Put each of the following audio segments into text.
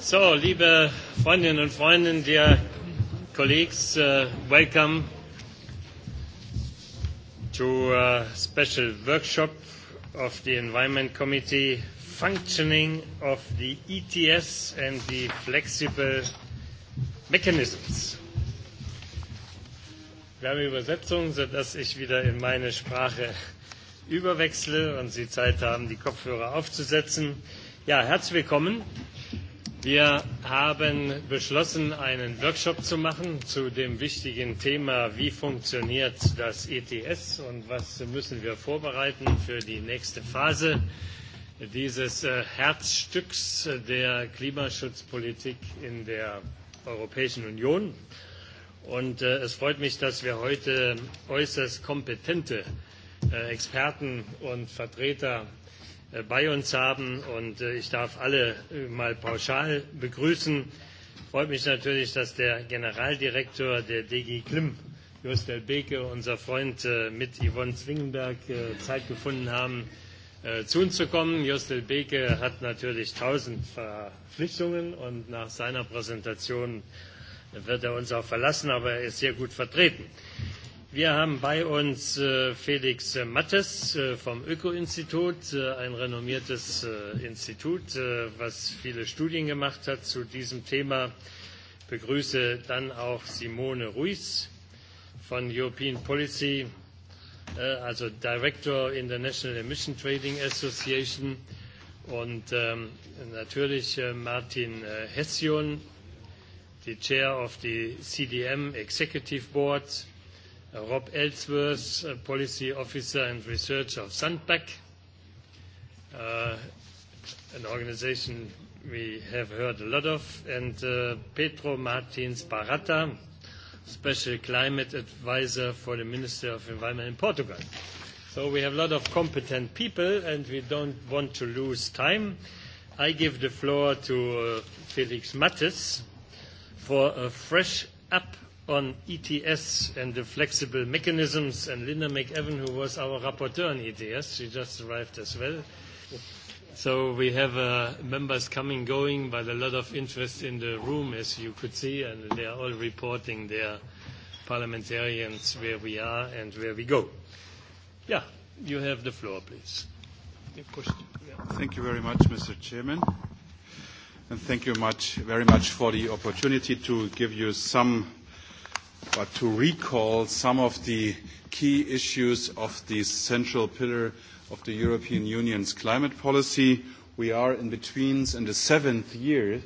So, liebe Freundinnen und Freunde, dear colleagues, uh, welcome to a special workshop of the Environment Committee functioning of the ETS and the flexible mechanisms. Wir haben Übersetzung, sodass ich wieder in meine Sprache überwechsle und Sie Zeit haben, die Kopfhörer aufzusetzen. Ja, herzlich willkommen. Wir haben beschlossen, einen Workshop zu machen zu dem wichtigen Thema, wie funktioniert das ETS und was müssen wir vorbereiten für die nächste Phase dieses äh, Herzstücks der Klimaschutzpolitik in der Europäischen Union. Und äh, es freut mich, dass wir heute äußerst kompetente äh, Experten und Vertreter Äh, bei uns haben. Und äh, ich darf alle äh, mal pauschal begrüßen. Freut mich natürlich, dass der Generaldirektor der DG Klim, Jost Del Beke, unser Freund mit Yvonne Zwingenberg, Zeit gefunden haben, zu uns zu kommen. Jostel Beke hat natürlich tausend Verpflichtungen und nach seiner Präsentation wird er uns auch verlassen, aber er ist sehr gut vertreten. Wir haben bei uns äh, Felix Mattes äh, vom Öko-Institut, äh, ein renommiertes äh, Institut, äh, was viele Studien gemacht hat zu diesem Thema. Begrüße dann auch Simone Ruiz von European Policy, äh, also Director International Emission Trading Association und ähm, natürlich äh, Martin äh, Hession, die Chair of the CDM Executive Board Rob Ellsworth, Policy Officer and Researcher of Sandbach, uh, an organization we have heard a lot of, and uh, Pedro Martins Barata, Special Climate Advisor for the Minister of Environment in Portugal. So we have a lot of competent people, and we don't want to lose time. I give the floor to uh, Felix Mattes for a fresh up on ETS and the flexible mechanisms, and Linda McEwan, who was our rapporteur on ETS, she just arrived as well. So we have uh, members coming, going, but a lot of interest in the room, as you could see, and they are all reporting their parliamentarians where we are and where we go. Yeah, you have the floor, please. Thank you very much, Mr. Chairman. And thank you much, very much for the opportunity to give you some but to recall some of the key issues of the central pillar of the European Union's climate policy. We are in between in the seventh year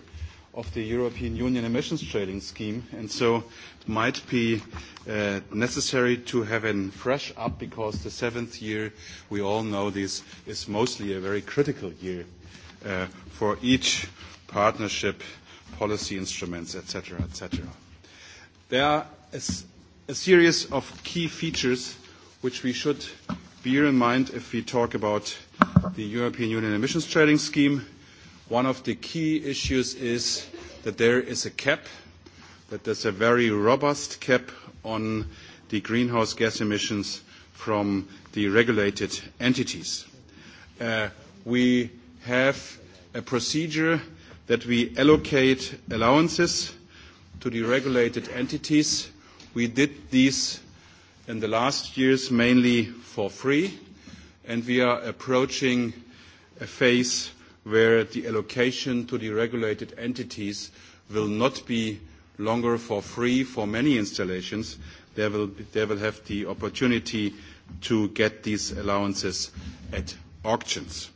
of the European Union emissions trading scheme, and so it might be uh, necessary to have a fresh up because the seventh year, we all know this, is mostly a very critical year uh, for each partnership, policy instruments, etc., etc. There are a, a series of key features which we should bear in mind if we talk about the European Union emissions trading scheme. One of the key issues is that there is a cap, that there's a very robust cap on the greenhouse gas emissions from the regulated entities. Uh, we have a procedure that we allocate allowances to the regulated entities We did these in the last years mainly for free, and we are approaching a phase where the allocation to the regulated entities will not be longer for free for many installations. They will, they will have the opportunity to get these allowances at auctions.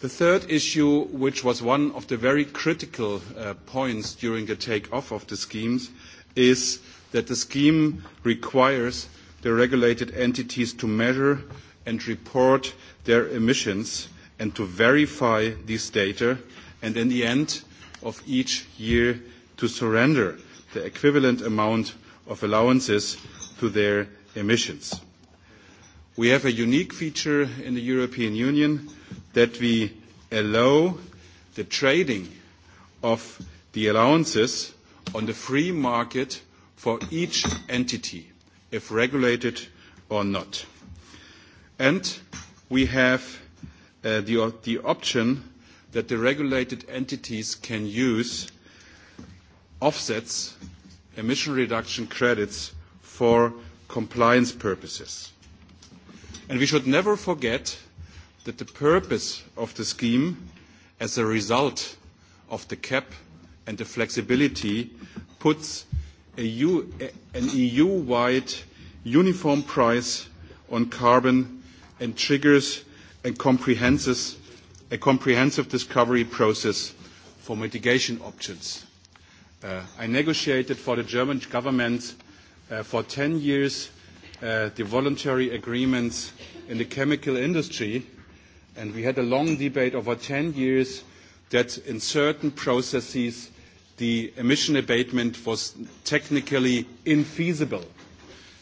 The third issue, which was one of the very critical uh, points during the takeoff of the schemes, is that the scheme requires the regulated entities to measure and report their emissions and to verify this data, and in the end of each year, to surrender the equivalent amount of allowances to their emissions. We have a unique feature in the European Union that we allow the trading of the allowances on the free market for each entity, if regulated or not. And we have uh, the, the option that the regulated entities can use offsets, emission reduction credits, for compliance purposes. And we should never forget that the purpose of the scheme as a result of the cap and the flexibility puts EU, an EU-wide uniform price on carbon and triggers a comprehensive, a comprehensive discovery process for mitigation options. Uh, I negotiated for the German government uh, for 10 years uh, the voluntary agreements in the chemical industry, and we had a long debate over 10 years that in certain processes the emission abatement was technically infeasible.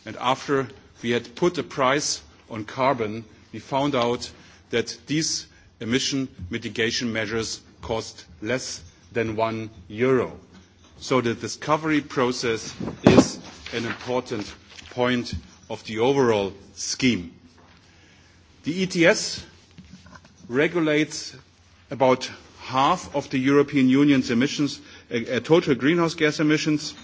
And after we had put a price on carbon, we found out that these emission mitigation measures cost less than 1 euro. So the discovery process is an important point of the overall scheme. The ETS regulates about half of the European Union's emissions Uh, uh, total greenhouse gas emissions.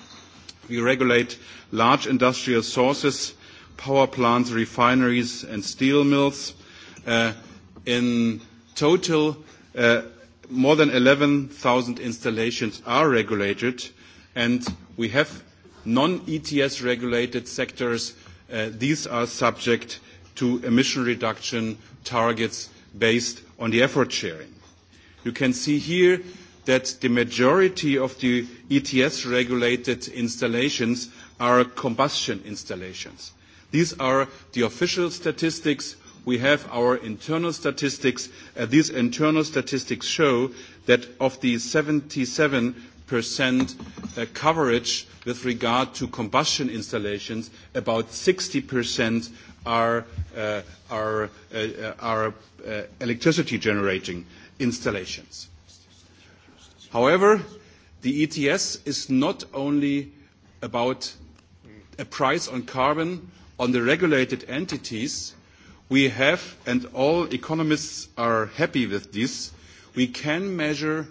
We regulate large industrial sources, power plants, refineries, and steel mills. Uh, in total, uh, more than 11,000 installations are regulated, and we have non-ETS regulated sectors. Uh, these are subject to emission reduction targets based on the effort sharing. You can see here that the majority of the ETS-regulated installations are combustion installations. These are the official statistics. We have our internal statistics. Uh, these internal statistics show that of the 77% uh, coverage with regard to combustion installations, about 60% are, uh, are, uh, uh, are uh, electricity generating installations. However, the ETS is not only about a price on carbon on the regulated entities. We have, and all economists are happy with this, we can measure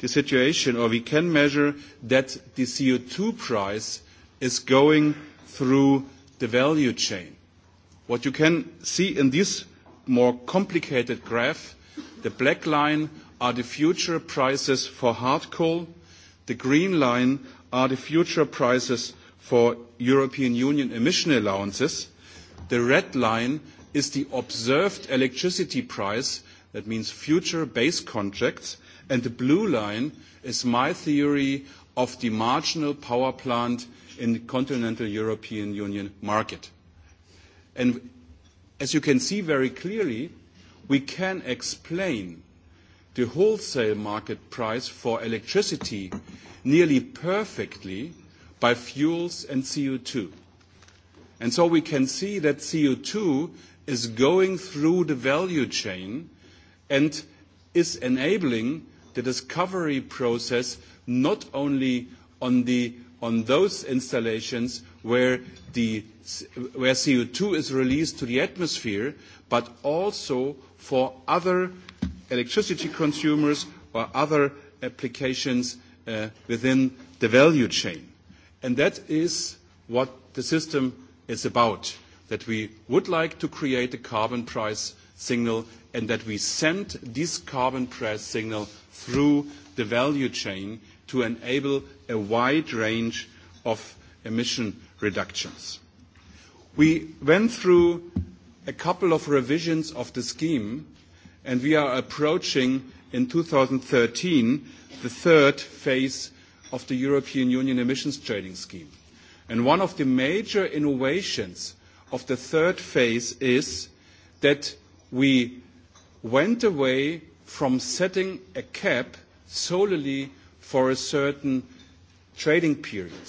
the situation, or we can measure that the CO2 price is going through the value chain. What you can see in this more complicated graph, the black line are the future prices for hard coal. The green line are the future prices for European Union emission allowances. The red line is the observed electricity price, that means future base contracts, and the blue line is my theory of the marginal power plant in the continental European Union market. And as you can see very clearly, we can explain the wholesale market price for electricity nearly perfectly by fuels and CO2. And so we can see that CO2 is going through the value chain and is enabling the discovery process not only on, the, on those installations where, the, where CO2 is released to the atmosphere, but also for other electricity consumers or other applications uh, within the value chain. And that is what the system is about, that we would like to create a carbon price signal and that we send this carbon price signal through the value chain to enable a wide range of emission reductions. We went through a couple of revisions of the scheme and we are approaching in 2013 the third phase of the European Union emissions trading scheme. And one of the major innovations of the third phase is that we went away from setting a cap solely for a certain trading period.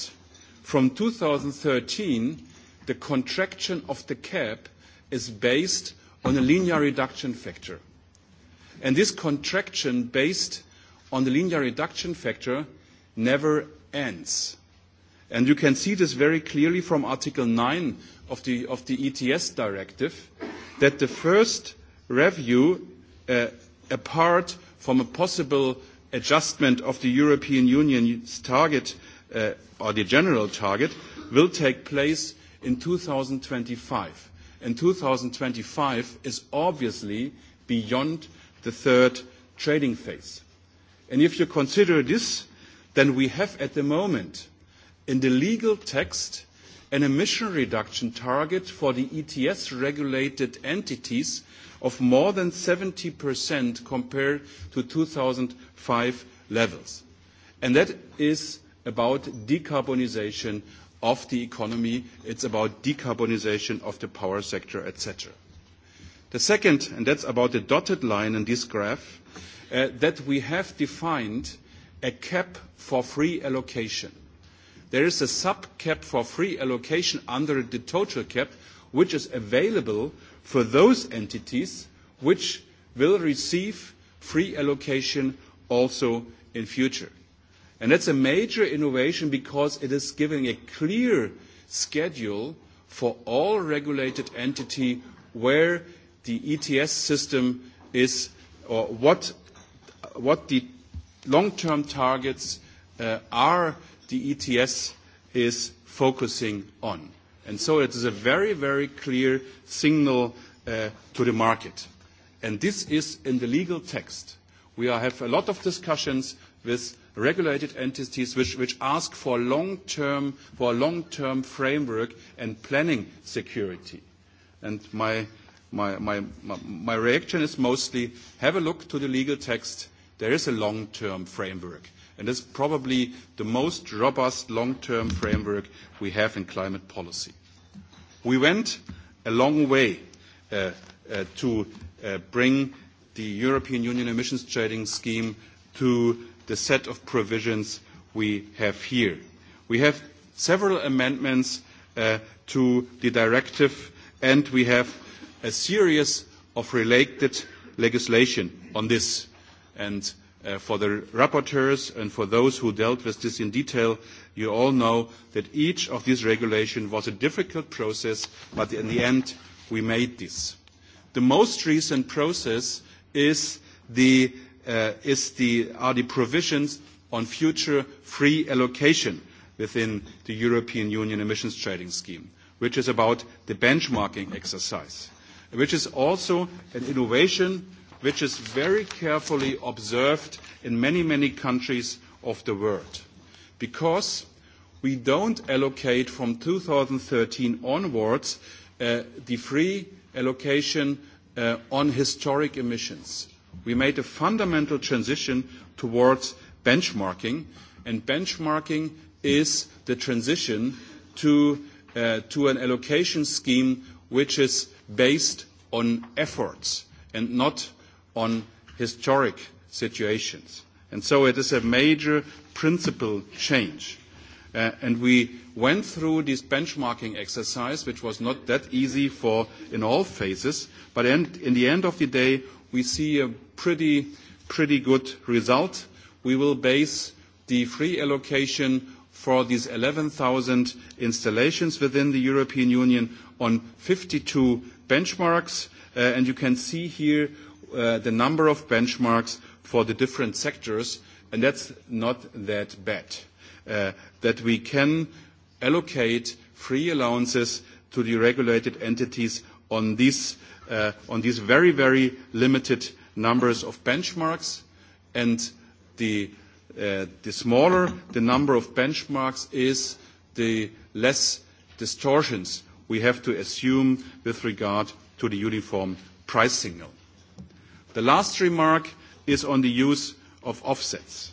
From 2013, the contraction of the cap is based on a linear reduction factor. And this contraction based on the linear reduction factor never ends. And you can see this very clearly from Article 9 of the, of the ETS directive, that the first review, uh, apart from a possible adjustment of the European Union's target uh, or the general target, will take place in 2025. And 2025 is obviously beyond the third trading phase. And if you consider this, then we have at the moment in the legal text an emission reduction target for the ETS-regulated entities of more than 70% compared to 2005 levels. And that is about decarbonization of the economy. It's about decarbonization of the power sector, et cetera. The second, and that's about the dotted line in this graph, uh, that we have defined a cap for free allocation. There is a sub-cap for free allocation under the total cap, which is available for those entities which will receive free allocation also in future. And that's a major innovation because it is giving a clear schedule for all regulated entity where the ETS system is or what, what the long-term targets uh, are the ETS is focusing on. And so it is a very, very clear signal uh, to the market. And this is in the legal text. We are, have a lot of discussions with regulated entities which, which ask for long-term, for a long-term framework and planning security. And my my, my, my reaction is mostly have a look to the legal text. There is a long-term framework, and it's probably the most robust long-term framework we have in climate policy. We went a long way uh, uh, to uh, bring the European Union emissions trading scheme to the set of provisions we have here. We have several amendments uh, to the directive, and we have a series of related legislation on this. And uh, for the rapporteurs and for those who dealt with this in detail, you all know that each of these regulations was a difficult process, but in the end, we made this. The most recent process is the, uh, is the, are the provisions on future free allocation within the European Union emissions trading scheme, which is about the benchmarking exercise which is also an innovation which is very carefully observed in many, many countries of the world. Because we don't allocate from 2013 onwards uh, the free allocation uh, on historic emissions. We made a fundamental transition towards benchmarking, and benchmarking is the transition to, uh, to an allocation scheme which is based on efforts and not on historic situations. And so it is a major principle change. Uh, and we went through this benchmarking exercise, which was not that easy for in all phases, but end, in the end of the day, we see a pretty, pretty good result. We will base the free allocation for these 11,000 installations within the European Union on 52 benchmarks, uh, and you can see here uh, the number of benchmarks for the different sectors, and that's not that bad. Uh, that we can allocate free allowances to the regulated entities on these, uh, on these very, very limited numbers of benchmarks. And the, uh, the smaller the number of benchmarks is, the less distortions we have to assume with regard to the uniform price signal. The last remark is on the use of offsets.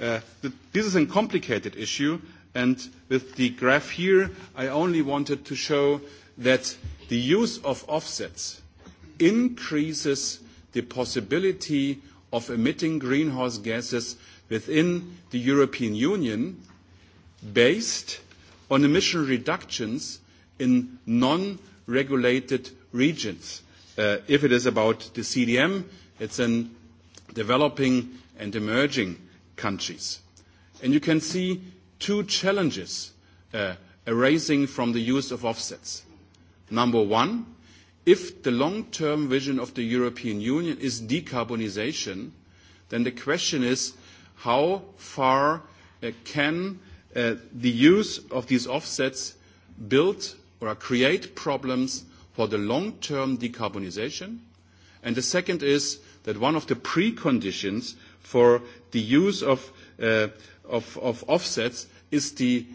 Uh, the, this is a complicated issue, and with the graph here, I only wanted to show that the use of offsets increases the possibility of emitting greenhouse gases within the European Union based on emission reductions in non-regulated regions. Uh, if it is about the CDM, it's in developing and emerging countries. And you can see two challenges uh, arising from the use of offsets. Number one, if the long-term vision of the European Union is decarbonization, then the question is how far uh, can uh, the use of these offsets build or create problems for the long-term decarbonization. And the second is that one of the preconditions for the use of, uh, of, of offsets is the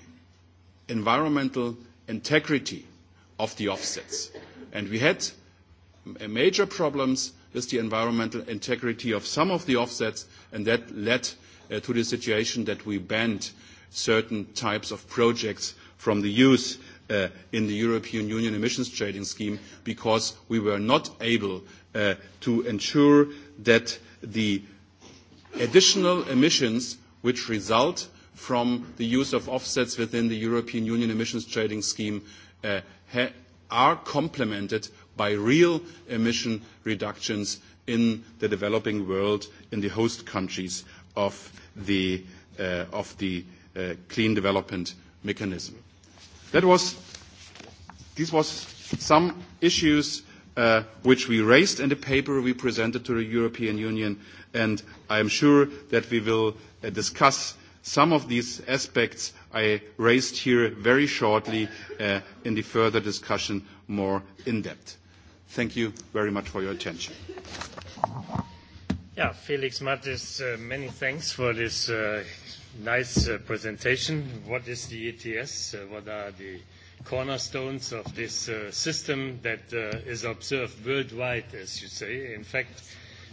environmental integrity of the offsets. And we had major problems with the environmental integrity of some of the offsets, and that led uh, to the situation that we banned certain types of projects from the use uh, in the European Union emissions trading scheme because we were not able uh, to ensure that the additional emissions which result from the use of offsets within the European Union emissions trading scheme uh, ha- are complemented by real emission reductions in the developing world, in the host countries of the, uh, of the uh, clean development mechanism. That was, these was some issues uh, which we raised in the paper we presented to the European Union, and I am sure that we will uh, discuss some of these aspects I raised here very shortly uh, in the further discussion more in depth. Thank you very much for your attention. Yeah, Felix Mattis, uh, many thanks for this uh, nice uh, presentation. What is the ETS? Uh, what are the cornerstones of this uh, system that uh, is observed worldwide, as you say? In fact,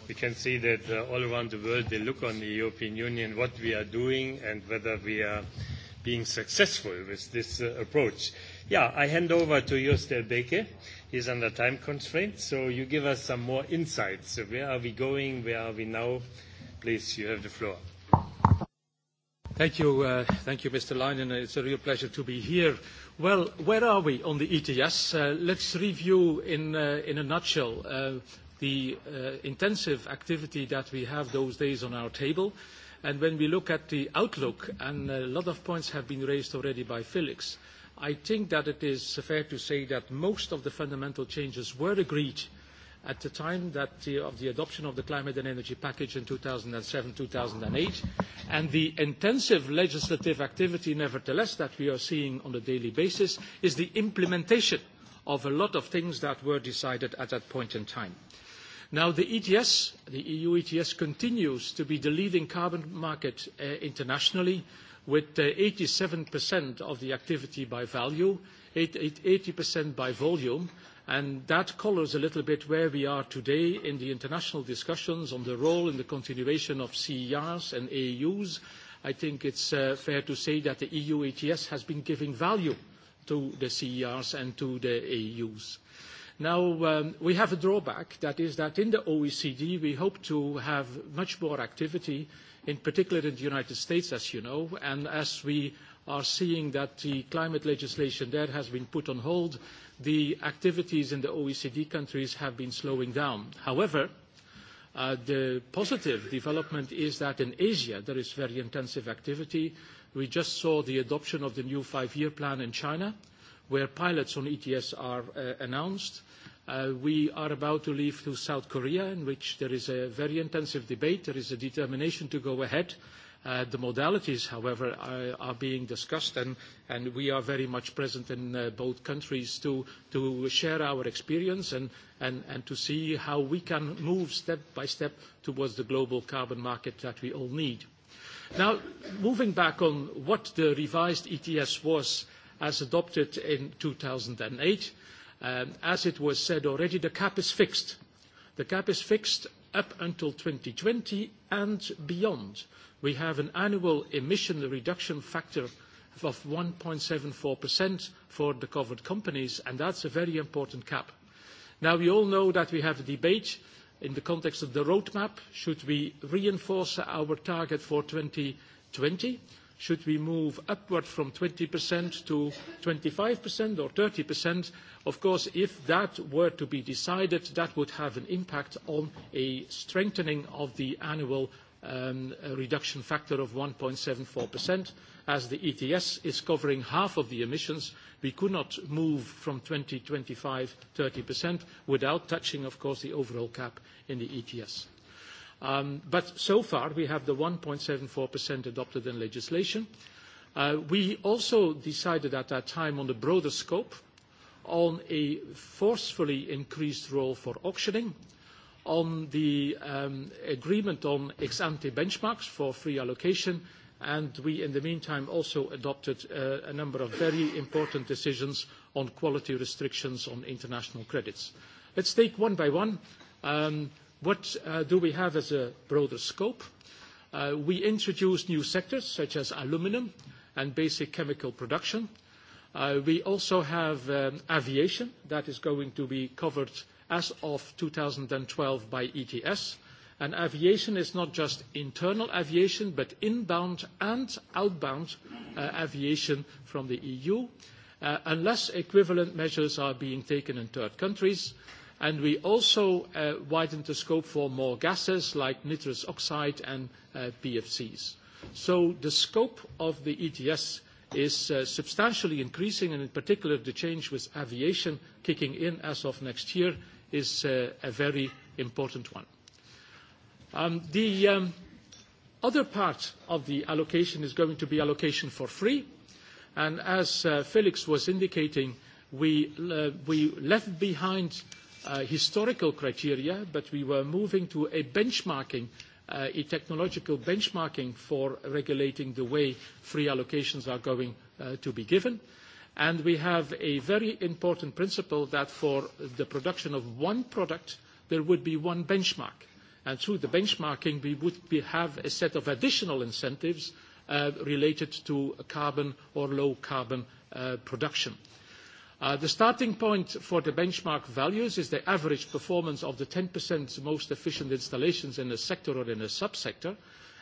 we can see that uh, all around the world, they look on the European Union, what we are doing, and whether we are being successful with this uh, approach. Yeah, I hand over to Joost Elbeke. He's under time constraint, so you give us some more insights. Where are we going? Where are we now? Please, you have the floor. Thank you, uh, thank you, Mr. Leinen. It's a real pleasure to be here. Well, where are we on the ETS? Uh, let's review in, uh, in a nutshell uh, the uh, intensive activity that we have those days on our table. And when we look at the outlook, and a lot of points have been raised already by Felix, I think that it is fair to say that most of the fundamental changes were agreed at the time that the, of the adoption of the climate and energy package in 2007-2008 and the intensive legislative activity nevertheless that we are seeing on a daily basis is the implementation of a lot of things that were decided at that point in time. Now the ETS, the EU ETS continues to be the leading carbon market uh, internationally with uh, 87% of the activity by value, 80% by volume, And that colors a little bit where we are today in the international discussions on the role and the continuation of CERs and AUs. I think it's uh, fair to say that the EU ETS has been giving value to the CERs and to the AUs. Now, um, we have a drawback. That is that in the OECD, we hope to have much more activity, in particular in the United States, as you know. As we are seeing that the climate legislation there has been put on hold, the activities in the OECD countries have been slowing down. However, uh, the positive development is that in Asia, there is very intensive activity. We just saw the adoption of the new five-year plan in China, where pilots on ETS are uh, announced. Uh, we are about to leave to South Korea, in which there is a very intensive debate. There is a determination to go ahead Uh, the modalities, however, are, are being discussed, and, and we are very much present in uh, both countries to, to share our experience and, and, and to see how we can move step by step towards the global carbon market that we all need. Now, moving back on what the revised ETS was as adopted in 2008, um, as it was said already, the cap is fixed. The cap is fixed up until 2020 and beyond. Uh, we have an annual emission reduction factor of 1.74% for the covered companies, and that's a very important cap. Now, we all know that we have a debate in the context of the roadmap. Should we reinforce our target for 2020? Should we move upward from 20% to 25% or 30%? Of course, if that were to be decided, that would have an impact on a strengthening of the annual um, a reduction factor of 1.74%. As the ETS is covering half of the emissions, we could not move from 20, 25, 30% without touching, of course, the overall cap in the ETS. Um, but so far, we have the 1.74% adopted in legislation. Uh, we also decided at that time on the broader scope, on a forcefully increased role for auctioning, uh, on the um, agreement on ex-ante benchmarks for free allocation, and we, in the meantime, also adopted uh, a number of very important decisions on quality restrictions on international credits. Let's take one by one. Um, what uh, do we have as a broader scope? Uh, we introduced new sectors such as aluminum and basic chemical production. Uh, we also have um, aviation that is going to be covered as of 2012 by ETS. And aviation is not just internal aviation, but inbound and outbound uh, aviation from the EU, uh, unless equivalent measures are being taken in third countries. And we also uh, widened the scope for more gases like nitrous oxide and uh, PFCs. So the scope of the ETS is uh, substantially increasing, and in particular, the change with aviation kicking in as of next year is uh, a very important one. Um, the um, other part of the allocation is going to be allocation for free. And as uh, Felix was indicating, we, uh, we left behind uh, historical criteria, but we were moving to a benchmarking, uh, a technological benchmarking for regulating the way free allocations are going uh, to be given. Uh, And we have a very important principle that for the production of one product, there would be one benchmark. And through the benchmarking, we would be, have a set of additional incentives uh, related to carbon or low carbon uh, production. Uh, the starting point for the benchmark values is the average performance of the 10% most efficient installations in a sector or in a subsector,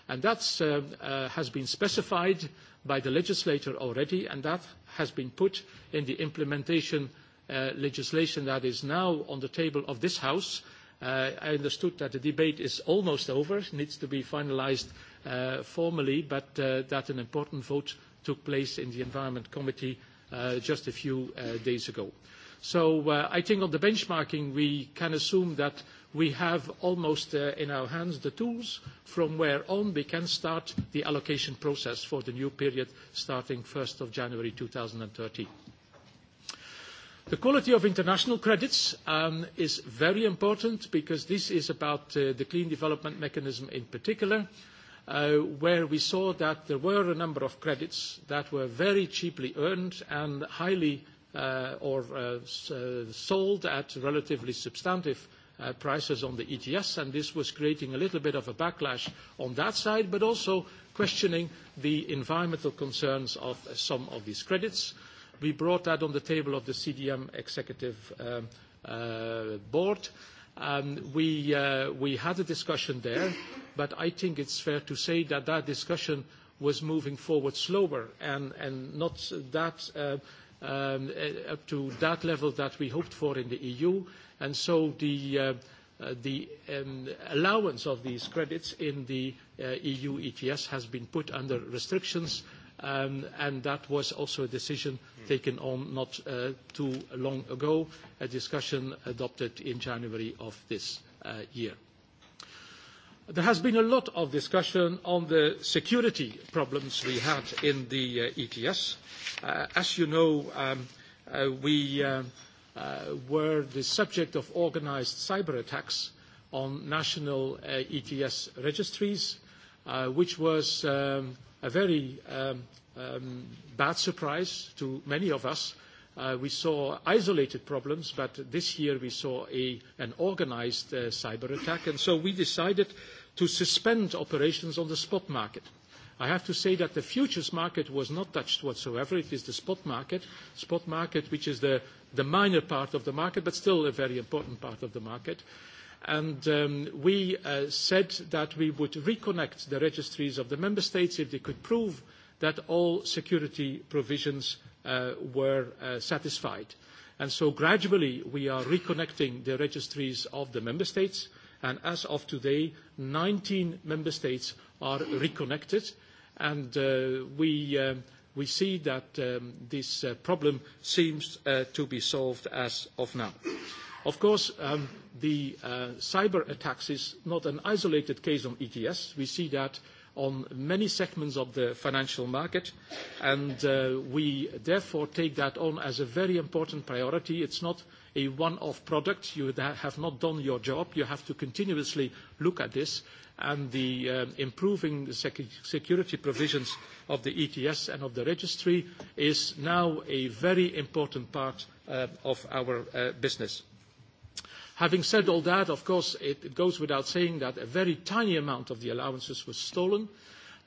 and that uh, uh, has been specified by the legislator already, and that has been put in the implementation uh, legislation that is now on the table of this House. Uh, I understood that the debate is almost over, needs to be finalized uh, formally, but uh, that an important vote took place in the Environment Committee uh, just a few uh, days ago. So uh, I think on the benchmarking, we can assume that we have almost uh, in our hands the tools from where on we can start the allocation process for the new period starting 1st of January 2013. The quality of international credits um, is very important because this is about uh, the Clean Development Mechanism in particular, uh, where we saw that there were a number of credits that were very cheaply earned and highly uh, or uh, uh, sold at relatively substantive uh, prices on the ETS, and this was creating a little bit of a backlash on that side, but also questioning the environmental concerns of uh, some of these credits. We brought that on the table of the CDM executive um, uh, board. Um, we, uh, we had a discussion there, but I think it's fair to say that that discussion was moving forward slower and, and not that uh, um, uh, up to that level that we hoped for in the EU And so the, uh, uh, the um, allowance of these credits in the uh, EU ETS has been put under restrictions, um, and that was also a decision hmm. taken on not uh, too long ago, a discussion adopted in January of this uh, year. There has been a lot of discussion on the security problems we had in the uh, ETS. Uh, as you know, um, uh, we uh, uh, were the subject of organized cyber attacks on national uh, ETS registries, uh, which was um, a very um, um, bad surprise to many of us. Uh, we saw isolated problems, but this year we saw a, an organized uh, cyber attack, and so we decided to suspend operations on the spot market. Uh, I have to say that the futures market was not touched whatsoever. It is the spot market, spot market which is the, the minor part of the market, but still a very important part of the market. And um, we uh, said that we would reconnect the registries of the member states if they could prove that all security provisions uh, were uh, satisfied. And so gradually we are reconnecting the registries of the member states and as of today, 19 member states are reconnected, and uh, we, um, we see that um, this uh, problem seems uh, to be solved as of now. Of course, um, the uh, cyber attacks is not an isolated case on ETS. We see that on many segments of the financial market, and uh, we therefore take that on as a very important priority. It's not a one-off product. You have not done your job. You have to continuously look at this, and the uh, improving the sec security provisions of the ETS and of the registry is now a very important part uh, of our uh, business. Having said all that, of course, it, it goes without saying that a very tiny amount of the allowances was stolen.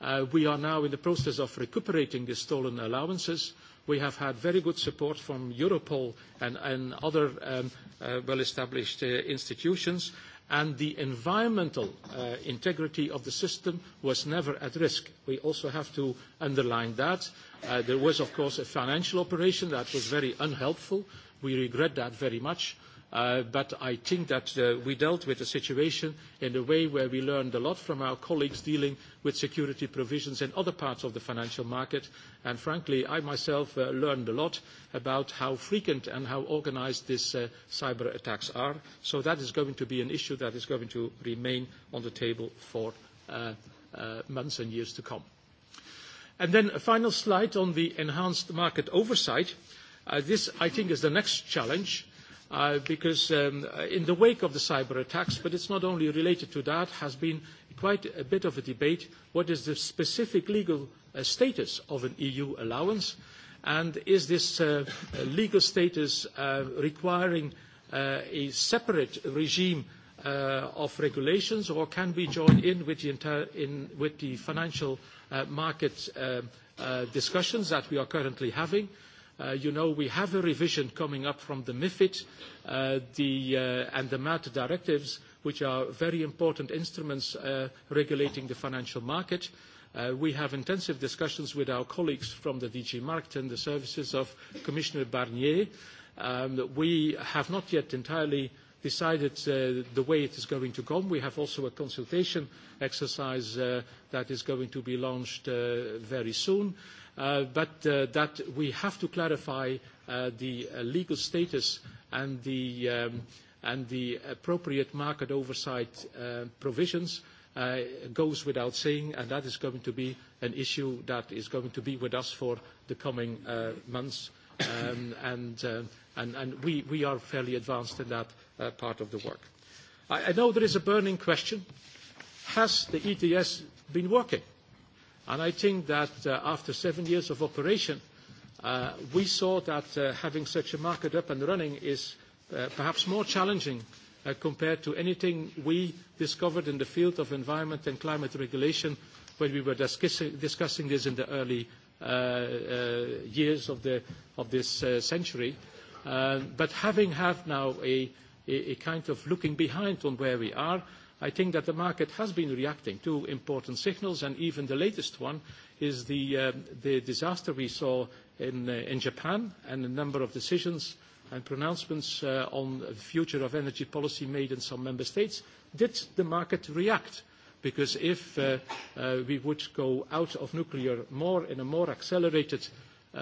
Uh, we are now in the process of recuperating the stolen allowances, We have had very good support from Europol and, and other um, uh, well-established uh, institutions, and the environmental uh, integrity of the system was never at risk. We also have to underline that. Uh, there was, of course, a financial operation that was very unhelpful. We regret that very much Uh, but I think that uh, we dealt with the situation in a way where we learned a lot from our colleagues dealing with security provisions in other parts of the financial market. And frankly, I myself uh, learned a lot about how frequent and how organized these uh, cyber attacks are. So that is going to be an issue that is going to remain on the table for uh, uh, months and years to come. And then a final slide on the enhanced market oversight. Uh, this, I think, is the next challenge. Uh, uh, because um, in the wake of the cyber attacks, but it's not only related to that, has been quite a bit of a debate. What is the specific legal uh, status of an EU allowance? And is this uh, legal status uh, requiring uh, a separate regime uh, of regulations, or can we join in with the, entire, in, with the financial uh, market uh, uh, discussions that we are currently having? Uh, Uh, you know, we have a revision coming up from the MiFID uh, the, uh, and the MAD directives, which are very important instruments uh, regulating the financial market. Uh, we have intensive discussions with our colleagues from the DG Markt and the services of Commissioner Barnier. Um, we have not yet entirely decided uh, the way it is going to come. We have also a consultation exercise uh, that is going to be launched uh, very soon. Uh, uh, but uh, that we have to clarify uh, the uh, legal status and the, um, and the appropriate market oversight uh, provisions uh, goes without saying, and that is going to be an issue that is going to be with us for the coming uh, months. Um, and, uh, and, and we, we are fairly advanced in that uh, part of the work. I, I know there is a burning question. Has the ETS been working? And I think that uh, after seven years of operation, uh, we saw that uh, having such a market up and running is uh, perhaps more challenging uh, compared to anything we discovered in the field of environment and climate regulation when we were discussing, discussing this in the early uh, uh, years of, the, of this uh, century. Uh, but having had now a, a, a kind of looking behind on where we are, I think that the market has been reacting to important signals, and even the latest one is the, uh, the disaster we saw in, uh, in Japan and a number of decisions and pronouncements uh, on the future of energy policy made in some member states. Did the market react? Because if uh, uh, we would go out of nuclear more in a more accelerated Uh,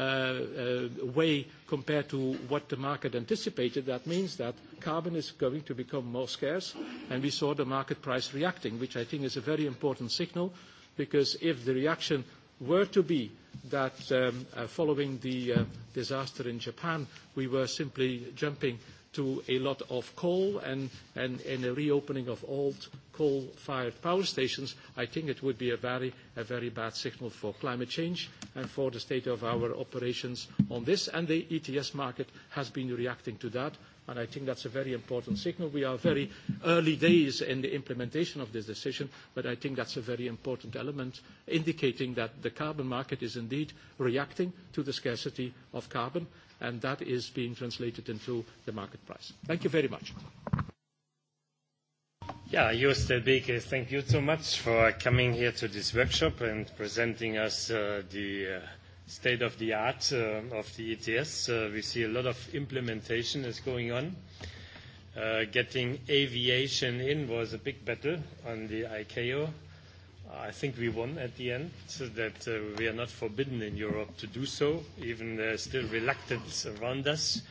uh, way compared to what the market anticipated, that means that carbon is going to become more scarce, and we saw the market price reacting, which I think is a very important signal, because if the reaction were to be that um, uh, following the uh, disaster in Japan, we were simply jumping to a lot of coal and, and, and a reopening of old coal-fired power stations, I think it would be a very, a very bad signal for climate change and for the state of our operations on this. And the ETS market has been reacting to that, and I think that's a very important signal. We are very early days in the implementation of this decision, but I think that's a very important element indicating that the carbon market is indeed reacting to the scarcity of carbon and that is being translated into the market price. Thank you very much. Yeah, Joost Delbeke, uh, thank you so much for coming here to this workshop and presenting us uh, the uh, state of the art uh, of the ETS. Uh, we see a lot of implementation is going on. Uh, getting aviation in was a big battle on the ICAO I think we won at the end, so that uh, we are not forbidden in Europe to do so, even uh, still reluctant around us.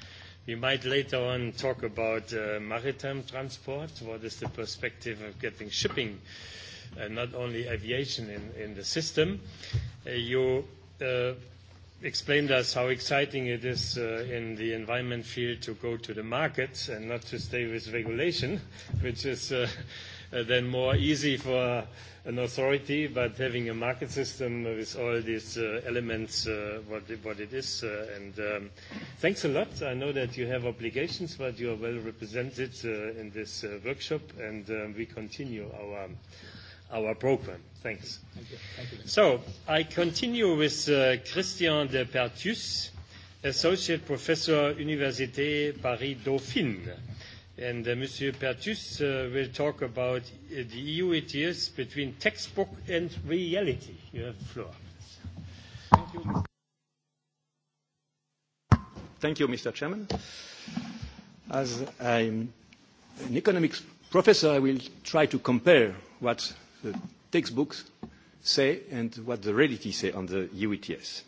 We might later on talk about uh, maritime transport. What is the perspective of getting shipping, uh, not only aviation, in, in the system? Uh, you uh, explained us how exciting it is uh, in the environment field to go to the market and not to stay with regulation, which is. Uh, uh, then more easy for an authority, but having a market system with all these uh, elements, uh, what, what it is. Uh, and um, thanks a lot. I know that you have obligations, but you are well represented uh, in this uh, workshop, and um, we continue our, our program. Thanks. Thank you. Thank you. So I continue with uh, Christian de Pertus, Associate Professor, Université Paris-Dauphine and uh, Monsieur Pertus uh, will talk about uh, the EU ETS between textbook and reality. You have the floor. Thank you. Thank you, Mr. Chairman. As I'm an economics professor, I will try to compare what the textbooks say and what the reality say on the EU ETS.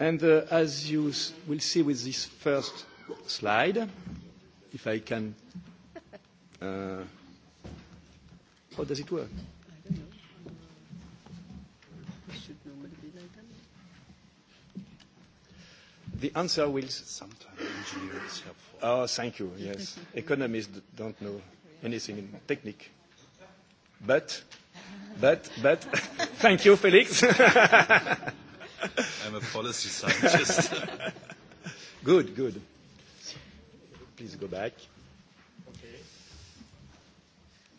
And uh, as you will see with this first slide, if I can. Uh, how does it work? I don't know. It should normally be like that. The answer will. Sometimes engineering is helpful. Oh, thank you. Yes, economists don't know anything in technique, but, but, but. thank you, Felix. I'm a policy scientist. good, good please go back. Okay.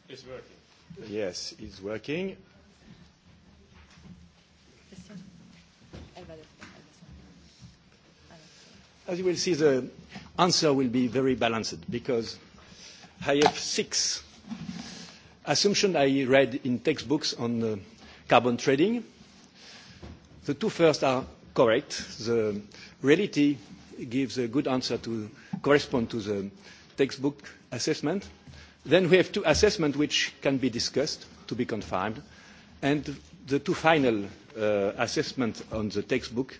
It's working. Yes, it's working. As you will see, the answer will be very balanced because I have six assumptions I read in textbooks on uh, carbon trading. The two first are correct. The reality gives a good answer to correspond to the textbook assessment. Then we have two assessments which can be discussed, to be confirmed, and the two final uh, assessments on the textbook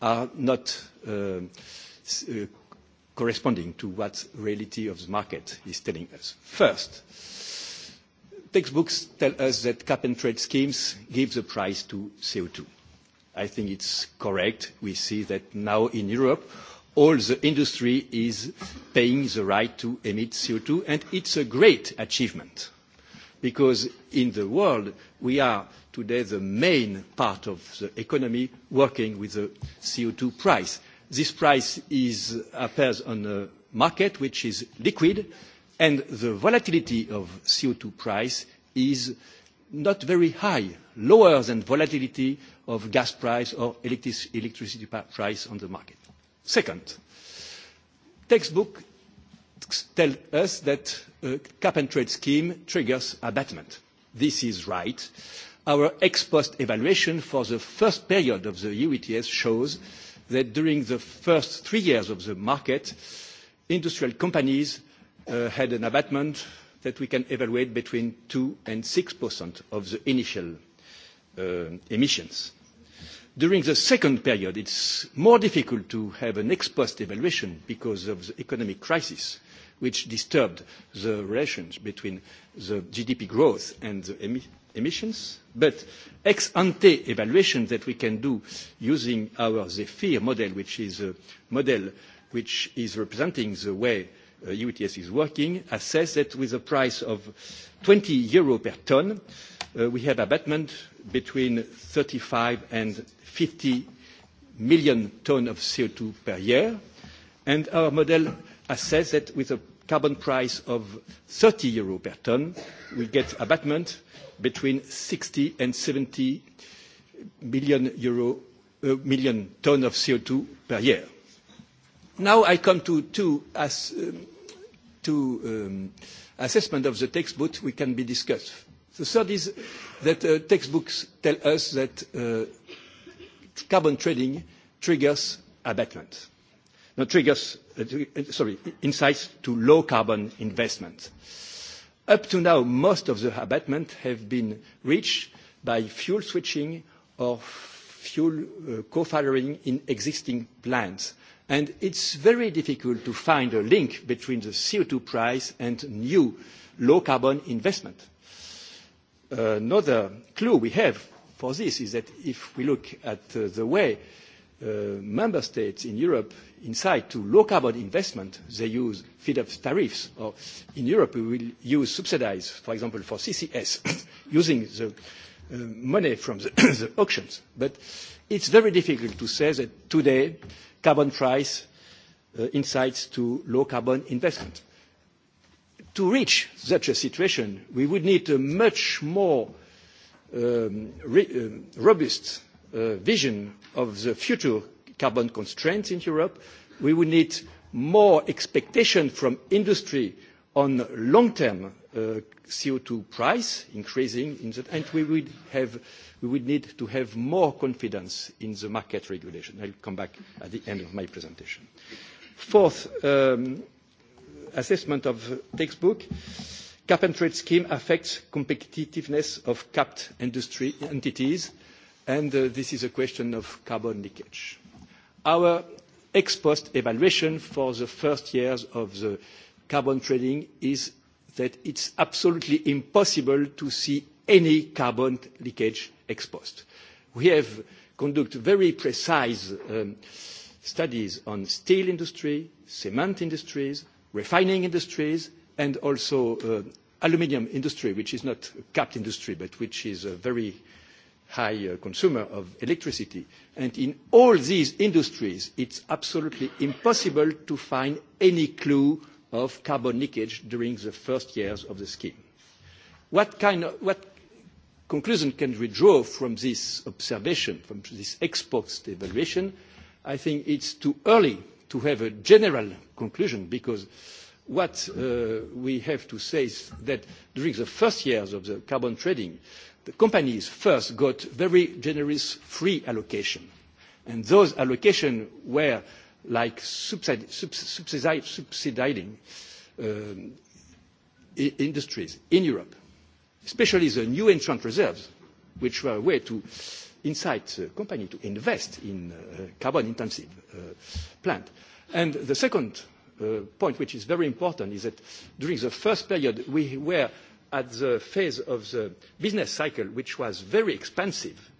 are not uh, uh, corresponding to what reality of the market is telling us. First, textbooks tell us that cap and trade schemes give the price to CO2. I think it's correct. We see that now in Europe, all the industry is paying the right to emit CO2, and it's a great achievement because in the world, we are today the main part of the economy working with the CO2 price. This price is, appears on a market which is liquid, and the volatility of CO2 price is not very high, lower than volatility of gas price or electric, electricity price on the market. Second, textbook tell us that a uh, cap and trade scheme triggers abatement. This is right. Our ex post evaluation for the first period of the EU ETS shows that during the first three years of the market, industrial companies uh, had an abatement that we can evaluate between 2% and 6% of the initial uh, emissions. During the second period, it's more difficult to have an ex post evaluation because of the economic crisis, which disturbed the relations between the GDP growth and the em emissions. But ex ante evaluation that we can do using our Zephyr model, which is a model which is representing the way uh, UTS is working, assess that with a price of 20 euro per ton, uh, uh, we have abatement between 35 and 50 million ton of CO2 per year. And our model assess that with a carbon price of 30 euro per ton, we get abatement between 60 and 70 million, euro, uh, million ton of CO2 per year. Now I come to two, as, um, uh, two um, assessment of the textbook we can be discussed. The third is that uh, textbooks tell us that uh, carbon trading triggers abatement. No, triggers, uh, uh, sorry, insights to low carbon investment. Up to now, most of the abatement have been reached by fuel switching or fuel uh, co-firing in existing plants. And it's very difficult to find a link between the CO2 price and new low carbon investment Uh, another clue we have for this is that if we look at uh, the way uh, member states in Europe incite to low carbon investment, they use feed-up tariffs. Or in Europe, we will use subsidies, for example, for CCS, using the uh, money from the, the auctions. But it's very difficult to say that today carbon price uh, incites to low carbon investment. Uh, to reach such a situation, we would need a much more um, re, um, robust uh, vision of the future carbon constraints in Europe. We would need more expectation from industry on long-term uh, CO2 price increasing, in the, and we would, have, we would need to have more confidence in the market regulation. I'll come back at the end of my presentation. Fourth, um, assessment of textbook, cap and trade scheme affects competitiveness of capped industry entities, and uh, this is a question of carbon leakage. Our ex post evaluation for the first years of the carbon trading is that it's absolutely impossible to see any carbon leakage ex post. We have conducted very precise um, studies on steel industry, cement industries, refining industries and also uh, aluminum industry, which is not a capped industry, but which is a very high uh, consumer of electricity. And in all these industries, it's absolutely impossible to find any clue of carbon leakage during the first years of the scheme. What, kind of, what conclusion can we draw from this observation, from this ex post evaluation? I think it's too early to have a general conclusion because what uh, we have to say is that during the first years of the carbon trading, the companies first got very generous free allocation. And those allocations were like subsidi subsidi subsidizing um, industries in Europe, especially the new entrant reserves, which were a way to uh, inside the company to invest in uh, carbon-intensive uh, plant. And the second uh, point, which is very important, is that during the first period, we were at the phase of the business cycle, which was very expensive.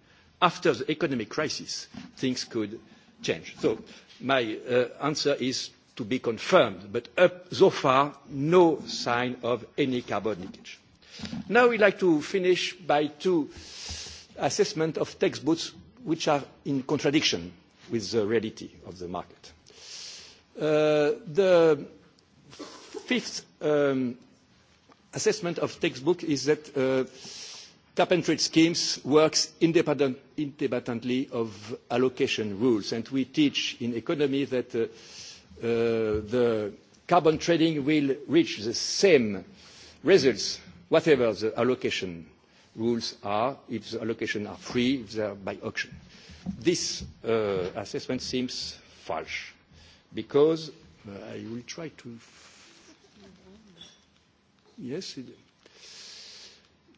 After the economic crisis, things could change. So my uh, answer is to be confirmed, but up so far, no sign of any carbon leakage. Now we'd like to finish by two uh, assessment of textbooks which are in contradiction with the reality of the market. Uh, the fifth um, assessment of textbook is that uh, cap and trade schemes works independent, independently of allocation rules. And we teach in economy that uh, uh, the carbon trading will reach the same results, whatever the allocation rules are if the allocations are free, if they are by auction. This uh, assessment seems false because uh, I will try to. Yes, it,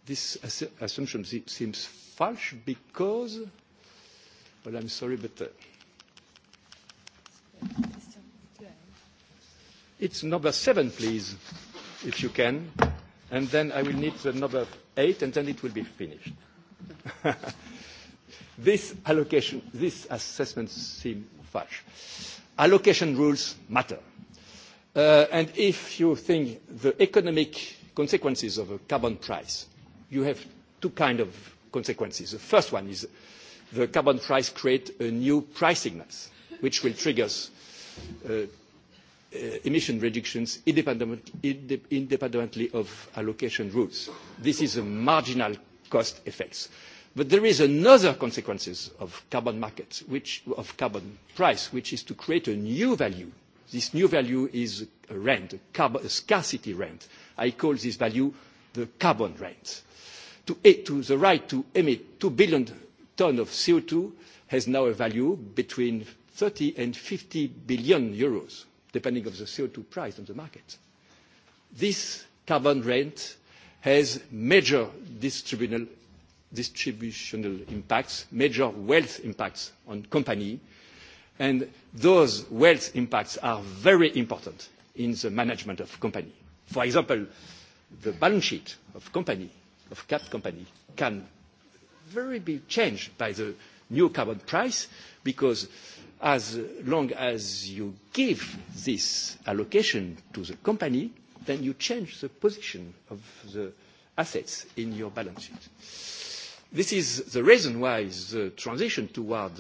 this ass assumption seems false because. Well, I'm sorry, but. Uh, it's number seven, please, if you can. And then I will need the number eight, and then it will be finished. this allocation, this assessment seem fudge. Allocation rules matter. Uh, and if you think the economic consequences of a carbon price, you have two kinds of consequences. The first one is the carbon price creates a new price signals, which will trigger uh, uh, emission reductions independent, inde, independently of allocation rules. This is a marginal cost effects. But there is another consequences of carbon markets, which, of carbon price, which is to create a new value. This new value is a rent, a, carbon, a scarcity rent. I call this value the carbon rent. To, eh, to the right to emit 2 billion tonnes of CO2 has now a value between 30 and 50 billion euros depending on the CO2 price on the market. This carbon rent has major distributional, distributional impacts, major wealth impacts on company, and those wealth impacts are very important in the management of company. For example, the balance sheet of company, of cap company, can very be changed by the new carbon price because as long as you give this allocation to the company, then you change the position of the assets in your balance sheet. This is the reason why the transition toward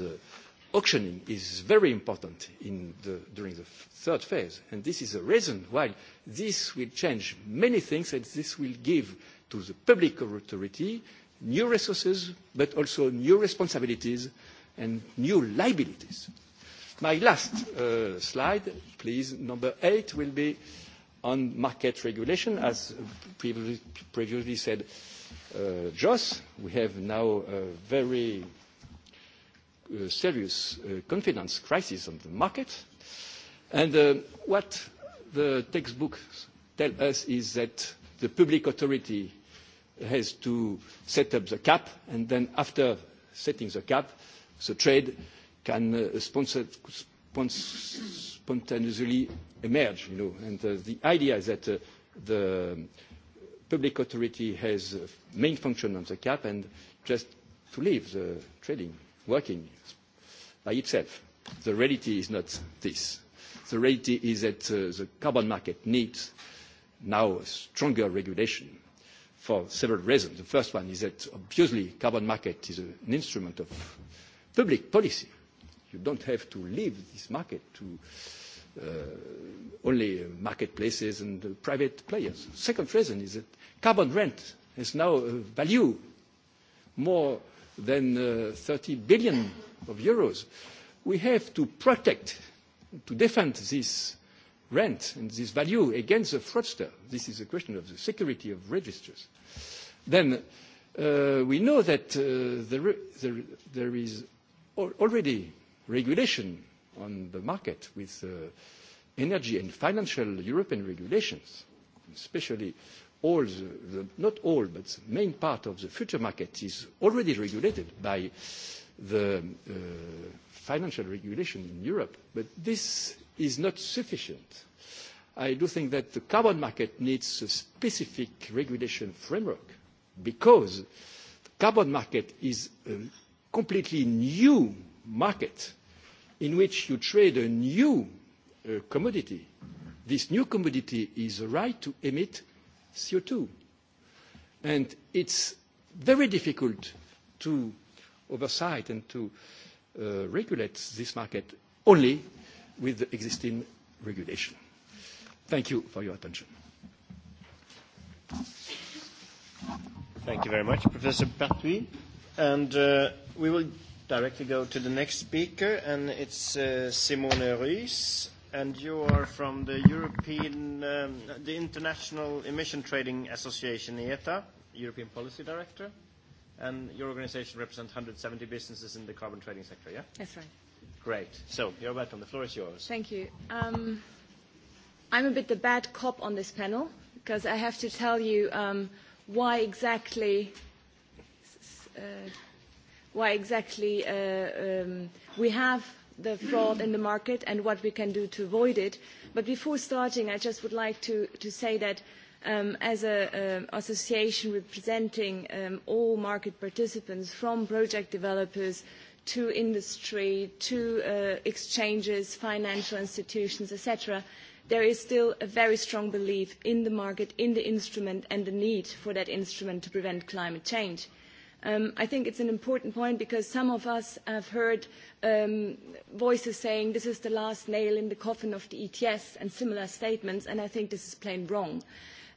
auctioning is very important the, during the third phase, and this is the reason why this will change many things, and this will give to the public authority new resources, but also new responsibilities and new liabilities. My last uh, slide, please, number eight, will be on market regulation. As previously, previously said, uh, Jos, we have now a very uh, serious uh, confidence crisis on the market. And uh, what the textbooks tell us is that the public authority has to set up the cap, and then after setting the cap, the trade can uh, sponsor, spontaneously emerge. You know? And uh, the idea that uh, the public authority has a main function on the cap and just to leave the trading working by itself. The reality is not this. The reality is that uh, the carbon market needs now stronger regulation for several reasons. The first one is that obviously carbon market is an instrument of public policy You don't have to leave this market to uh, only marketplaces and uh, private players. Second reason is that carbon rent has now a value more than uh, 30 billion of euros. We have to protect, to defend this rent and this value against the fraudster. This is a question of the security of registers. Then uh, we know that uh, there, there, there is already regulation on the market with uh, energy and financial European regulations, especially all the, the, not all, but the main part of the future market is already regulated by the uh, financial regulation in Europe. But this is not sufficient. I do think that the carbon market needs a specific regulation framework because the carbon market is a completely new market in which you trade a new uh, commodity. This new commodity is a right to emit CO2. And it's very difficult to oversight and to uh, regulate this market only with the existing regulation. Thank you for your attention. Thank you very much, Professor Patui. And uh, we will directly go to the next speaker, and it's uh, Simone Ruiz, and you are from the European, um, the International Emission Trading Association, IETA, European Policy Director, and your organization represents 170 businesses in the carbon trading sector, yeah? That's right. Great. So, you're welcome. The floor is yours. Thank you. Um, I'm a bit the bad cop on this panel, because I have to tell you um, why exactly... Uh, why exactly uh, um, we have the fraud in the market and what we can do to avoid it. But before starting, I just would like to, to say that um, as an um, association representing um, all market participants, from project developers to industry, to uh, exchanges, financial institutions, etc., there is still a very strong belief in the market, in the instrument, and the need for that instrument to prevent climate change. Uh, Um, I think it's an important point because some of us have heard um, voices saying this is the last nail in the coffin of the ETS and similar statements, and I think this is plain wrong.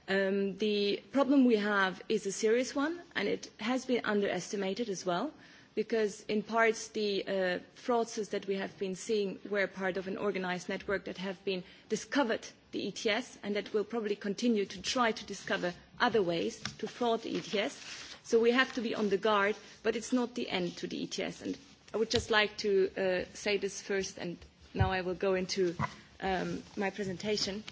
Um, the problem we have is a serious one, and it has been underestimated as well, because in parts the uh, fraudsters that we have been seeing were part of an organized network that have been discovered the ETS and that will probably continue to try to discover other ways to fraud the ETS So we have to be on the guard, but it's not the end to the ETS. And I would just like to uh, say this first, and now I will go into um, my presentation.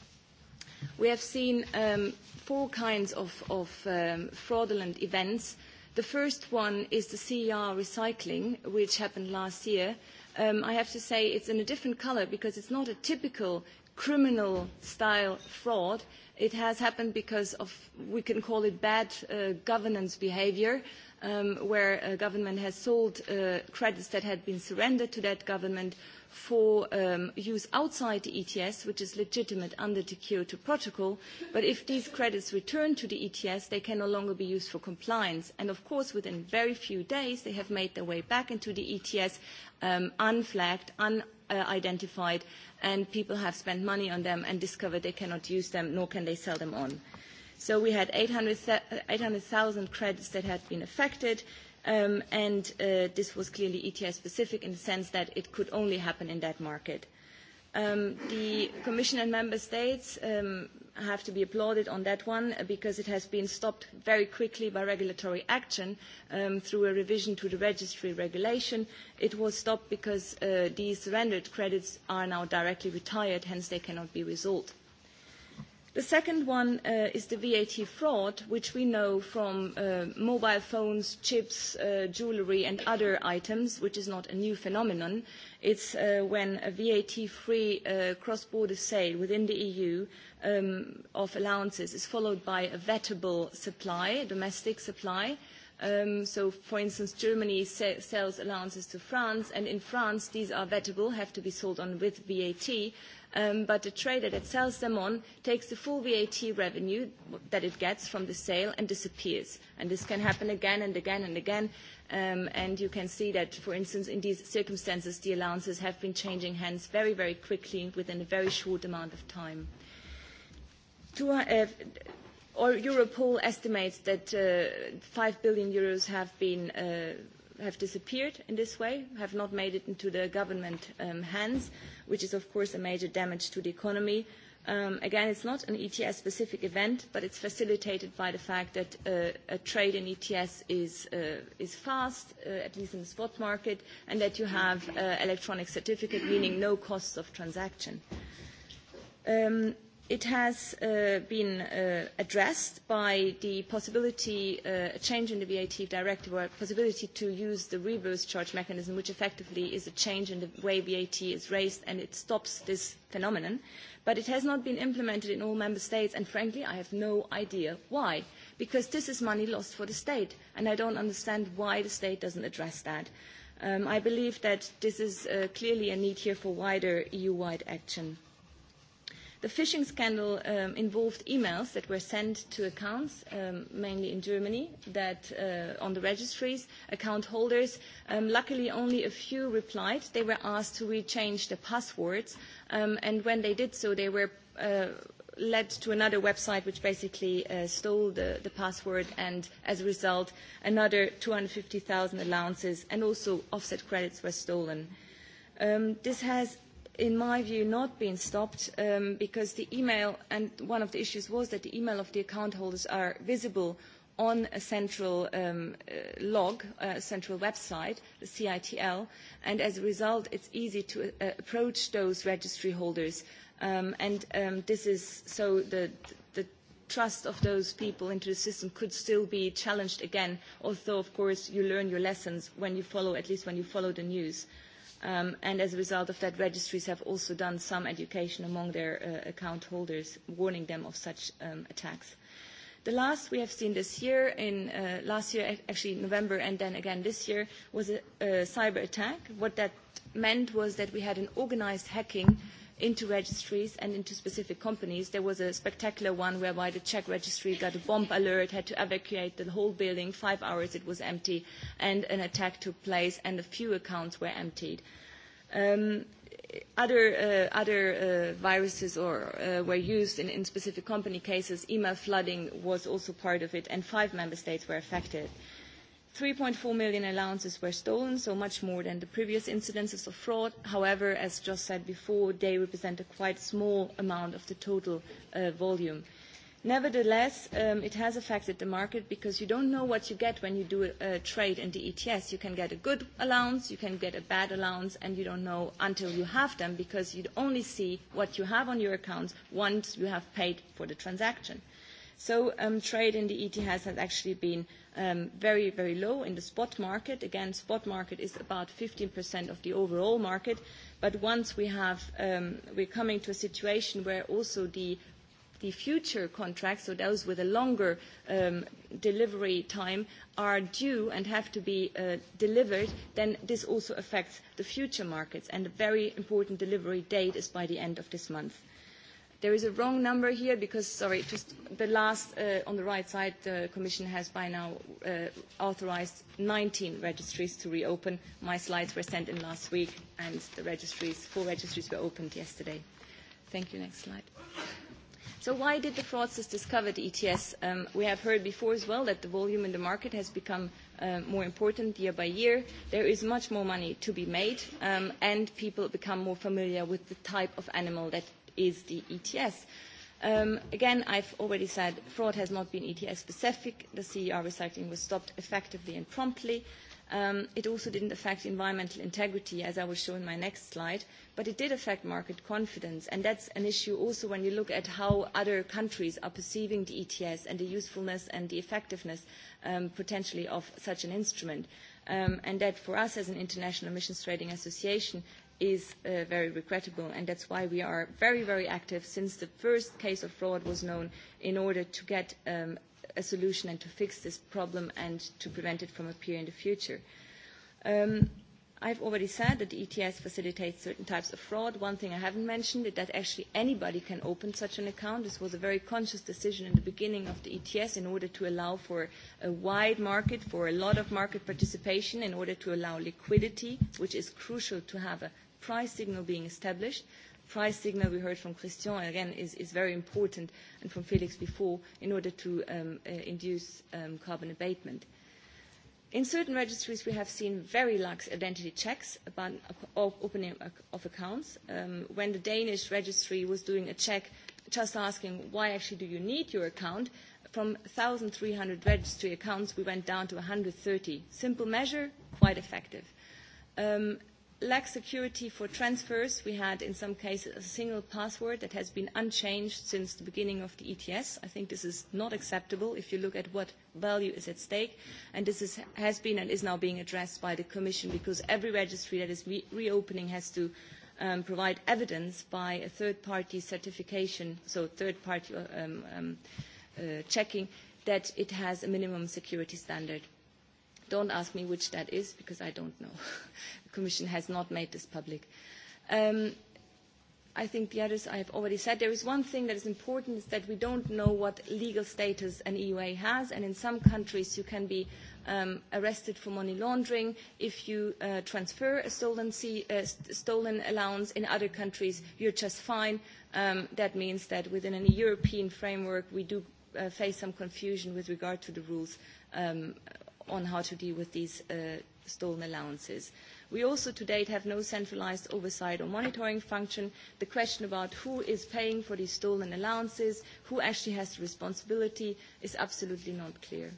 We have seen um, four kinds of, of um, fraudulent events. The first one is the CER recycling, which happened last year. Um, I have to say it's in a different color because it's not a typical criminal style fraud. It has happened because of, we can call it bad uh, governance behavior, um, where a government has sold uh, credits that had been surrendered to that government for um, use outside the ETS, which is legitimate under the Kyoto Protocol. But if these credits return to the ETS, they can no longer be used for compliance. And of course, within very few days, they have made their way back into the ETS um, unflagged, unidentified, uh, and people have spent money on them and discovered they cannot use them, nor can they sell them on. So we had 800,000 800, credits that had been affected, um, and uh, this was clearly ETS-specific in the sense that it could only happen in that market. Um, the Commission and Member States um, have to be applauded on that one because it has been stopped very quickly by regulatory action um, through a revision to the registry regulation. It was stopped because uh, these rendered credits are now directly retired, hence they cannot be resold. The second one uh, is the VAT fraud, which we know from uh, mobile phones, chips, uh, jewelry, and other items, which is not a new phenomenon. It's uh, when a VAT-free uh, cross-border sale within the EU um, of allowances is followed by a vettable supply, domestic supply, uh, Um, so, for instance, Germany se sells allowances to France, and in France these are vettable, have to be sold on with VAT, um, but the trader that sells them on takes the full VAT revenue that it gets from the sale and disappears. And this can happen again and again and again, um, and you can see that, for instance, in these circumstances, the allowances have been changing hands very, very quickly within a very short amount of time. To, uh, or Europol estimates that uh, 5 billion euros have been uh, have disappeared in this way, have not made it into the government um, hands, which is of course a major damage to the economy. Um, again, it's not an ETS-specific event, but it's facilitated by the fact that uh, a trade in ETS is, uh, is fast, uh, at least in the spot market, and that you have uh, electronic certificate, meaning no costs of transaction. Um, it has uh, been uh, addressed by the possibility, uh, a change in the VAT directive, or a possibility to use the reverse charge mechanism, which effectively is a change in the way VAT is raised, and it stops this phenomenon. But it has not been implemented in all member states, and frankly, I have no idea why, because this is money lost for the state, and I don't understand why the state doesn't address that. Um, I believe that this is uh, clearly a need here for wider EU-wide action. The phishing scandal um, involved emails that were sent to accounts, um, mainly in Germany, that uh, on the registries, account holders. Um, luckily, only a few replied. They were asked to rechange the passwords, um, and when they did so, they were uh, led to another website which basically uh, stole the, the password and as a result another 250,000 allowances and also offset credits were stolen. Um, this has in my view, not been stopped um, because the email, and one of the issues was that the email of the account holders are visible on a central um, uh, log, uh, central website, the CITL, and as a result, it's easy to uh, approach those registry holders. Um, and um, this is so the, the trust of those people into the system could still be challenged again, although, of course, you learn your lessons when you follow, at least when you follow the news. Uh, Um, and as a result of that, registries have also done some education among their uh, account holders, warning them of such um, attacks. The last we have seen this year, in uh, last year, actually November, and then again this year, was a, a cyber attack. What that meant was that we had an organized hacking into registries and into specific companies. There was a spectacular one whereby the Czech registry got a bomb alert, had to evacuate the whole building. Five hours it was empty, and an attack took place, and a few accounts were emptied. Um, other, uh, other uh, viruses or, uh, were used in, in specific company cases. Email flooding was also part of it, and five member states were affected. Uh, 3.4 million allowances were stolen, so much more than the previous incidences of fraud. However, as just said before, they represent a quite small amount of the total uh, volume. Nevertheless, um, it has affected the market because you don't know what you get when you do a, a trade in the ETS. You can get a good allowance, you can get a bad allowance, and you don't know until you have them because you only see what you have on your accounts once you have paid for the transaction. So um, trade in the ETS has actually been um, very, very low in the spot market. Again, spot market is about 15% of the overall market. But once we have, um, we're coming to a situation where also the the future contracts, so those with a longer um, delivery time, are due and have to be uh, delivered, then this also affects the future markets. And a very important delivery date is by the end of this month. There is a wrong number here because, sorry, just the last uh, on the right side, the Commission has by now uh, authorized 19 registries to reopen. My slides were sent in last week and the registries, four registries were opened yesterday. Thank you. Next slide. So why did the fraudsters discover the ETS? Um, we have heard before as well that the volume in the market has become uh, more important year by year. There is much more money to be made, um, and people become more familiar with the type of animal that is the ETS. Um, again, I've already said fraud has not been ETS specific. The CER recycling was stopped effectively and promptly. Um, it also didn't affect environmental integrity, as I will show in my next slide, but it did affect market confidence. And that's an issue also when you look at how other countries are perceiving the ETS and the usefulness and the effectiveness um, potentially of such an instrument. Um, and that for us as an international emissions trading association is uh, very regrettable, and that's why we are very, very active since the first case of fraud was known in order to get um, a solution and to fix this problem and to prevent it from appearing in the future. Um, I've already said that the ETS facilitates certain types of fraud. One thing I haven't mentioned is that actually anybody can open such an account. This was a very conscious decision in the beginning of the ETS in order to allow for a wide market, for a lot of market participation, in order to allow liquidity, which is crucial to have a price signal being established. Price signal, we heard from Christian again, is, is very important, and from Felix before, in order to um, uh, induce um, carbon abatement. In certain registries, we have seen very lax identity checks about opening of accounts. Um, when the Danish registry was doing a check, just asking, why actually do you need your account? From 1,300 registry accounts, we went down to 130. Simple measure, quite effective. Um, lack security for transfers. We had, in some cases, a single password that has been unchanged since the beginning of the ETS. I think this is not acceptable if you look at what value is at stake. And this is, has been and is now being addressed by the Commission because every registry that is re reopening has to um, provide evidence by a third-party certification, so third-party uh, um, um, uh, checking, that it has a minimum security standard. Don't ask me which that is because I don't know. the Commission has not made this public. Um, I think the others I have already said. There is one thing that is important is that we don't know what legal status an EUA has, and in some countries you can be um, arrested for money laundering if you uh, transfer a stolen, C, uh, st stolen allowance. In other countries you're just fine. Um, that means that within a European framework we do uh, face some confusion with regard to the rules um, on how to deal with these uh, stolen allowances. We also to date have no centralized oversight or monitoring function. The question about who is paying for these stolen allowances, who actually has the responsibility, is absolutely not clear.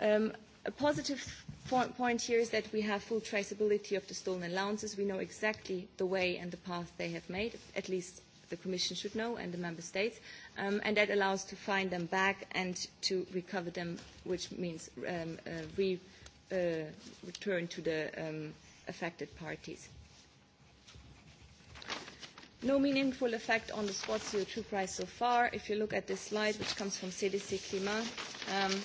Um, a positive point here is that we have full traceability of the stolen allowances. We know exactly the way and the path they have made, at least the Commission should know and the Member States, um, and that allows to find them back and to recover them, which means um, uh, re, uh, return to the um, affected parties. No meaningful effect on the spot CO2 price so far. If you look at this slide, which comes from CDC Climat, um,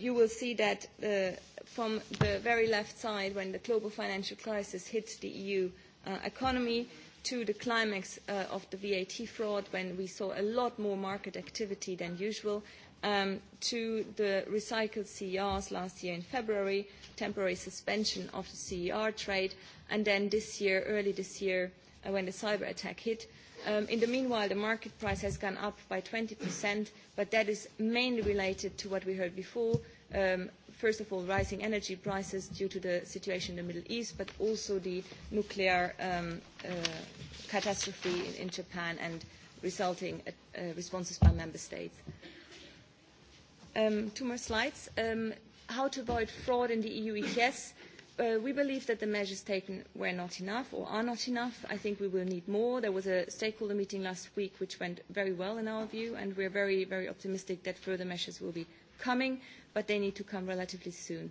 you will see that uh, from the very left side, when the global financial crisis hit the EU uh, economy, uh, to the climax uh, of the VAT fraud when we saw a lot more market activity than usual, um, to the recycled CERs last year in February, temporary suspension of the CER trade, and then this year, early this year, uh, when the cyber attack hit. Um, in the meanwhile, the market price has gone up by 20%, but that is mainly related to what we heard before, um, first of all, rising energy prices due to the situation in the Middle East, but also the nuclear um, uh, catastrophe in, in Japan and resulting uh, uh responses by member states. Um, two more slides. Um, how to avoid fraud in the EU ETS. Uh, we believe that the measures taken were not enough or are not enough. I think we will need more. There was a stakeholder meeting last week which went very well in our view, and we're very, very optimistic that further measures will be coming but they need to come relatively soon.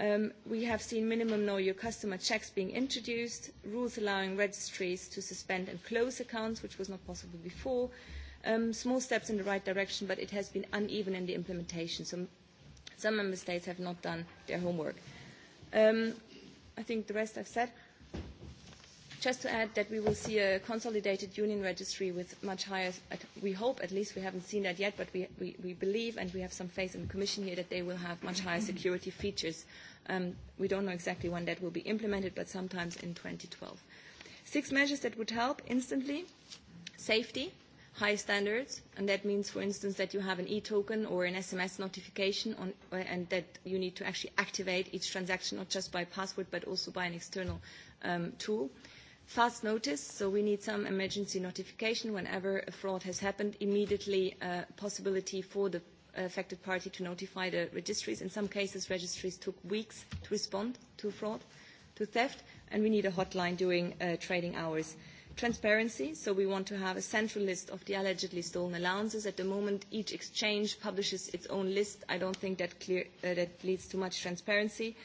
Um, we have seen minimum know your customer checks being introduced, rules allowing registries to suspend and close accounts, which was not possible before. Um, small steps in the right direction, but it has been uneven in the implementation. Some, some member states have not done their homework. Um, I think the rest I've said. Just to add that we will see a consolidated union registry with much higher, we hope, at least we haven't seen that yet, but we, we, we believe and we have some faith in the Commission here that they will have much higher security features. Um, we don't know exactly when that will be implemented, but sometimes in 2012. Six measures that would help instantly. Safety, high standards, and that means, for instance, that you have an e-token or an SMS notification on, uh, and that you need to actually activate each transaction, not just by password, but also by an external um, tool. Uh, fast notice, so we need some emergency notification whenever a fraud has happened, immediately uh, possibility for the affected party to notify the registries. In some cases, registries took weeks to respond to fraud, to theft, and we need a hotline during uh, trading hours. Transparency, so we want to have a central list of the allegedly stolen allowances. At the moment, each exchange publishes its own list. I don't think that, clear, uh, that leads to much transparency. Uh,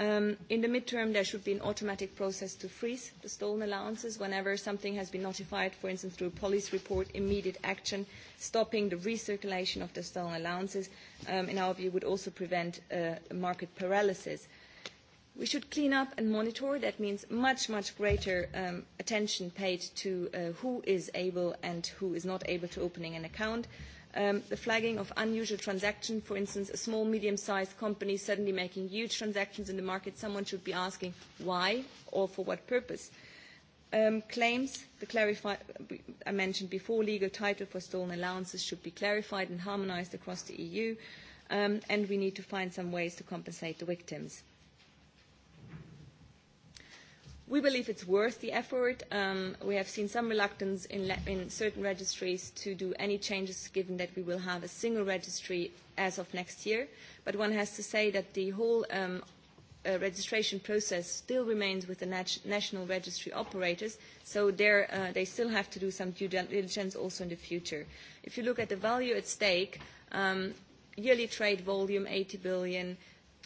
Um, in the midterm, there should be an automatic process to freeze the stolen allowances whenever something has been notified, for instance, through a police report, immediate action, stopping the recirculation of the stolen allowances, um, in our view, would also prevent uh, market paralysis. We should clean up and monitor. That means much, much greater um, attention paid to uh, who is able and who is not able to opening an account. Uh, um, the flagging of unusual transactions, for instance, a small, medium-sized company suddenly making huge transactions in the market, someone should be asking why or for what purpose. Um, claims, the clarify, I mentioned before, legal title for stolen allowances should be clarified and harmonized across the EU, um, and we need to find some ways to compensate the victims. We believe it's worth the effort. Um, we have seen some reluctance in, le- in certain registries to do any changes given that we will have a single registry as of next year. But one has to say that the whole um, uh, registration process still remains with the nat- national registry operators, so uh, they still have to do some due diligence also in the future. If you look at the value at stake, um, yearly trade volume 80 billion,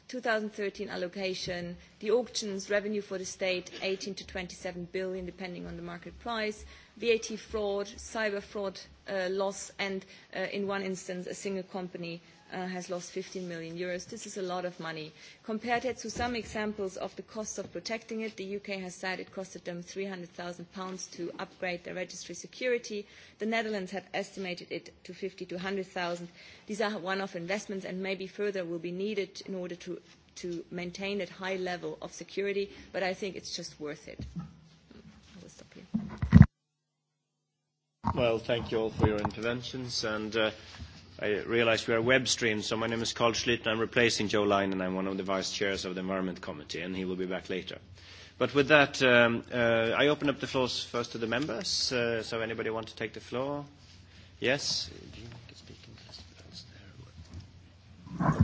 2013 allocation, the auctions revenue for the state, 18 to 27 billion, depending on the market price, VAT fraud, cyber fraud uh, loss, and uh, in one instance, a single company uh, has lost 15 million euros. This is a lot of money. Compared it to some examples of the costs of protecting it, the UK has said it costed them 300,000 pounds to upgrade their registry security. The Netherlands had estimated it to 50 to 100,000. These are one-off investments and maybe further will be needed in order to, to maintain that high level of security, but I think it's just worth it. I will stop here. Well, thank you all for your interventions, and uh, I realized we are web streamed, so my name is Carl Schlyter. I'm replacing Joe Line, and I'm one of the vice chairs of the Environment Committee, and he will be back later. But with that, um, uh, I open up the floors first to the members. Uh, so anybody want to take the floor? Yes? Do you want to speak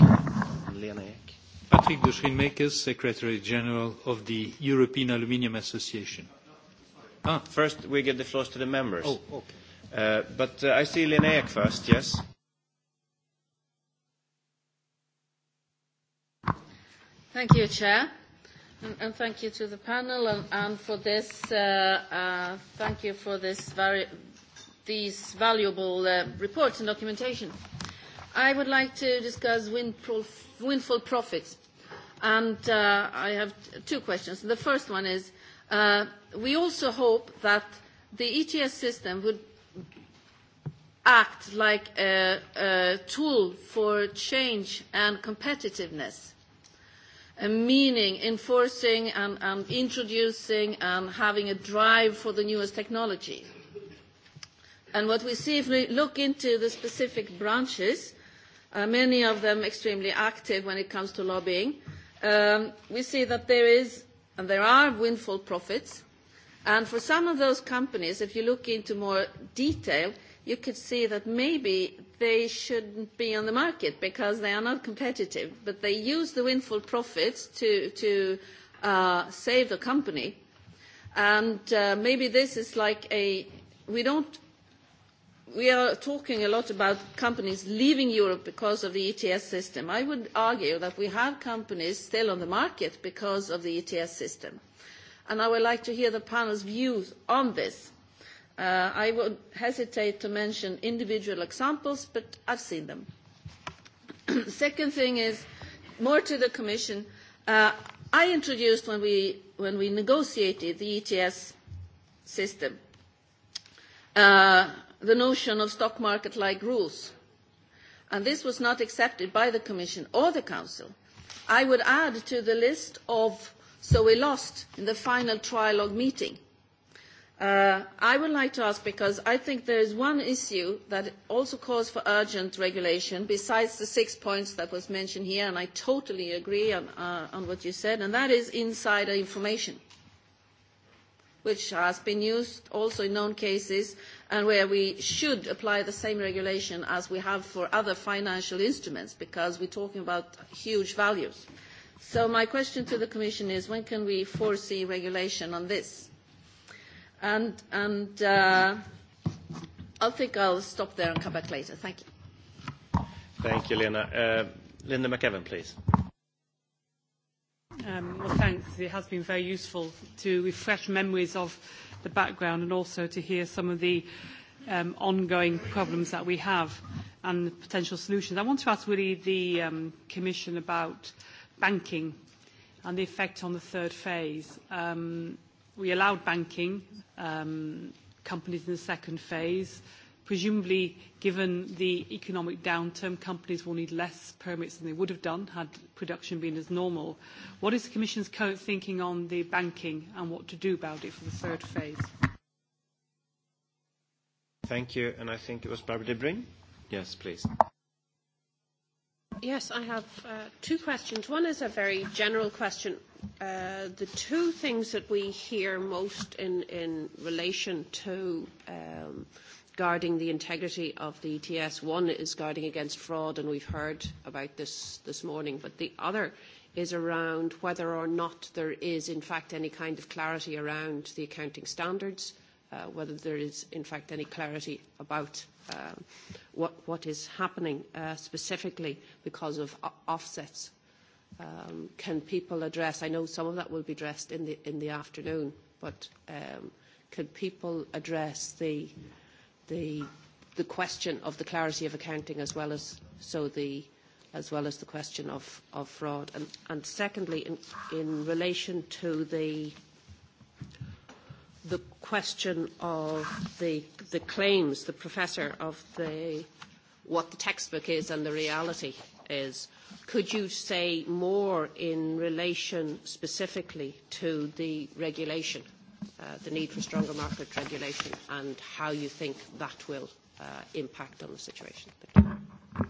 in there? Lena Ek. Patrick de Schoenmakers, Secretary General of the European Aluminium Association. Ah. First, we give the floors to the members. Oh, okay. Uh, but uh, I see Lena Ek first, yes? Thank you, Chair. And, and thank you to the panel and, and for this. Uh, uh, thank you for this very, these valuable uh, reports and documentation. I would like to discuss windfall, windfall profits. And uh, I have two questions. The first one is, uh, we also hope that the ETS system would act like a, a tool for change and competitiveness meaning enforcing and, and introducing and having a drive for the newest technology. And what we see if we look into the specific branches, uh, many of them extremely active when it comes to lobbying, um, we see that there is and there are windfall profits. And for some of those companies, if you look into more detail, you could see that maybe they shouldn't be on the market because they are not competitive, but they use the windfall profits to, to uh, save the company. And uh, maybe this is like a, we don't, we are talking a lot about companies leaving Europe because of the ETS system. I would argue that we have companies still on the market because of the ETS system. And I would like to hear the panel's views on this. Uh, I would hesitate to mention individual examples, but I've seen them. Second thing is, more to the Commission, uh, I introduced when we, when we negotiated the ETS system, uh, the notion of stock market-like rules. And this was not accepted by the Commission or the Council. I would add to the list of, so we lost in the final trilogue meeting, uh, Uh, I would like to ask, because I think there is one issue that also calls for urgent regulation, besides the six points that was mentioned here, and I totally agree on, uh, on what you said, and that is insider information, which has been used also in known cases, and where we should apply the same regulation as we have for other financial instruments, because we're talking about huge values. So my question to the Commission is, when can we foresee regulation on this? And, and uh, I think I'll stop there and come back later. Thank you. Thank you, Lena. Uh, Linda McEvan, please. Um, well, thanks. It has been very useful to refresh memories of the background and also to hear some of the um, ongoing problems that we have and the potential solutions. I want to ask really the um, Commission about banking and the effect on the third phase. Um, We allowed banking um, companies in the second phase. Presumably, given the economic downturn, companies will need less permits than they would have done had production been as normal. What is the Commission's current thinking on the banking and what to do about it for the third phase? Thank you. And I think it was Barbara de Bryn. Yes, please. Yes, I have uh, two questions. One is a very general question. Uh, the two things that we hear most in, in relation to um, guarding the integrity of the ETS, one is guarding against fraud, and we've heard about this this morning, but the other is around whether or not there is, in fact, any kind of clarity around the accounting standards uh, uh, whether there is in fact any clarity about um, what, what is happening uh, specifically because of offsets. Um, can people address, I know some of that will be addressed in the, in the afternoon, but um, can people address the, the, the question of the clarity of accounting as well as so the as well as the question of, of fraud? And, and secondly, in, in relation to the uh, the question of the, the claims, the professor of the, what the textbook is and the reality is. Could you say more in relation specifically to the regulation, uh, the need for stronger market regulation, and how you think that will uh, impact on the situation? Thank you.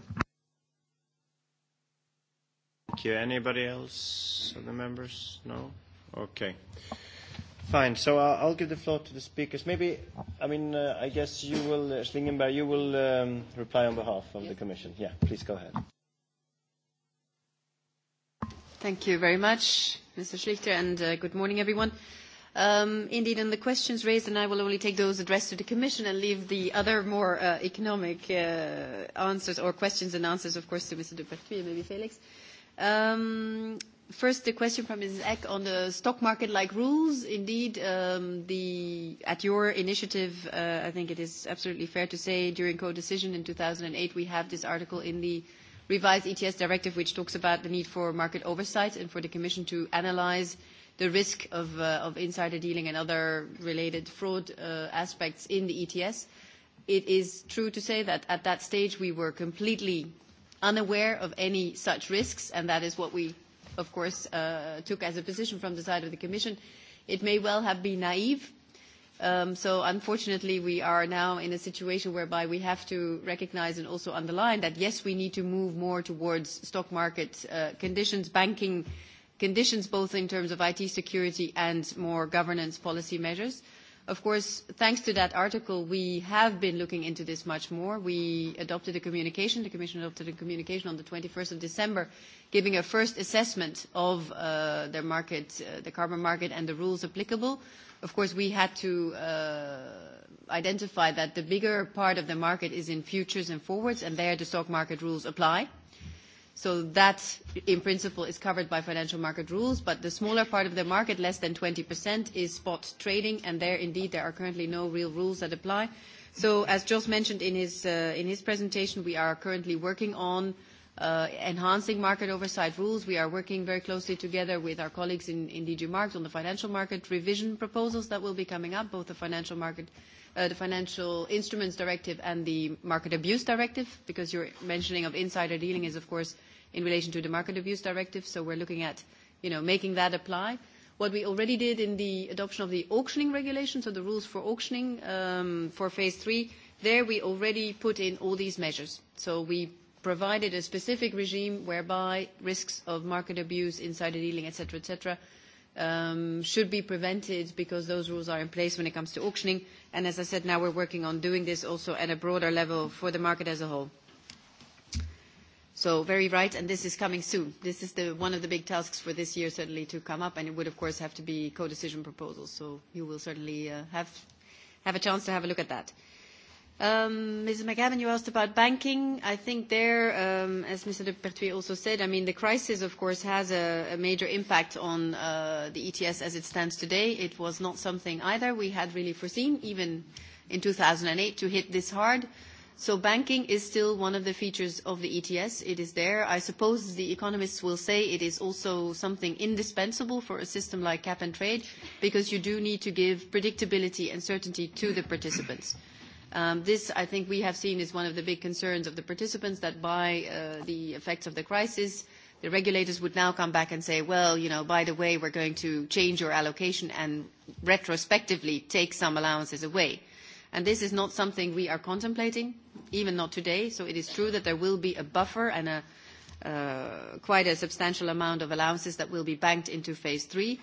Thank you. Anybody else of the members? No? Okay. Uh, Fine. So I'll, I'll give the floor to the speakers. Maybe, I mean, uh, I guess you will, uh, Schlingenberg, you will um, reply on behalf of yes. the Commission. Yeah, please go ahead. Thank you very much, Mr. Schlichter, and uh, good morning, everyone. Um, indeed, in the questions raised, and I will only take those addressed to the Commission and leave the other more uh, economic uh, answers or questions and answers, of course, to Mr. Dupertuis and maybe Felix. Um, First, the question from Mrs. Eck on the stock market-like rules. Indeed, um, the, at your initiative, uh, I think it is absolutely fair to say during co-decision in 2008, we have this article in the revised ETS directive, which talks about the need for market oversight and for the Commission to analyze the risk of, uh, of insider dealing and other related fraud uh, aspects in the ETS. It is true to say that at that stage, we were completely unaware of any such risks, and that is what we of course, uh, took as a position from the side of the Commission, it may well have been naive. Um, so unfortunately, we are now in a situation whereby we have to recognize and also underline that, yes, we need to move more towards stock market uh, conditions, banking conditions, both in terms of IT security and more governance policy measures. Of course, thanks to that article, we have been looking into this much more. We adopted a communication, the Commission adopted a communication on the 21st of December, giving a first assessment of uh, their market, uh, the carbon market and the rules applicable. Of course, we had to uh, identify that the bigger part of the market is in futures and forwards, and there the stock market rules apply. Uh, So that, in principle, is covered by financial market rules, but the smaller part of the market, less than 20%, is spot trading, and there, indeed, there are currently no real rules that apply. So as Jos mentioned in his, uh, in his presentation, we are currently working on uh, enhancing market oversight rules. We are working very closely together with our colleagues in, in DG Markets on the financial market revision proposals that will be coming up, both the financial market, uh, the Financial Instruments Directive and the Market Abuse Directive, because your mentioning of insider dealing is, of course, uh, in relation to the Market Abuse Directive, so we're looking at, you know, making that apply. What we already did in the adoption of the auctioning regulation, so the rules for auctioning, um, for phase three, there we already put in all these measures. So we provided a specific regime whereby risks of market abuse, insider dealing, et cetera, et cetera, um, should be prevented because those rules are in place when it comes to auctioning. And as I said, now we're working on doing this also at a broader level for the market as a whole. So very right, and this is coming soon. This is the, one of the big tasks for this year, certainly, to come up, and it would, of course, have to be co-decision proposals. So you will certainly uh, have, have a chance to have a look at that. Um, Mrs. McGavin, you asked about banking. I think there, um, as Mr. de Pertuis also said, I mean, the crisis, of course, has a, a major impact on uh, the ETS as it stands today. It was not something either we had really foreseen, even in 2008, to hit this hard. Uh, So banking is still one of the features of the ETS. It is there. I suppose the economists will say it is also something indispensable for a system like cap and trade because you do need to give predictability and certainty to the participants. Um, this, I think we have seen, is one of the big concerns of the participants that by uh, the effects of the crisis, the regulators would now come back and say, well, you know, by the way, we're going to change your allocation and retrospectively take some allowances away And this is not something we are contemplating, even not today. So it is true that there will be a buffer and a uh, quite a substantial amount of allowances that will be banked into phase three.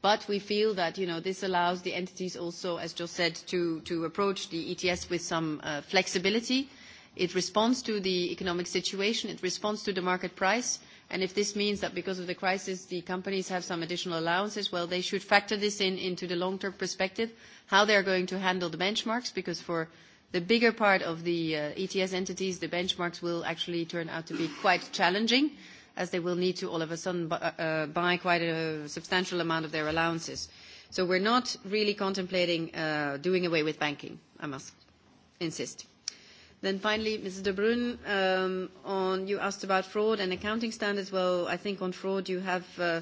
But we feel that, you know, this allows the entities also, as Jos said, to, to approach the ETS with some uh, flexibility. It responds to the economic situation, it responds to the market price, And if this means that because of the crisis, the companies have some additional allowances, well, they should factor this in into the long-term perspective, how they're going to handle the benchmarks, because for the bigger part of the uh, ETS entities, the benchmarks will actually turn out to be quite challenging, as they will need to all of a sudden bu uh, uh buy quite a substantial amount of their allowances. So we're not really contemplating uh, doing away with banking, I must insist. Then finally, Mrs. De Bruyn, um, on, you asked about fraud and accounting standards. Well, I think on fraud you have uh,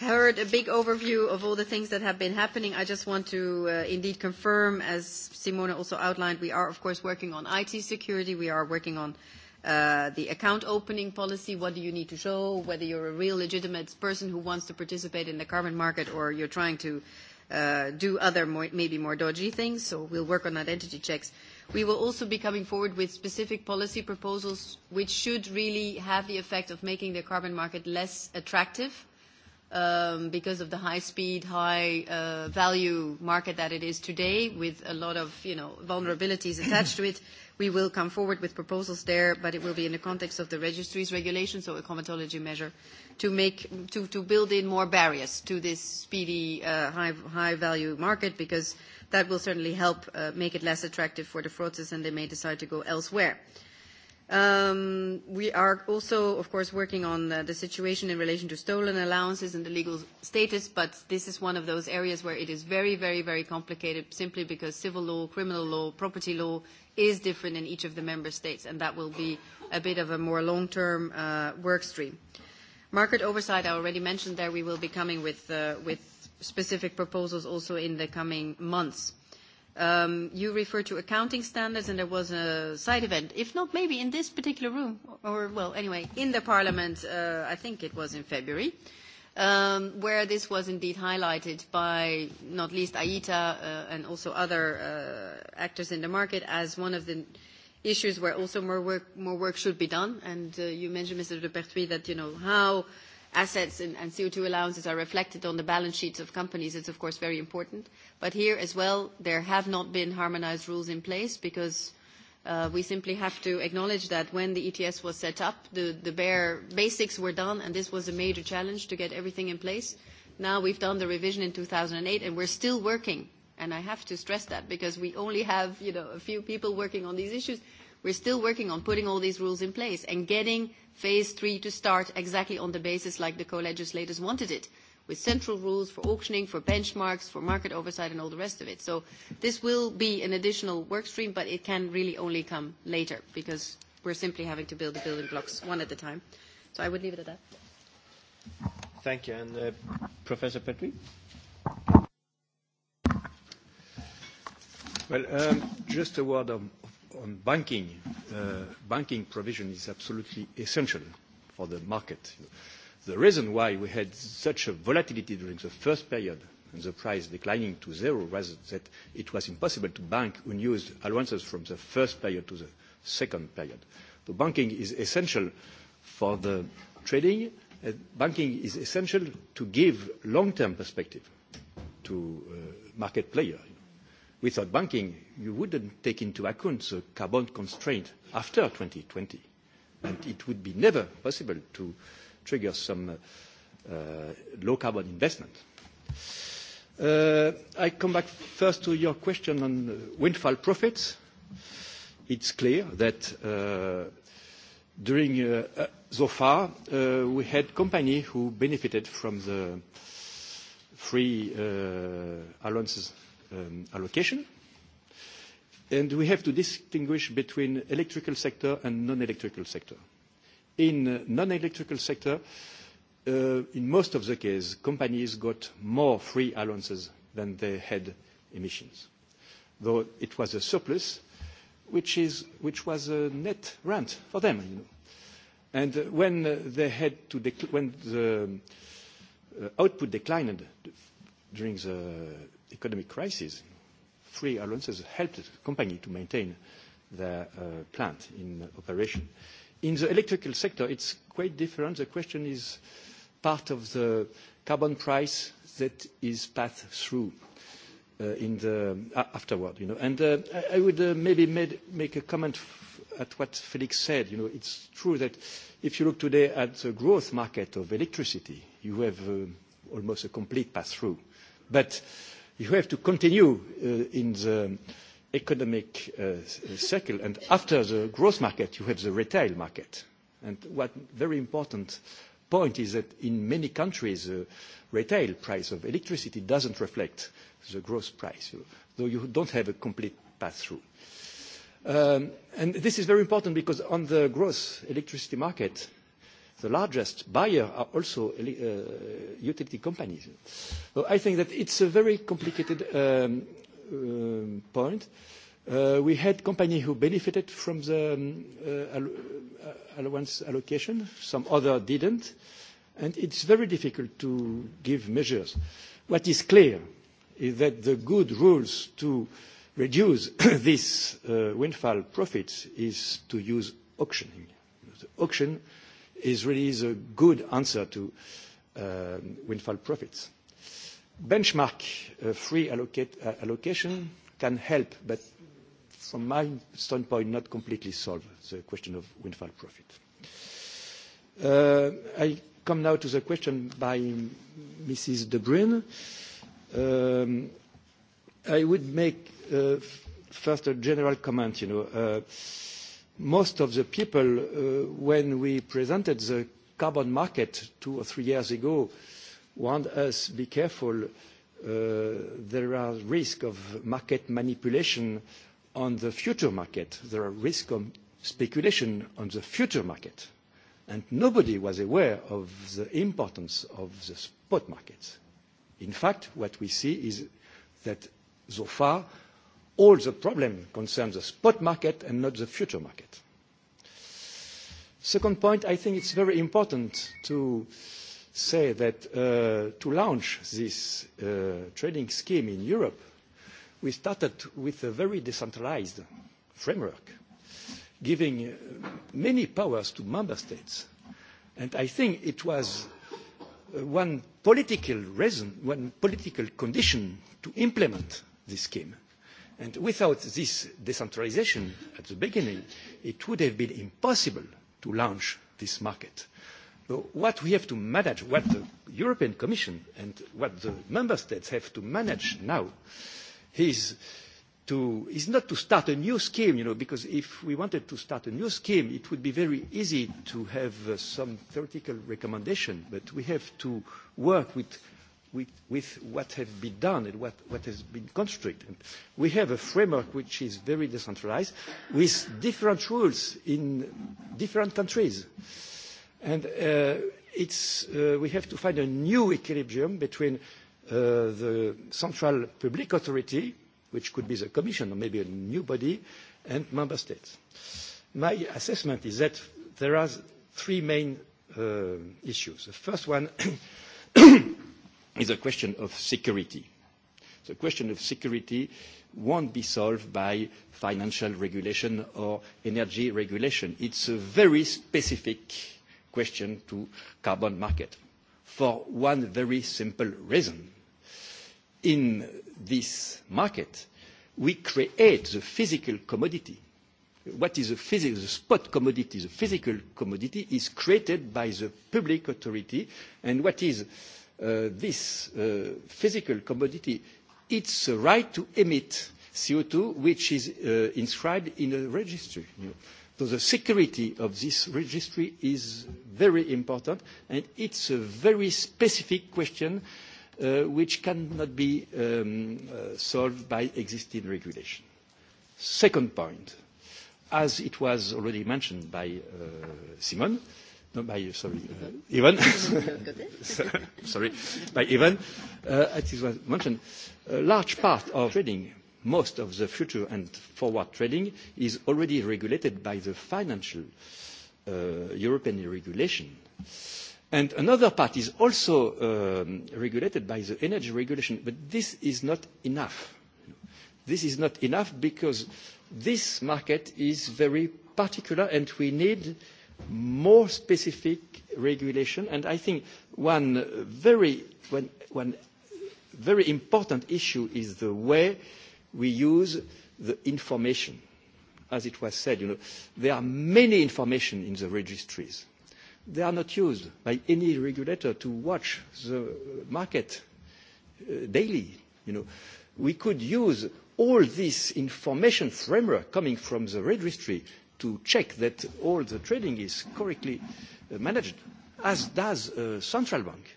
heard a big overview of all the things that have been happening. I just want to uh, indeed confirm, as Simona also outlined, we are, of course, working on IT security. We are working on uh, the account opening policy. What do you need to show? Whether you're a real legitimate person who wants to participate in the carbon market or you're trying to uh, do other, more, maybe more dodgy things. So we'll work on identity checks. Uh, We will also be coming forward with specific policy proposals which should really have the effect of making the carbon market less attractive um, because of the high speed, high uh, value market that it is today with a lot of, you know, vulnerabilities attached to it. We will come forward with proposals there, but it will be in the context of the registries regulation, so a comitology measure to make to, to build in more barriers to this speedy, uh, high, high value market, because that will certainly help uh, make it less attractive for the fraudsters, and they may decide to go elsewhere. Uh, Um, we are also, of course, working on uh, the situation in relation to stolen allowances and the legal status, but this is one of those areas where it is very, very, very complicated simply because civil law, criminal law, property law is different in each of the member states, and that will be a bit of a more long-term uh, work stream. Market oversight, I already mentioned there, we will be coming with, uh, with specific proposals also in the coming months. Um, you referred to accounting standards, and there was a side event, if not maybe in this particular room, or, well, anyway, in the parliament, uh, I think it was in February, um, where this was indeed highlighted by not least IETA uh, and also other uh, actors in the market as one of the issues where also more work, more work should be done. And uh, you mentioned, Mr. de Pertuis, that, you know, how assets and, and CO2 allowances are reflected on the balance sheets of companies, it's of course very important. But here as well, there have not been harmonized rules in place because uh, we simply have to acknowledge that when the ETS was set up, the, the bare basics were done, and this was a major challenge to get everything in place. Now we've done the revision in 2008, and we're still working. And I have to stress that because we only have, you know, a few people working on these issues. We're still working on putting all these rules in place and getting phase three to start exactly on the basis like the co-legislators wanted it, with central rules for auctioning, for benchmarks, for market oversight, and all the rest of it. So this will be an additional work stream, but it can really only come later because we're simply having to build the building blocks one at a time. So I would leave it at that. Thank you. And uh, Professor Petrie? Well, um, just a word on on banking, uh, banking provision is absolutely essential for the market. The reason why we had such a volatility during the first period and the price declining to zero was that it was impossible to bank unused allowances from the first period to the second period. So banking is essential for the trading. Uh, banking is essential to give long-term perspective to uh, market player. Without banking, you wouldn't take into account the carbon constraint after 2020, and it would be never possible to trigger some uh, low carbon investment. Uh, I come back first to your question on windfall profits. It's clear that uh, during uh, uh so far, uh, we had company who benefited from the free uh, allowances um, allocation. And we have to distinguish between electrical sector and non-electrical sector. In uh, non-electrical sector, uh, in most of the case, companies got more free allowances than they had emissions, though it was a surplus, which, is, which was a net rent for them, you know. And uh, when, uh, they had to when the uh, output declined during the economic crisis, free allowances helped the company to maintain their uh, plant in operation. In the electrical sector, it's quite different. The question is part of the carbon price that is passed through uh, in the uh, afterward, you know. And uh, I, I would uh, maybe made, make a comment f- at what Felix said. You know, it's true that if you look today at the growth market of electricity, you have uh, almost a complete pass-through. But uh, you have to continue uh, in the economic uh, cycle. And after the growth market, you have the retail market. And what very important point is that in many countries, the uh, retail price of electricity doesn't reflect the growth price, you, though you don't have a complete pass-through. Um, and this is very important because on the gross electricity market, the largest buyer are also uh, utility companies. So I think that it's a very complicated um, um, point. Uh, we had company who benefited from the um, uh, allo uh, allowance allocation, some other didn't, and it's very difficult to give measures. What is clear is that the good rules to reduce this uh, windfall profits is to use auctioning. The auction is really the good answer to uh, windfall profits. Benchmark uh, free allocate, uh, allocation can help, but from my standpoint, not completely solve the question of windfall profit. Uh, I come now to the question by Mrs. De Bruyn. Um, I would make uh, first a general comment. You know, uh, most of the people, uh, when we presented the carbon market two or three years ago, warned us, "Be careful, uh, there are risk of market manipulation on the future market. There are risk of speculation on the future market." And nobody was aware of the importance of the spot markets. In fact, what we see is that so far, all the problem concerns the spot market and not the future market. Second point, I think it's very important to say that uh, to launch this uh, trading scheme in Europe, we started with a very decentralized framework, giving uh, many powers to member states. And I think it was uh, one political reason, one political condition to implement this scheme And without this decentralization at the beginning, it would have been impossible to launch this market. So what we have to manage, what the European Commission and what the member states have to manage now is to is not to start a new scheme, you know, because if we wanted to start a new scheme, it would be very easy to have uh, some theoretical recommendation, but we have to work with with, with what has been done and what, what has been constructed. We have a framework which is very decentralized with different rules in different countries. And uh, it's, uh, we have to find a new equilibrium between uh, the central public authority, which could be the Commission or maybe a new body, and member states. My assessment is that there are three main uh, issues. The first one is a question of security. The question of security won't be solved by financial regulation or energy regulation. It's a very specific question to carbon market for one very simple reason. In this market, we create the physical commodity. What is a physical, the spot commodity, the physical commodity is created by the public authority, and what is uh, uh, this uh, physical commodity, it's a right to emit CO2, which is uh, inscribed in a registry. You know. So the security of this registry is very important, and it's a very specific question uh, which cannot be um, uh, solved by existing regulation. Second point, as it was already mentioned by uh, Simon, uh, No, by, uh, sorry, uh, Ivan. sorry, by Ivan, uh, it was mentioned, a large part of trading, most of the future and forward trading is already regulated by the financial uh, European regulation. And another part is also um, regulated by the energy regulation, but this is not enough. This is not enough because this market is very particular and we need uh, more specific regulation. And I think one very, one, one very important issue is the way we use the information. As it was said, you know, there are many information in the registries. They are not used by any regulator to watch the market uh, daily. You know, we could use all this information framework coming from the registry to check that all the trading is correctly uh, managed, as does a uh, central bank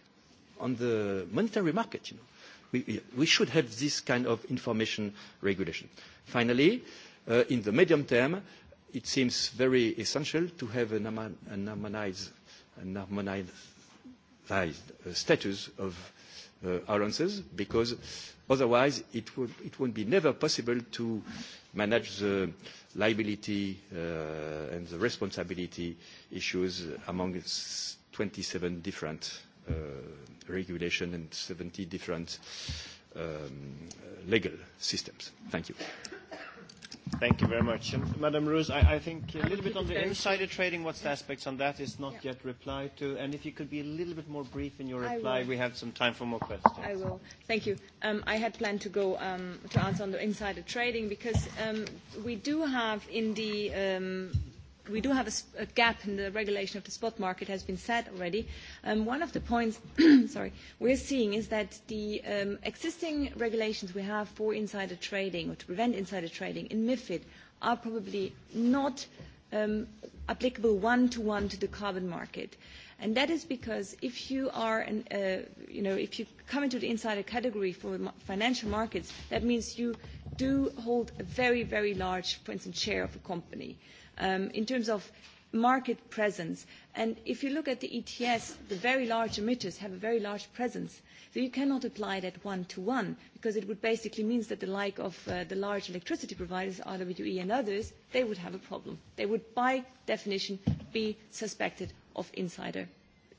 on the monetary market. You know. we, we should have this kind of information regulation. Finally, uh, in the medium term, it seems very essential to have an, an harmonized, an harmonized uh, status of uh, our answers, because otherwise it would, it would be never possible to manage the liability uh, and the responsibility issues among 27 different uh, regulation and 70 different um, legal systems. Thank you. Thank you very much. And Madam Roos, I, I think a little bit on the insider trading, what's the aspects on that is not yeah. yet replied to. And if you could be a little bit more brief in your reply, we have some time for more questions. I will. Thank you. Um, I had planned to go um, to answer on the insider trading because um, we do have in the um, we do have a, a gap in the regulation of the spot market, has been said already. Um, one of the points sorry, we're seeing is that the um, existing regulations we have for insider trading or to prevent insider trading in MIFID are probably not um, applicable one-to-one -to, -one to the carbon market. And that is because if you are, an, uh, you know, if you come into the insider category for financial markets, that means you do hold a very, very large, for instance, share of a company um, in terms of market presence. And if you look at the ETS, the very large emitters have a very large presence. So you cannot apply that one-to-one -one because it would basically mean that the like of uh, the large electricity providers, RWE and others, they would have a problem. They would by definition be suspected of insider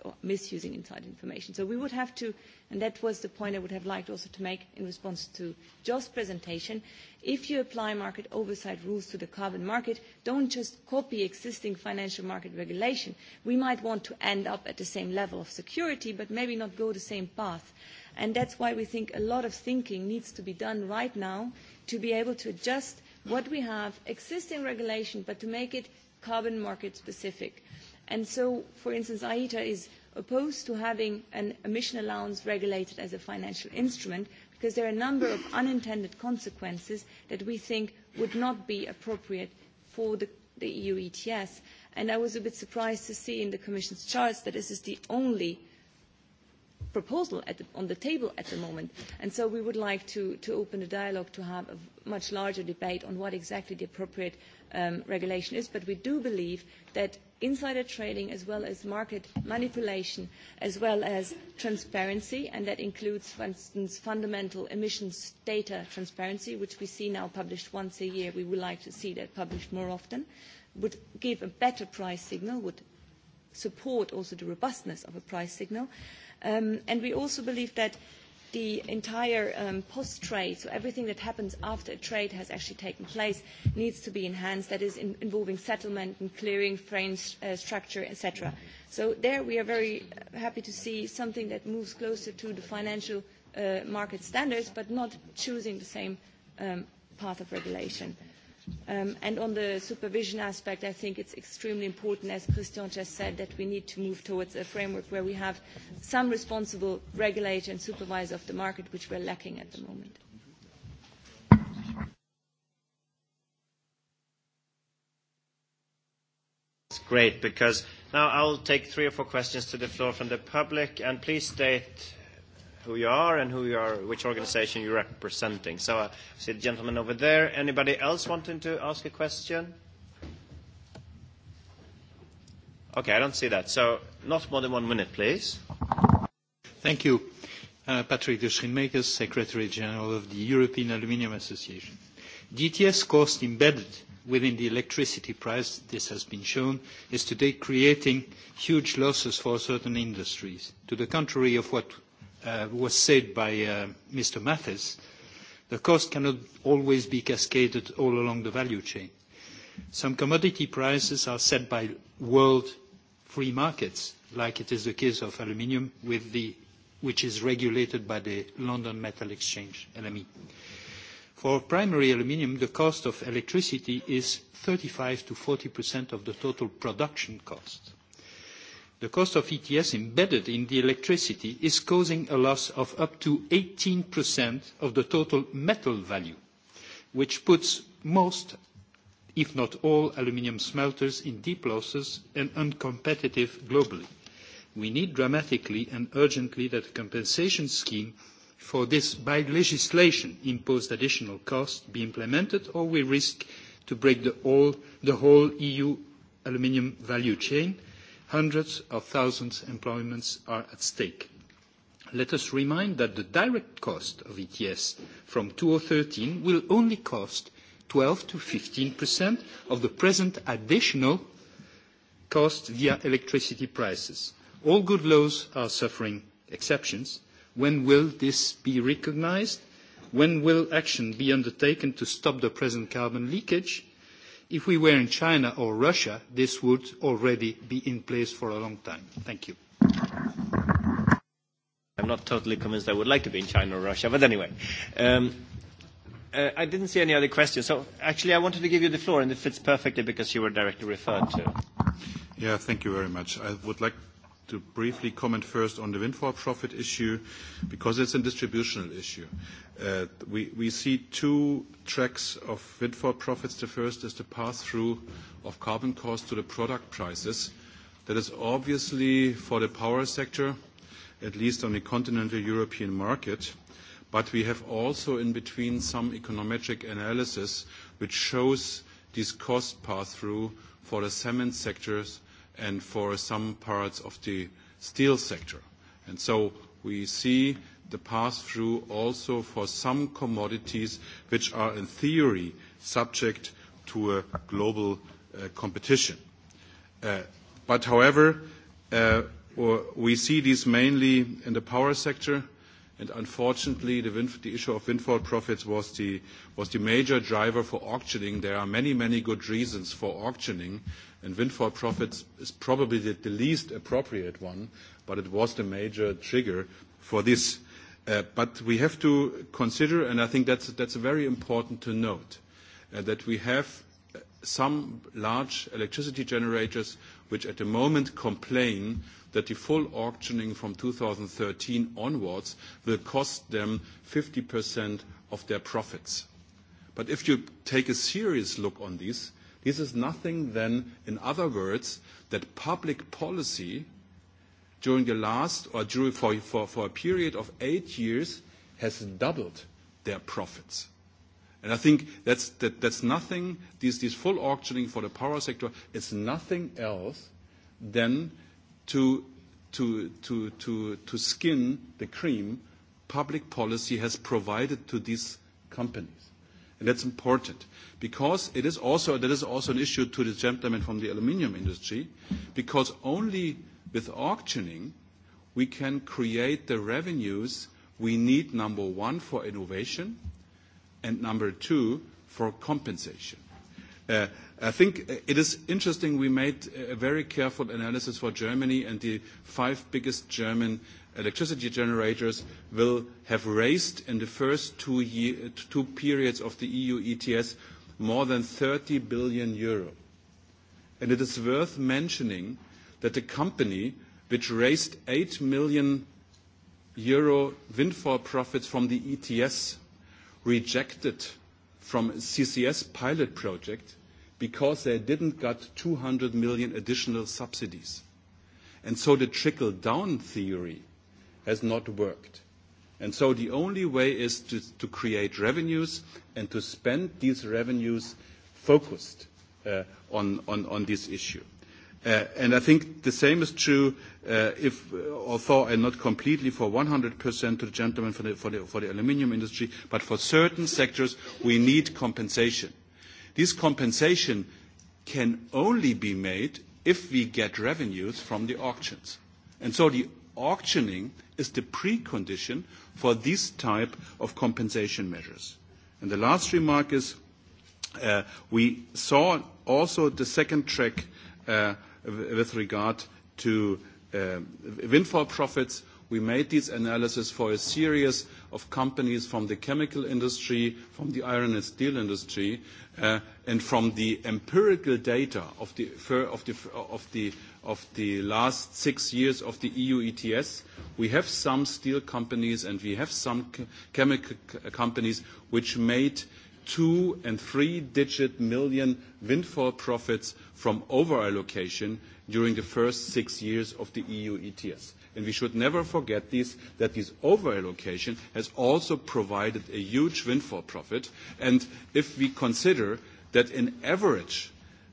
or misusing inside information. So we would have to, and that was the point I would have liked also to make in response to Joe's presentation, if you apply market oversight rules to the carbon market, don't just copy existing financial market regulation. We might want to end up at the same level of security, but maybe not go the same path. And that's why we think a lot of thinking needs to be done right now to be able to adjust what we have, existing regulation, but to make it carbon market specific. And so, for instance, AITA is opposed to having an emission allowance regulated as a financial instrument because there are a number of unintended consequences that we think would not be appropriate for the, the EU ETS. And I was a bit surprised to see in the Commission's charts that this is the only proposal at the, on the table at the moment. And so we would like to, to open the dialogue to have a much larger debate on what exactly the appropriate um, regulation is. But we do believe that insider trading as well as market manipulation as well as transparency and that includes for instance fundamental emissions data transparency which we see now published once a year we would like to see that published more often would give a better price signal would support also the robustness of a price signal um, and we also believe that uh, the entire um, post-trade, so everything that happens after a trade has actually taken place, needs to be enhanced. That is in, involving settlement and clearing, frame uh, structure, etc. So there we are very uh, happy to see something that moves closer to the financial uh, market standards, but not choosing the same um, path of regulation. Uh, Um, and on the supervision aspect, I think it's extremely important, as Christian just said, that we need to move towards a framework where we have some responsible regulator and supervisor of the market, which we're lacking at the moment. It's great, because now I'll take three or four questions to the floor from the public, and please state who you are and who you are, which organization you're representing. So uh, I uh, see the gentleman over there. Anybody else wanting to ask a question? Okay, I don't see that. So not more than one minute, please. Thank you. Uh, Patrick de Schrinmakers, Secretary General of the European Aluminium Association. DTS cost embedded within the electricity price, this has been shown, is today creating huge losses for certain industries, to the contrary of what uh, was said by uh, Mr. Mathis, the cost cannot always be cascaded all along the value chain. Some commodity prices are set by world free markets, like it is the case of aluminum, with the, which is regulated by the London Metal Exchange, LME. For primary aluminum, the cost of electricity is 35 to 40% of the total production cost The cost of ETS embedded in the electricity is causing a loss of up to 18% of the total metal value, which puts most, if not all, aluminum smelters in deep losses and uncompetitive globally. We need dramatically and urgently that a compensation scheme for this by legislation imposed additional cost be implemented, or we risk to break the whole, the whole EU aluminum value chain hundreds of thousands of employments are at stake. Let us remind that the direct cost of ETS from 2013 will only cost 12%-15% of the present additional cost via electricity prices. All good laws are suffering exceptions. When will this be recognized? When will action be undertaken to stop the present carbon leakage? If we were in China or Russia, this would already be in place for a long time. Thank you. I'm not totally convinced I would like to be in China or Russia, but anyway. Um, uh, I didn't see any other questions. So actually, I wanted to give you the floor, and it fits perfectly because you were directly referred to. Yeah, thank you very much. I would like to briefly comment first on the windfall profit issue, because it's a distributional issue. Uh, we, we see two tracks of windfall profits. The first is the pass-through of carbon costs to the product prices. That is obviously for the power sector, at least on the continental European market. But we have also in between some econometric analysis which shows these cost pass-through for the cement sectors and for some parts of the steel sector. And so we see the pass-through also for some commodities which are, in theory, subject to a global uh, competition. Uh, but however, uh, we see these mainly in the power sector, and unfortunately, the, win- the issue of windfall profits was the, was the major driver for auctioning. There are many, many good reasons for auctioning, and windfall profits is probably the, the least appropriate one, but it was the major trigger for this. Uh, but we have to consider, and I think that's, that's very important to note, uh, that we have uh, some large electricity generators which at the moment complain that the full auctioning from 2013 onwards will cost them 50% of their profits. But if you take a serious look on this, this is nothing than, in other words, that public policy during the last or during for, for, for a period of eight years has doubled their profits. And I think that's, that, that's nothing, this, this full auctioning for the power sector is nothing else than to, to, to, to, to skin the cream public policy has provided to these companies. And that's important because it is also, that is also an issue to the gentleman from the aluminum industry, because only with auctioning we can create the revenues we need, number one, for innovation, and number two, for compensation. Uh, I think uh, it is interesting we made a very careful analysis for Germany, and the five biggest German electricity generators will have raised in the first two, year, two periods of the EU ETS more than 30 billion euro. And it is worth mentioning that the company which raised 8 million euro windfall profits from the ETS rejected from CCS pilot project because they didn't get 200 million additional subsidies. And so the trickle-down theory has not worked. And so the only way is to, to create revenues and to spend these revenues focused uh, on, on, on this issue. Uh, and I think the same is true, uh, if, uh, although and not completely for 100% to the gentleman for the, for, the, for the aluminum industry, but for certain sectors, we need compensation. This compensation can only be made if we get revenues from the auctions. And so the auctioning is the precondition for this type of compensation measures. And the last remark is, uh, we saw also the second track uh, with regard to uh, windfall profits We made these analysis for a series of companies from the chemical industry, from the iron and steel industry, uh, and from the empirical data of the, of, the, of, the, of the last six years of the EU ETS, we have some steel companies and we have some chemical companies which made two- and three-digit million windfall profits from over allocation during the first six years of the EU ETS. And we should never forget this, that this over-allocation has also provided a huge windfall profit. And if we consider that in average,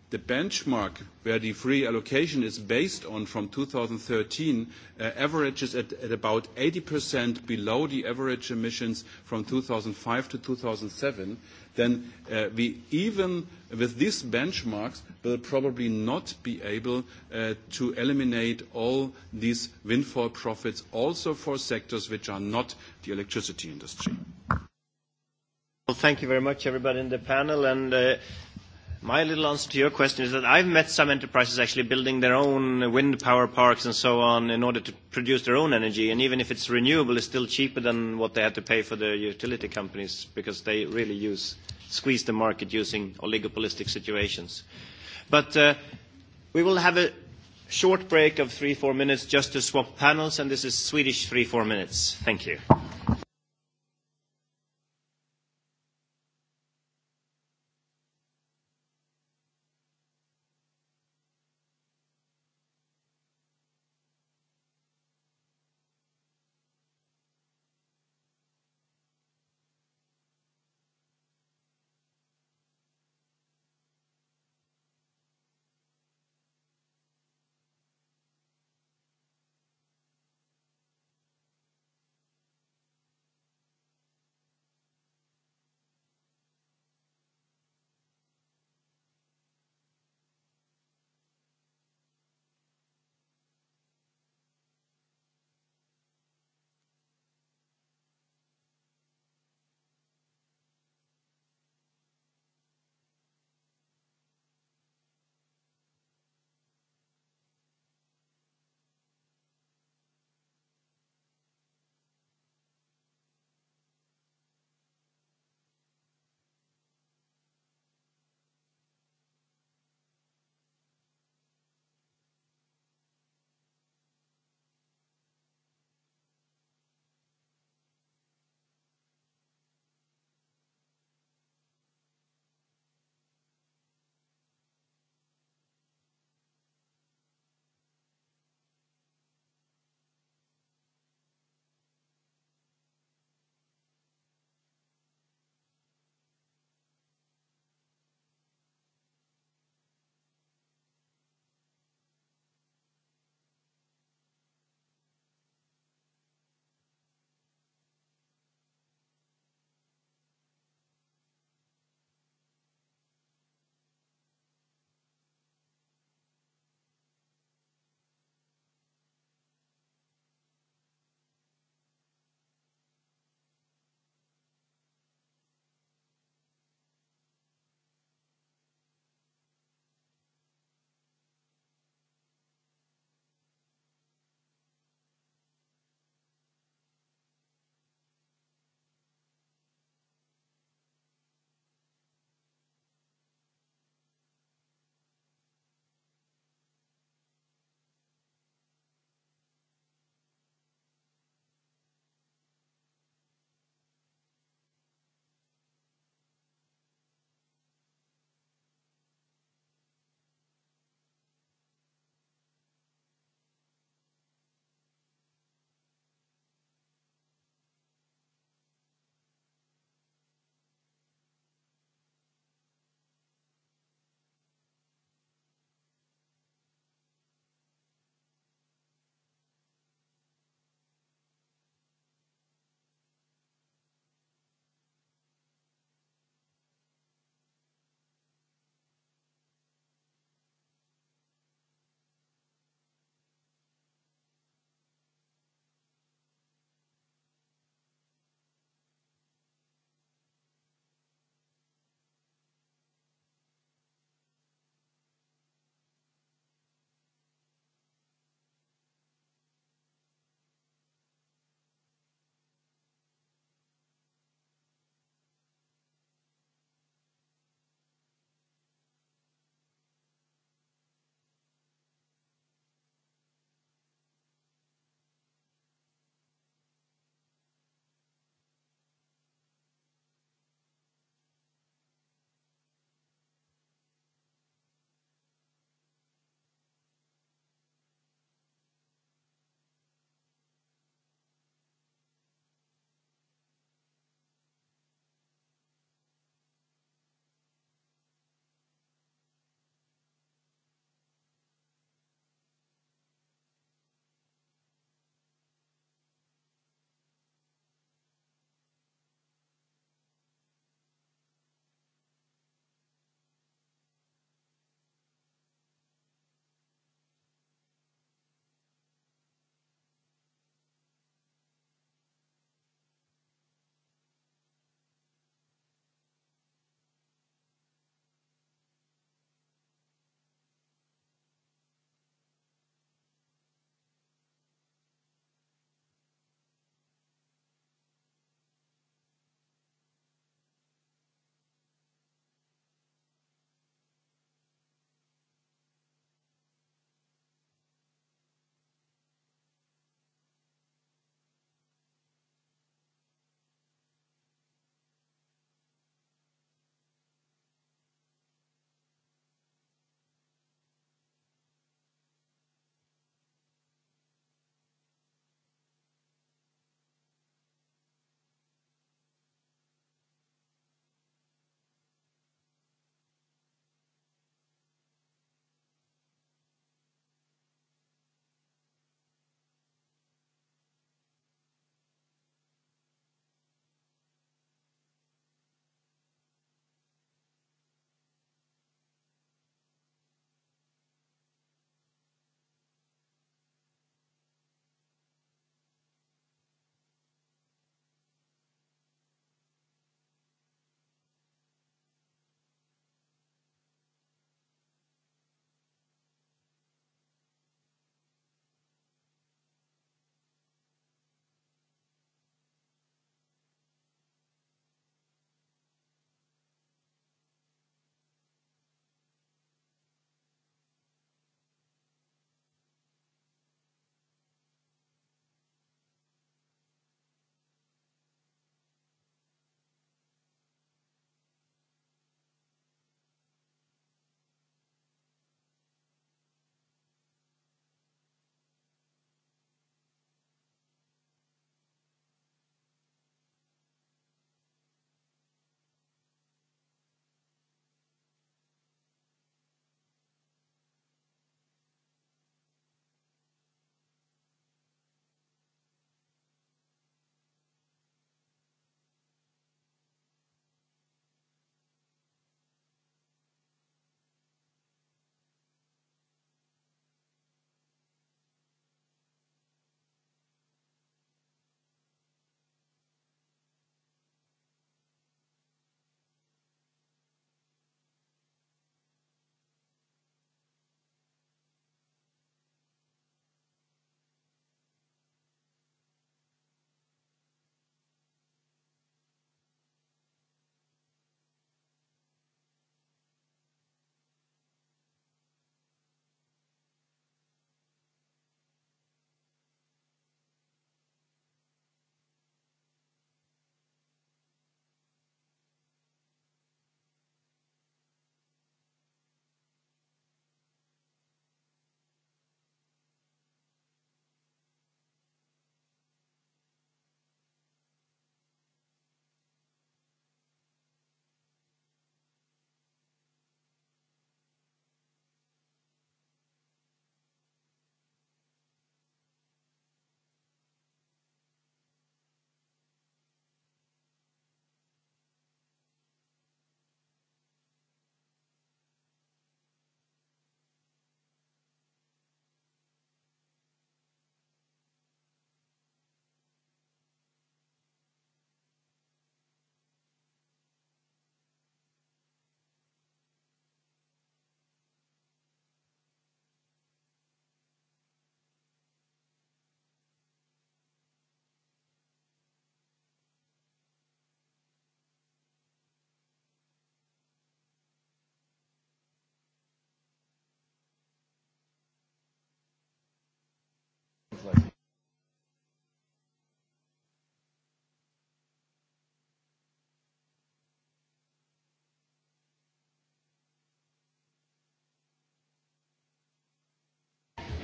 the benchmark where the free allocation is based on from 2013 uh, averages at, at about 80% below the average emissions from 2005 to 2007 then uh, we even with these benchmarks will probably not be able uh, to eliminate all these windfall profits also for sectors which are not the electricity industry. Well, thank you very much, everybody in the panel. And, uh, My little answer to your question is that I've met some enterprises actually building their own wind power parks and so on in order to produce their own energy. And even if it's renewable, it's still cheaper than what they had to pay for the utility companies because they really use, squeeze the market using oligopolistic situations. But uh, we will have a short break of three, four minutes just to swap panels. And this is Swedish three, four minutes. Thank you.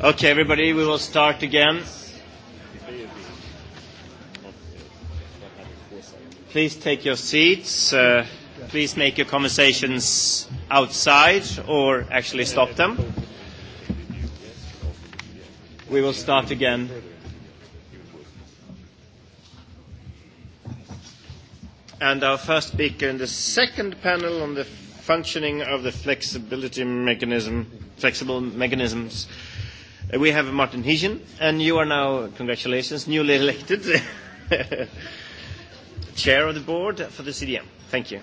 Okay, everybody, we will start again. Please take your seats. Uh, please make your conversations outside or actually stop them. We will start again. And our first speaker in the second panel on the functioning of the flexibility mechanism, flexible mechanisms Uh, we have Martin Hijin, and you are now, congratulations, newly elected chair of the board for the CDM. Thank you.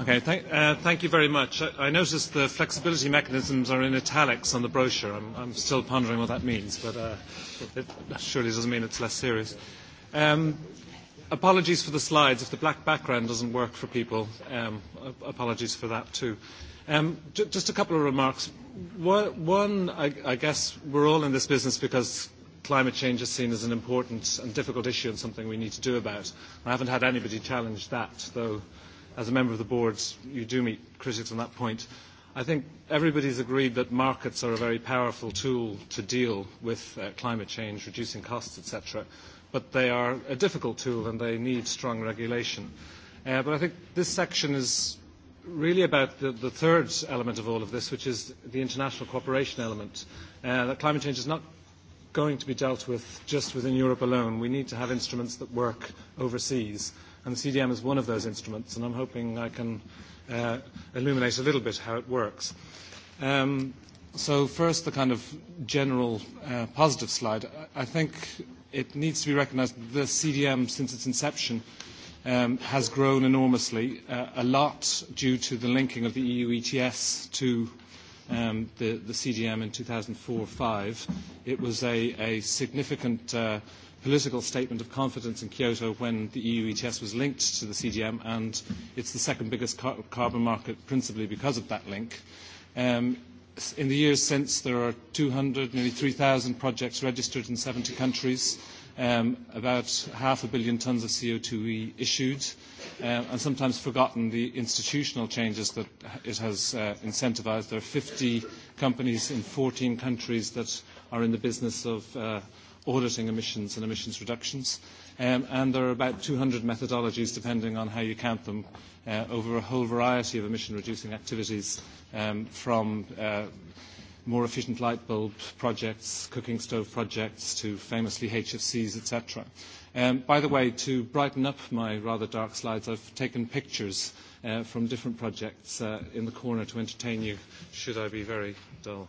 Okay. Thank, uh, thank you very much. I, I noticed the flexibility mechanisms are in italics on the brochure. I'm, I'm still pondering what that means, but uh, it surely doesn't mean it's less serious. Um, apologies for the slides. If the black background doesn't work for people, um, apologies for that too. Um, j- just a couple of remarks. One, I, I guess we're all in this business because climate change is seen as an important and difficult issue and something we need to do about. I haven't had anybody challenge that, though as a member of the board, you do meet critics on that point. I think everybody's agreed that markets are a very powerful tool to deal with uh, climate change, reducing costs, etc. But they are a difficult tool and they need strong regulation. Uh, but I think this section is really about the, the third element of all of this, which is the international cooperation element. Uh, that climate change is not going to be dealt with just within Europe alone. We need to have instruments that work overseas, and the CDM is one of those instruments, and I'm hoping I can uh, illuminate a little bit how it works. Um, so first, the kind of general uh, positive slide. I think it needs to be recognized that the CDM, since its inception, um, has grown enormously, uh, a lot due to the linking of the EU ETS to um, the, the CDM in 2004-5. It was a, a significant uh, political statement of confidence in Kyoto when the EU ETS was linked to the CDM, and it's the second biggest car- carbon market principally because of that link. Um, in the years since, there are 200, nearly 3,000 projects registered in 70 countries um, about half a billion tonnes of CO2 we issued, uh, and sometimes forgotten the institutional changes that it has uh, incentivized. There are 50 companies in 14 countries that are in the business of uh, auditing emissions and emissions reductions. Um, and there are about 200 methodologies, depending on how you count them, uh, over a whole variety of emission-reducing activities um, from uh, more efficient light bulb projects, cooking stove projects, to famously HFCs, etc. Um, by the way, to brighten up my rather dark slides, I've taken pictures uh, from different projects uh, in the corner to entertain you, should I be very dull.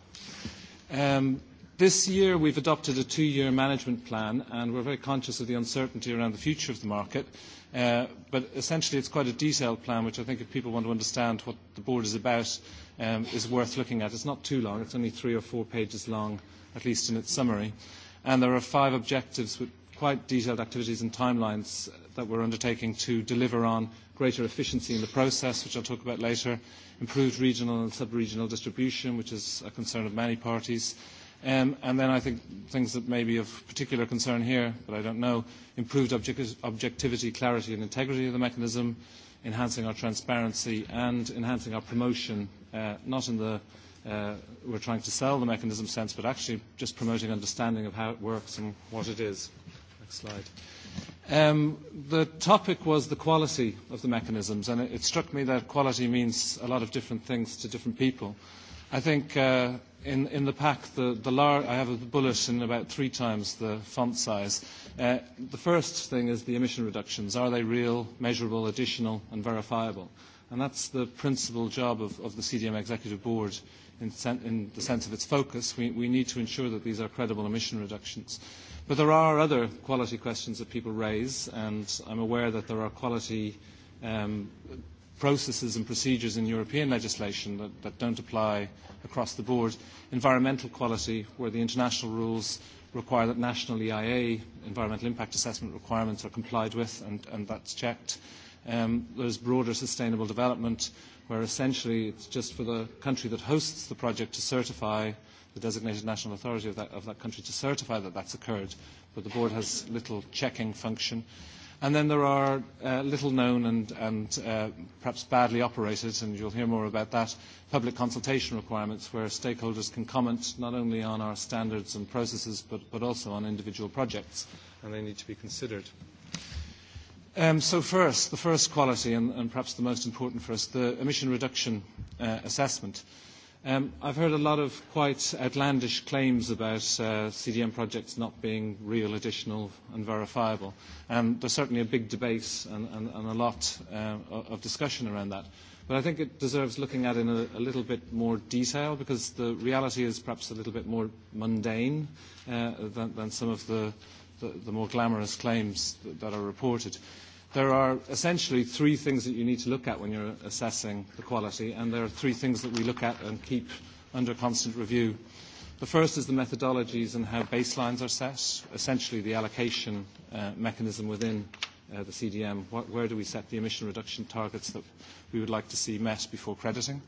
Um, This year, we've adopted a two-year management plan, and we're very conscious of the uncertainty around the future of the market. Uh, but essentially, it's quite a detailed plan, which I think if people want to understand what the board is about, um, is worth looking at. It's not too long. It's only three or four pages long, at least in its summary. And there are five objectives with quite detailed activities and timelines that we're undertaking to deliver on greater efficiency in the process, which I'll talk about later, improved regional and sub-regional distribution, which is a concern of many parties, Um, and then I think things that may be of particular concern here, but I don't know, improved object objectivity, clarity and integrity of the mechanism, enhancing our transparency and enhancing our promotion, uh, not in the uh, we're trying to sell the mechanism sense, but actually just promoting understanding of how it works and what it is. Next slide. Um, the topic was the quality of the mechanisms, and it, it struck me that quality means a lot of different things to different people. I think uh, in, in the pack, the, the lar- I have a bullet in about three times the font size. Uh, the first thing is the emission reductions. Are they real, measurable, additional, and verifiable? And that's the principal job of, of the CDM Executive Board in, sen- in the sense of its focus. We, we need to ensure that these are credible emission reductions. But there are other quality questions that people raise, and I'm aware that there are quality um, processes and procedures in European legislation that, that don't apply across the board. Environmental quality, where the international rules require that national EIA environmental impact assessment requirements are complied with and, and that's checked. Um, there's broader sustainable development, where essentially it's just for the country that hosts the project to certify, the designated national authority of that, of that country to certify that that's occurred, but the board has little checking function. Uh, And then there are uh, little known and, and uh, perhaps badly operated, and you'll hear more about that, public consultation requirements where stakeholders can comment not only on our standards and processes but, but also on individual projects, and they need to be considered. Um, so first, the first quality, and, and perhaps the most important for us, the emission reduction uh, assessment. Uh, Um, I've heard a lot of quite outlandish claims about uh, CDM projects not being real, additional and verifiable. And um, there's certainly a big debate and, and, and a lot uh, of discussion around that. But I think it deserves looking at in a, a little bit more detail because the reality is perhaps a little bit more mundane uh, than, than some of the, the, the more glamorous claims that, that are reported. Uh, there are essentially three things that you need to look at when you're assessing the quality, and there are three things that we look at and keep under constant review. The first is the methodologies and how baselines are set, essentially the allocation uh, mechanism within uh, the CDM. What, where do we set the emission reduction targets that we would like to see met before crediting?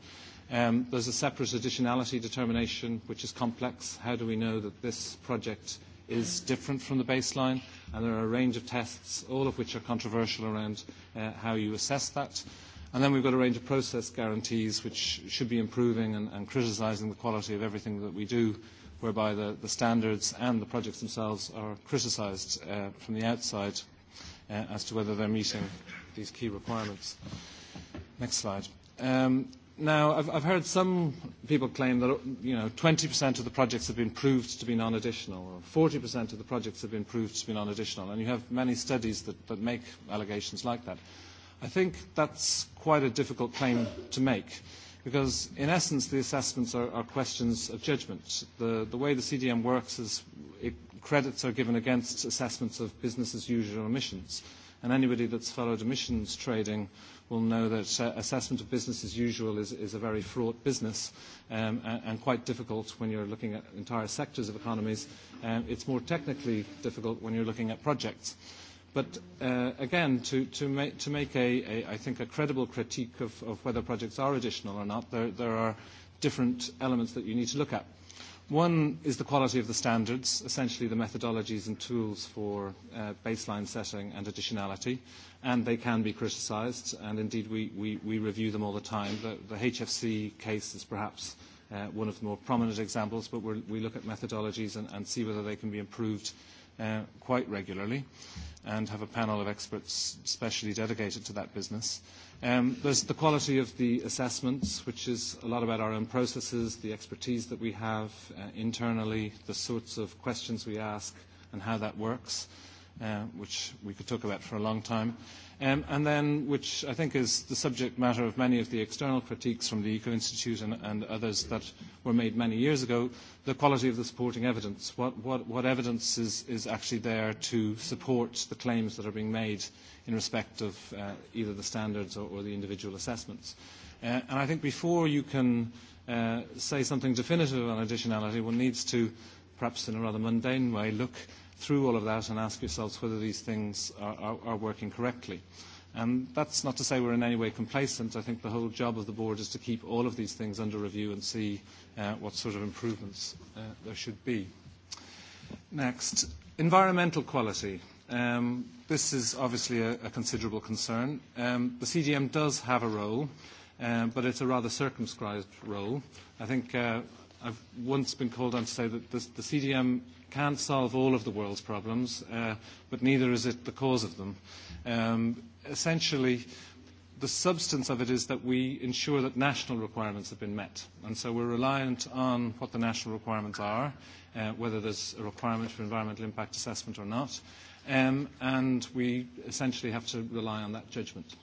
Um, there's a separate additionality determination, which is complex. How do we know that this project is different from the baseline, and there are a range of tests, all of which are controversial around uh, how you assess that. And then we've got a range of process guarantees which should be improving and, and criticising the quality of everything that we do, whereby the, the standards and the projects themselves are criticised uh, from the outside uh, as to whether they're meeting these key requirements. Next slide. Um, Now, I've, I've heard some people claim that you know, 20% of the projects have been proved to be non-additional, or 40% of the projects have been proved to be non-additional, and you have many studies that, that make allegations like that. I think that's quite a difficult claim to make, because in essence, the assessments are, are questions of judgment. The, the way the CDM works is it, credits are given against assessments of business as usual emissions, and anybody that's followed emissions trading will know that uh, assessment of business as usual is, is a very fraught business um, and, and quite difficult when you're looking at entire sectors of economies. Um, it's more technically difficult when you're looking at projects. But uh, again, to, to, ma- to make, a, a, I think, a credible critique of, of whether projects are additional or not, there, there are different elements that you need to look at. One is the quality of the standards, essentially the methodologies and tools for uh, baseline setting and additionality, and they can be criticised, and indeed we, we, we review them all the time. The, the HFC case is perhaps uh, one of the more prominent examples, but we're, we look at methodologies and, and see whether they can be improved uh, quite regularly. Uh, and have a panel of experts specially dedicated to that business. Um, there's the quality of the assessments, which is a lot about our own processes, the expertise that we have uh, internally, the sorts of questions we ask, and how that works, uh, which we could talk about for a long time. Uh, Um, and then, which I think is the subject matter of many of the external critiques from the Eco Institute and, and others that were made many years ago, the quality of the supporting evidence. What, what, what evidence is, is actually there to support the claims that are being made in respect of uh, either the standards or, or the individual assessments? Uh, and I think before you can uh, say something definitive on additionality, one needs to, perhaps in a rather mundane way, look through all of that and ask yourselves whether these things are, are, are working correctly. And that's not to say we're in any way complacent. I think the whole job of the board is to keep all of these things under review and see uh, what sort of improvements uh, there should be. Next, environmental quality. Um, this is obviously a, a considerable concern. Um, the CGM does have a role, um, but it's a rather circumscribed role. I think uh, I've once been called on to say that this, the CGM can't solve all of the world's problems, uh, but neither is it the cause of them. Um, essentially, the substance of it is that we ensure that national requirements have been met. And so we're reliant on what the national requirements are, uh, whether there's a requirement for environmental impact assessment or not. Um, and we essentially have to rely on that judgment.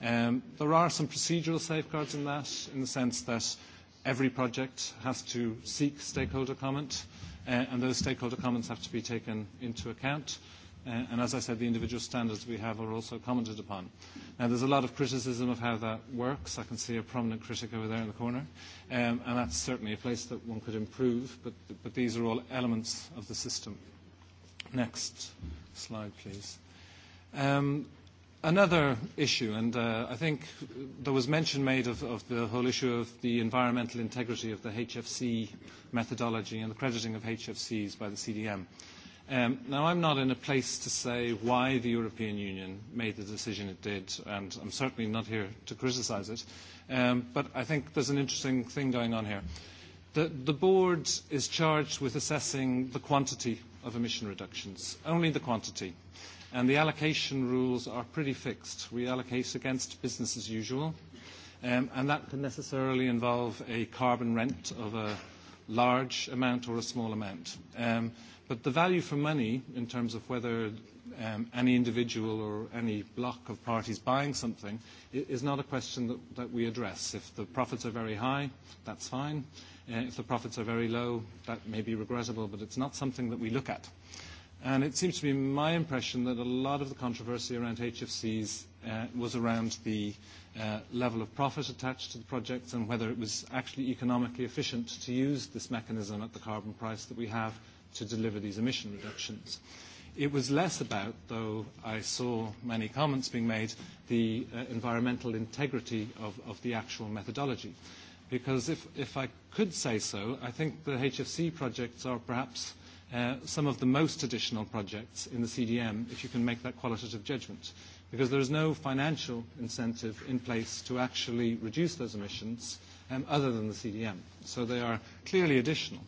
Um, there are some procedural safeguards in that, in the sense that every project has to seek stakeholder comment. Uh, uh, and those stakeholder comments have to be taken into account. Uh, and as I said, the individual standards we have are also commented upon. Now, there's a lot of criticism of how that works. I can see a prominent critic over there in the corner. Um, and that's certainly a place that one could improve, but, but these are all elements of the system. Next slide, please. Um, Another issue, and uh, I think there was mention made of, of the whole issue of the environmental integrity of the HFC methodology and the crediting of HFCs by the CDM. Um, now, I'm not in a place to say why the European Union made the decision it did, and I'm certainly not here to criticize it, um, but I think there's an interesting thing going on here. The, the board is charged with assessing the quantity of emission reductions, only the quantity. Uh, and the allocation rules are pretty fixed. We allocate against business as usual, um, and that can necessarily involve a carbon rent of a large amount or a small amount. Um, but the value for money, in terms of whether um, any individual or any block of parties buying something, is not a question that, that we address. If the profits are very high, that's fine. Uh, if the profits are very low, that may be regrettable, but it's not something that we look at. Uh, And it seems to be my impression that a lot of the controversy around HFCs uh, was around the uh, level of profit attached to the projects and whether it was actually economically efficient to use this mechanism at the carbon price that we have to deliver these emission reductions. It was less about, though I saw many comments being made, the uh, environmental integrity of, of the actual methodology. Because if, if I could say so, I think the HFC projects are perhaps uh, some of the most traditional projects in the CDM if you can make that qualitative judgment. Because there is no financial incentive in place to actually reduce those emissions um, other than the CDM. So they are clearly additional.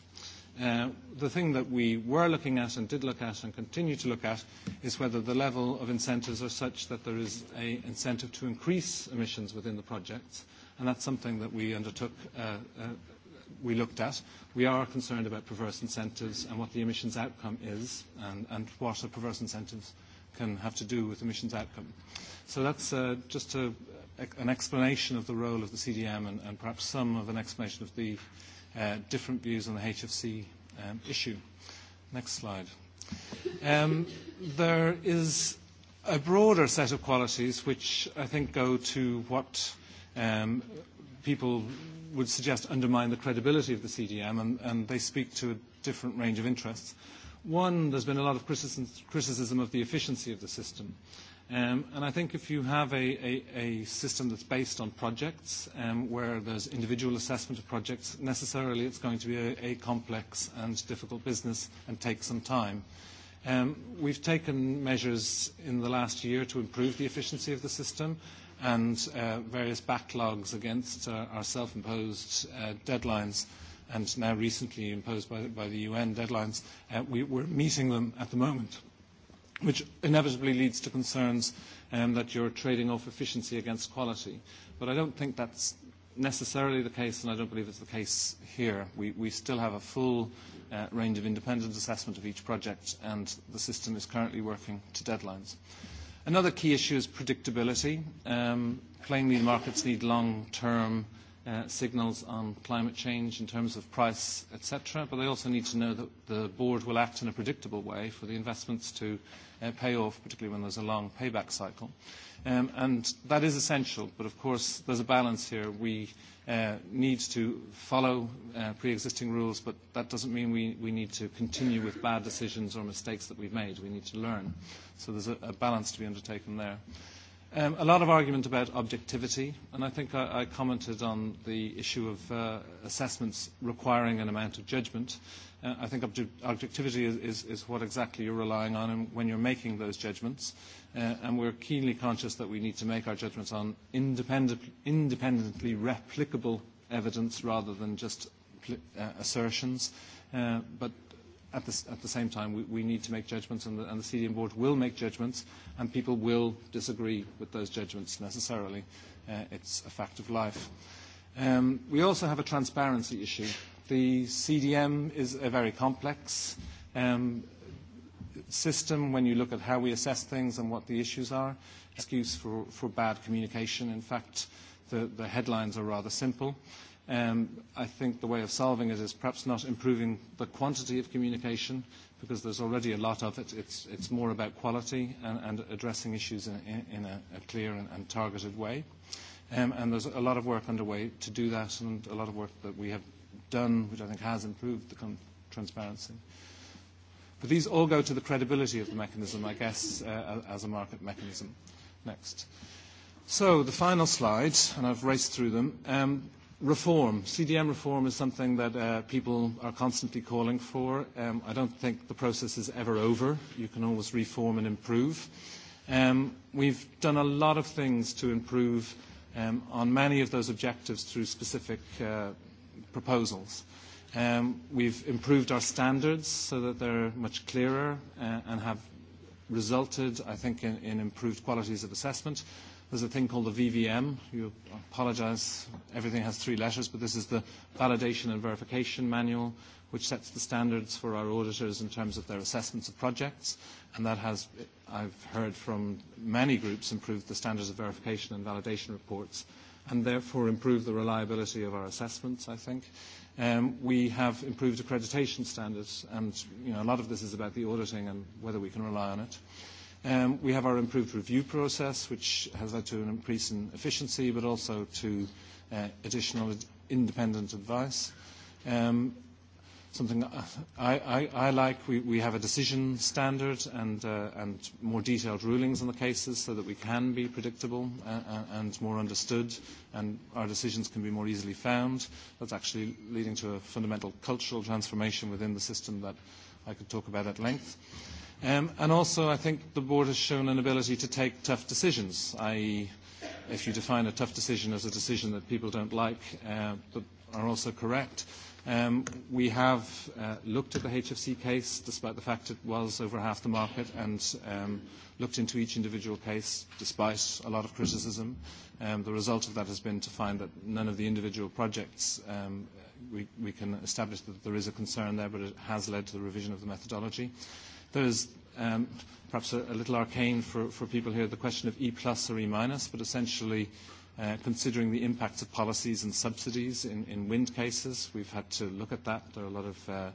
Uh, the thing that we were looking at and did look at and continue to look at is whether the level of incentives are such that there is an incentive to increase emissions within the project. And that's something that we undertook uh, uh, we looked at. We are concerned about perverse incentives and what the emissions outcome is and, and what a perverse incentives can have to do with emissions outcome. So that's uh, just a, an explanation of the role of the CDM and, and perhaps some of an explanation of the uh, different views on the HFC um, issue. Next slide. Um, there is a broader set of qualities which I think go to what um, people would suggest undermine the credibility of the CDM, and, and they speak to a different range of interests. One, there's been a lot of criticism, criticism of the efficiency of the system. Um, and I think if you have a, a, a system that's based on projects, um, where there's individual assessment of projects, necessarily it's going to be a, a complex and difficult business and take some time. Um, we've taken measures in the last year to improve the efficiency of the system and uh, various backlogs against uh, our self-imposed uh, deadlines and now recently imposed by, by the UN deadlines, uh, we, we're meeting them at the moment, which inevitably leads to concerns um, that you're trading off efficiency against quality. But I don't think that's necessarily the case, and I don't believe it's the case here. We, we still have a full uh, range of independent assessment of each project, and the system is currently working to deadlines. Uh, Another key issue is predictability. Um, plainly, the markets need long-term uh, signals on climate change in terms of price, etc. But they also need to know that the board will act in a predictable way for the investments to uh, pay off, particularly when there's a long payback cycle. Um, and that is essential, but of course there's a balance here. We uh, need to follow uh, pre-existing rules, but that doesn't mean we, we need to continue with bad decisions or mistakes that we've made. We need to learn. So there's a, a balance to be undertaken there. Uh, Um, a lot of argument about objectivity, and I think I, I commented on the issue of uh, assessments requiring an amount of judgment. Uh, I think obje- objectivity is, is, is what exactly you're relying on when you're making those judgments, uh, and we're keenly conscious that we need to make our judgments on independent, independently replicable evidence rather than just pl- uh, assertions. Uh, but at the, at the same time, we, we need to make judgments, and the, and the CDM board will make judgments, and people will disagree with those judgments necessarily. Uh, it's a fact of life. Um, we also have a transparency issue. The CDM is a very complex um, system when you look at how we assess things and what the issues are. Excuse for, for bad communication. In fact, the, the headlines are rather simple. Uh, Um, I think the way of solving it is perhaps not improving the quantity of communication, because there's already a lot of it. It's, it's more about quality and, and addressing issues in, in, in a, a clear and, and targeted way. Um, and there's a lot of work underway to do that, and a lot of work that we have done, which I think has improved the con- transparency. But these all go to the credibility of the mechanism, I guess, uh, as a market mechanism. Next. So the final slide, and I've raced through them. Um, reform, CDM reform is something that uh, people are constantly calling for. Um, I don't think the process is ever over. You can always reform and improve. Um, we've done a lot of things to improve um, on many of those objectives through specific uh, proposals. Um, we've improved our standards so that they're much clearer uh, and have resulted, I think, in, in improved qualities of assessment. Uh, There's a thing called the VVM. You apologize, everything has three letters, but this is the Validation and Verification Manual, which sets the standards for our auditors in terms of their assessments of projects. And that has, I've heard from many groups, improved the standards of verification and validation reports and therefore improve the reliability of our assessments, I think. Um, we have improved accreditation standards, and you know, a lot of this is about the auditing and whether we can rely on it. Uh, Um, we have our improved review process, which has led to an increase in efficiency, but also to uh, additional independent advice. Um, something I, I, I like, we, we have a decision standard and, uh, and more detailed rulings on the cases so that we can be predictable and, uh, uh, and more understood, and our decisions can be more easily found. That's actually leading to a fundamental cultural transformation within the system that I could talk about at length. Um, and also, I think the board has shown an ability to take tough decisions, i.e., if you define a tough decision as a decision that people don't like, uh, but are also correct. Um, we have uh, looked at the HFC case, despite the fact it was over half the market, and um, looked into each individual case, despite a lot of criticism. Um, the result of that has been to find that none of the individual projects um, we, we can establish that there is a concern there, but it has led to the revision of the methodology. Uh, There's um, perhaps a, a little arcane for, for people here, the question of E plus or E minus, but essentially uh, considering the impacts of policies and subsidies in, in wind cases, we've had to look at that. There are a lot of uh,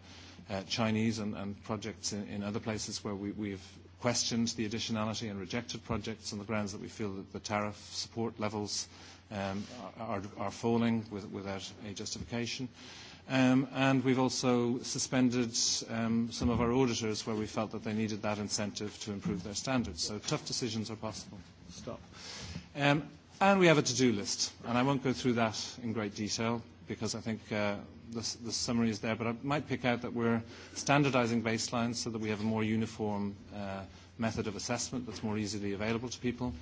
uh, Chinese and, and projects in, in other places where we, we've questioned the additionality and rejected projects on the grounds that we feel that the tariff support levels um, are, are falling with, without a justification. Uh, Um, and we've also suspended um, some of our auditors where we felt that they needed that incentive to improve their standards. So tough decisions are possible. Stop. Um, and we have a to-do list, and I won't go through that in great detail because I think uh, the, the summary is there, but I might pick out that we're standardizing baselines so that we have a more uniform uh, method of assessment that's more easily available to people.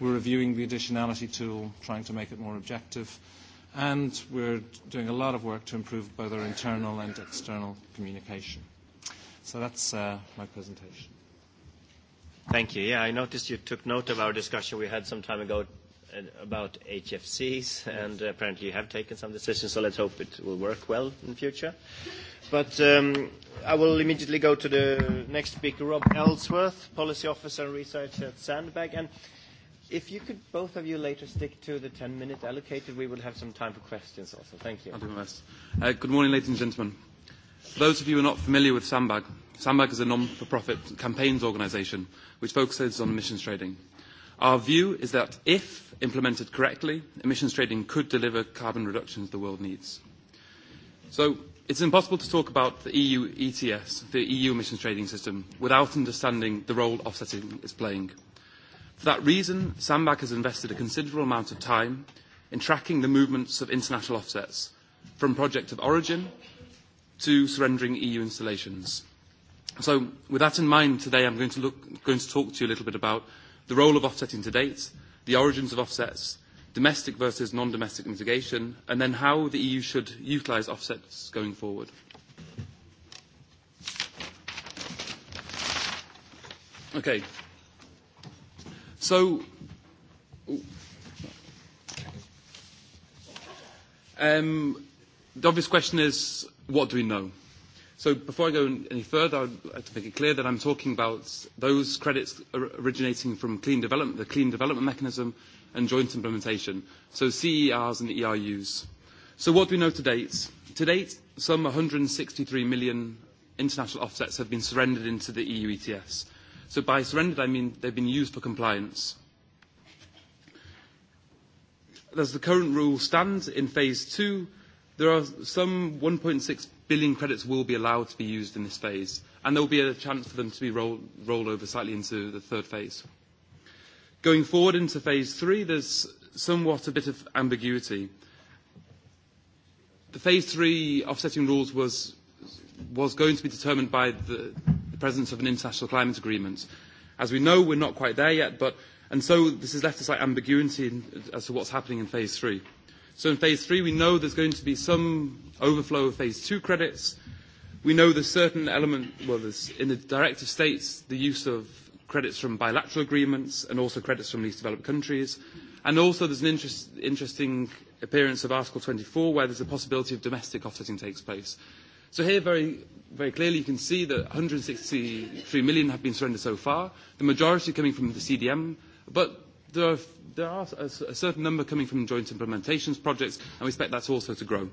We're reviewing the additionality tool, trying to make it more objective. Uh, and we're doing a lot of work to improve both our internal and external communication. So that's uh, my presentation. Thank you. Yeah, I noticed you took note of our discussion we had some time ago about HFCs, and apparently you have taken some decisions, so let's hope it will work well in the future. But um, I will immediately go to the next speaker, Rob Ellsworth, Policy Officer and Research at Sandbag. And If you could, both of you, later stick to the 10-minute allocated, we will have some time for questions also. Thank you. I'll do my best. Uh, good morning, ladies and gentlemen. For those of you who are not familiar with Sandbag, Sandbag is a non-for-profit campaigns organisation which focuses on emissions trading. Our view is that if implemented correctly, emissions trading could deliver carbon reductions the world needs. So it's impossible to talk about the EU ETS, the EU emissions trading system, without understanding the role offsetting is playing. For that reason, Sandbag has invested a considerable amount of time in tracking the movements of international offsets from project of origin to surrendering EU installations. So with that in mind, today I'm going to, look, going to talk to you a little bit about the role of offsetting to date, the origins of offsets, domestic versus non-domestic mitigation, and then how the EU should utilise offsets going forward. Okay, So, um, the obvious question is, what do we know? So before I go any further, I would like to make it clear that I'm talking about those credits originating from clean development, the clean development mechanism, and joint implementation, so CERs and ERUs. So what do we know to date? To date, some 163 million international offsets have been surrendered into the EU ETS, So by surrendered, I mean they've been used for compliance. As the current rule stands, in phase two, there are some 1.6 billion credits will be allowed to be used in this phase, and there will be a chance for them to be roll, rolled over slightly into the third phase. Going forward into phase three, there's somewhat a bit of ambiguity. The phase three offsetting rules was, was going to be determined by the, presence of an international climate agreement. As we know, we're not quite there yet, but, and so this has left us like ambiguity in, as to what's happening in phase three. So in phase three, we know there's going to be some overflow of phase two credits. We know there's certain element, well, there's, in the directive states, the use of credits from bilateral agreements and also credits from least developed countries. And also there's an interest, interesting appearance of Article 24 where there's a possibility of domestic offsetting takes place. So here, very, very clearly, you can see that 163 million have been surrendered so far, the majority coming from the CDM, but there are, there are a, a certain number coming from joint implementations projects, and we expect that also to grow.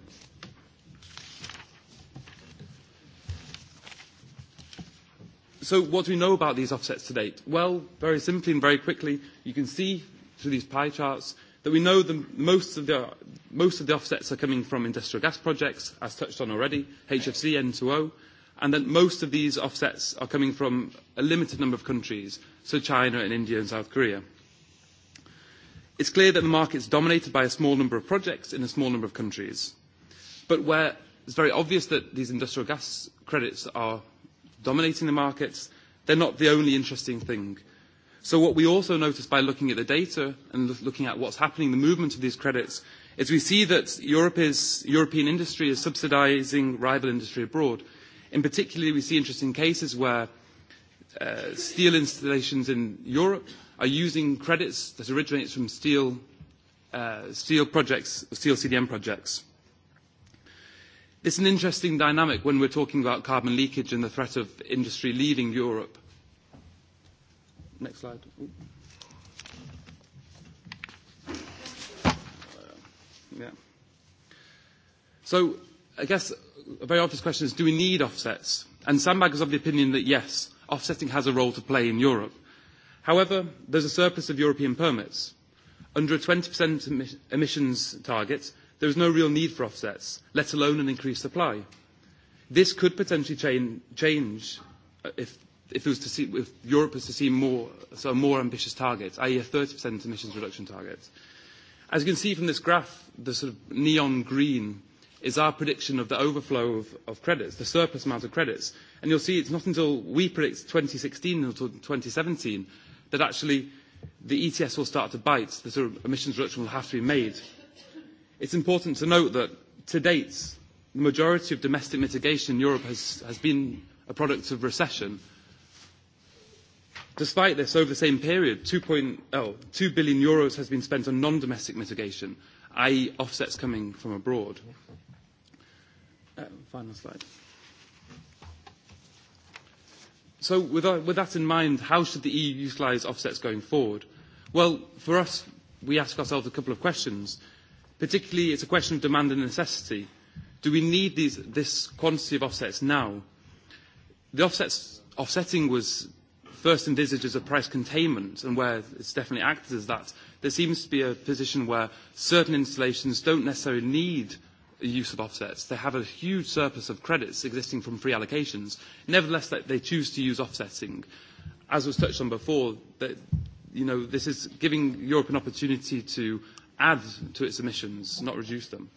So what do we know about these offsets to date? Well, very simply and very quickly, you can see through these pie charts that we know the, most, of the, most of the offsets are coming from industrial gas projects, as touched on already, HFC, N2O, and that most of these offsets are coming from a limited number of countries, so China and India and South Korea. It's clear that the market is dominated by a small number of projects in a small number of countries. But where it's very obvious that these industrial gas credits are dominating the markets, they're not the only interesting thing. So what we also notice by looking at the data and looking at what's happening, the movement of these credits, is we see that Europe is, European industry is subsidizing rival industry abroad. In particular, we see interesting cases where uh, steel installations in Europe are using credits that originates from steel, uh, steel projects, steel CDM projects. It's an interesting dynamic when we're talking about carbon leakage and the threat of industry leaving Europe Next slide. Ooh. Yeah. So I guess a very obvious question is, do we need offsets? And Sandbag is of the opinion that yes, offsetting has a role to play in Europe. However, there's a surplus of European permits. Under a 20% em emissions target, there is no real need for offsets, let alone an increased supply. This could potentially cha change uh, if if, it was to see, if Europe was to see more, sort of more ambitious targets, i.e. a 30% emissions reduction target. As you can see from this graph, the sort of neon green is our prediction of the overflow of, of credits, the surplus amount of credits. And you'll see it's not until we predict 2016 until 2017 that actually the ETS will start to bite. The sort of emissions reduction will have to be made. It's important to note that to date, the majority of domestic mitigation in Europe has, has been a product of recession – Despite this, over the same period, 2, point, oh, 2 billion euros has been spent on non-domestic mitigation, i.e. offsets coming from abroad. Uh, final slide. So with, our, uh, with that in mind, how should the EU utilise offsets going forward? Well, for us, we ask ourselves a couple of questions. Particularly, it's a question of demand and necessity. Do we need these, this quantity of offsets now? The offsets, offsetting was first envisaged as a price containment and where it's definitely acted as that, there seems to be a position where certain installations don't necessarily need the use of offsets. They have a huge surplus of credits existing from free allocations. Nevertheless, they choose to use offsetting. As was touched on before, that, you know, this is giving Europe an opportunity to add to its emissions, not reduce them.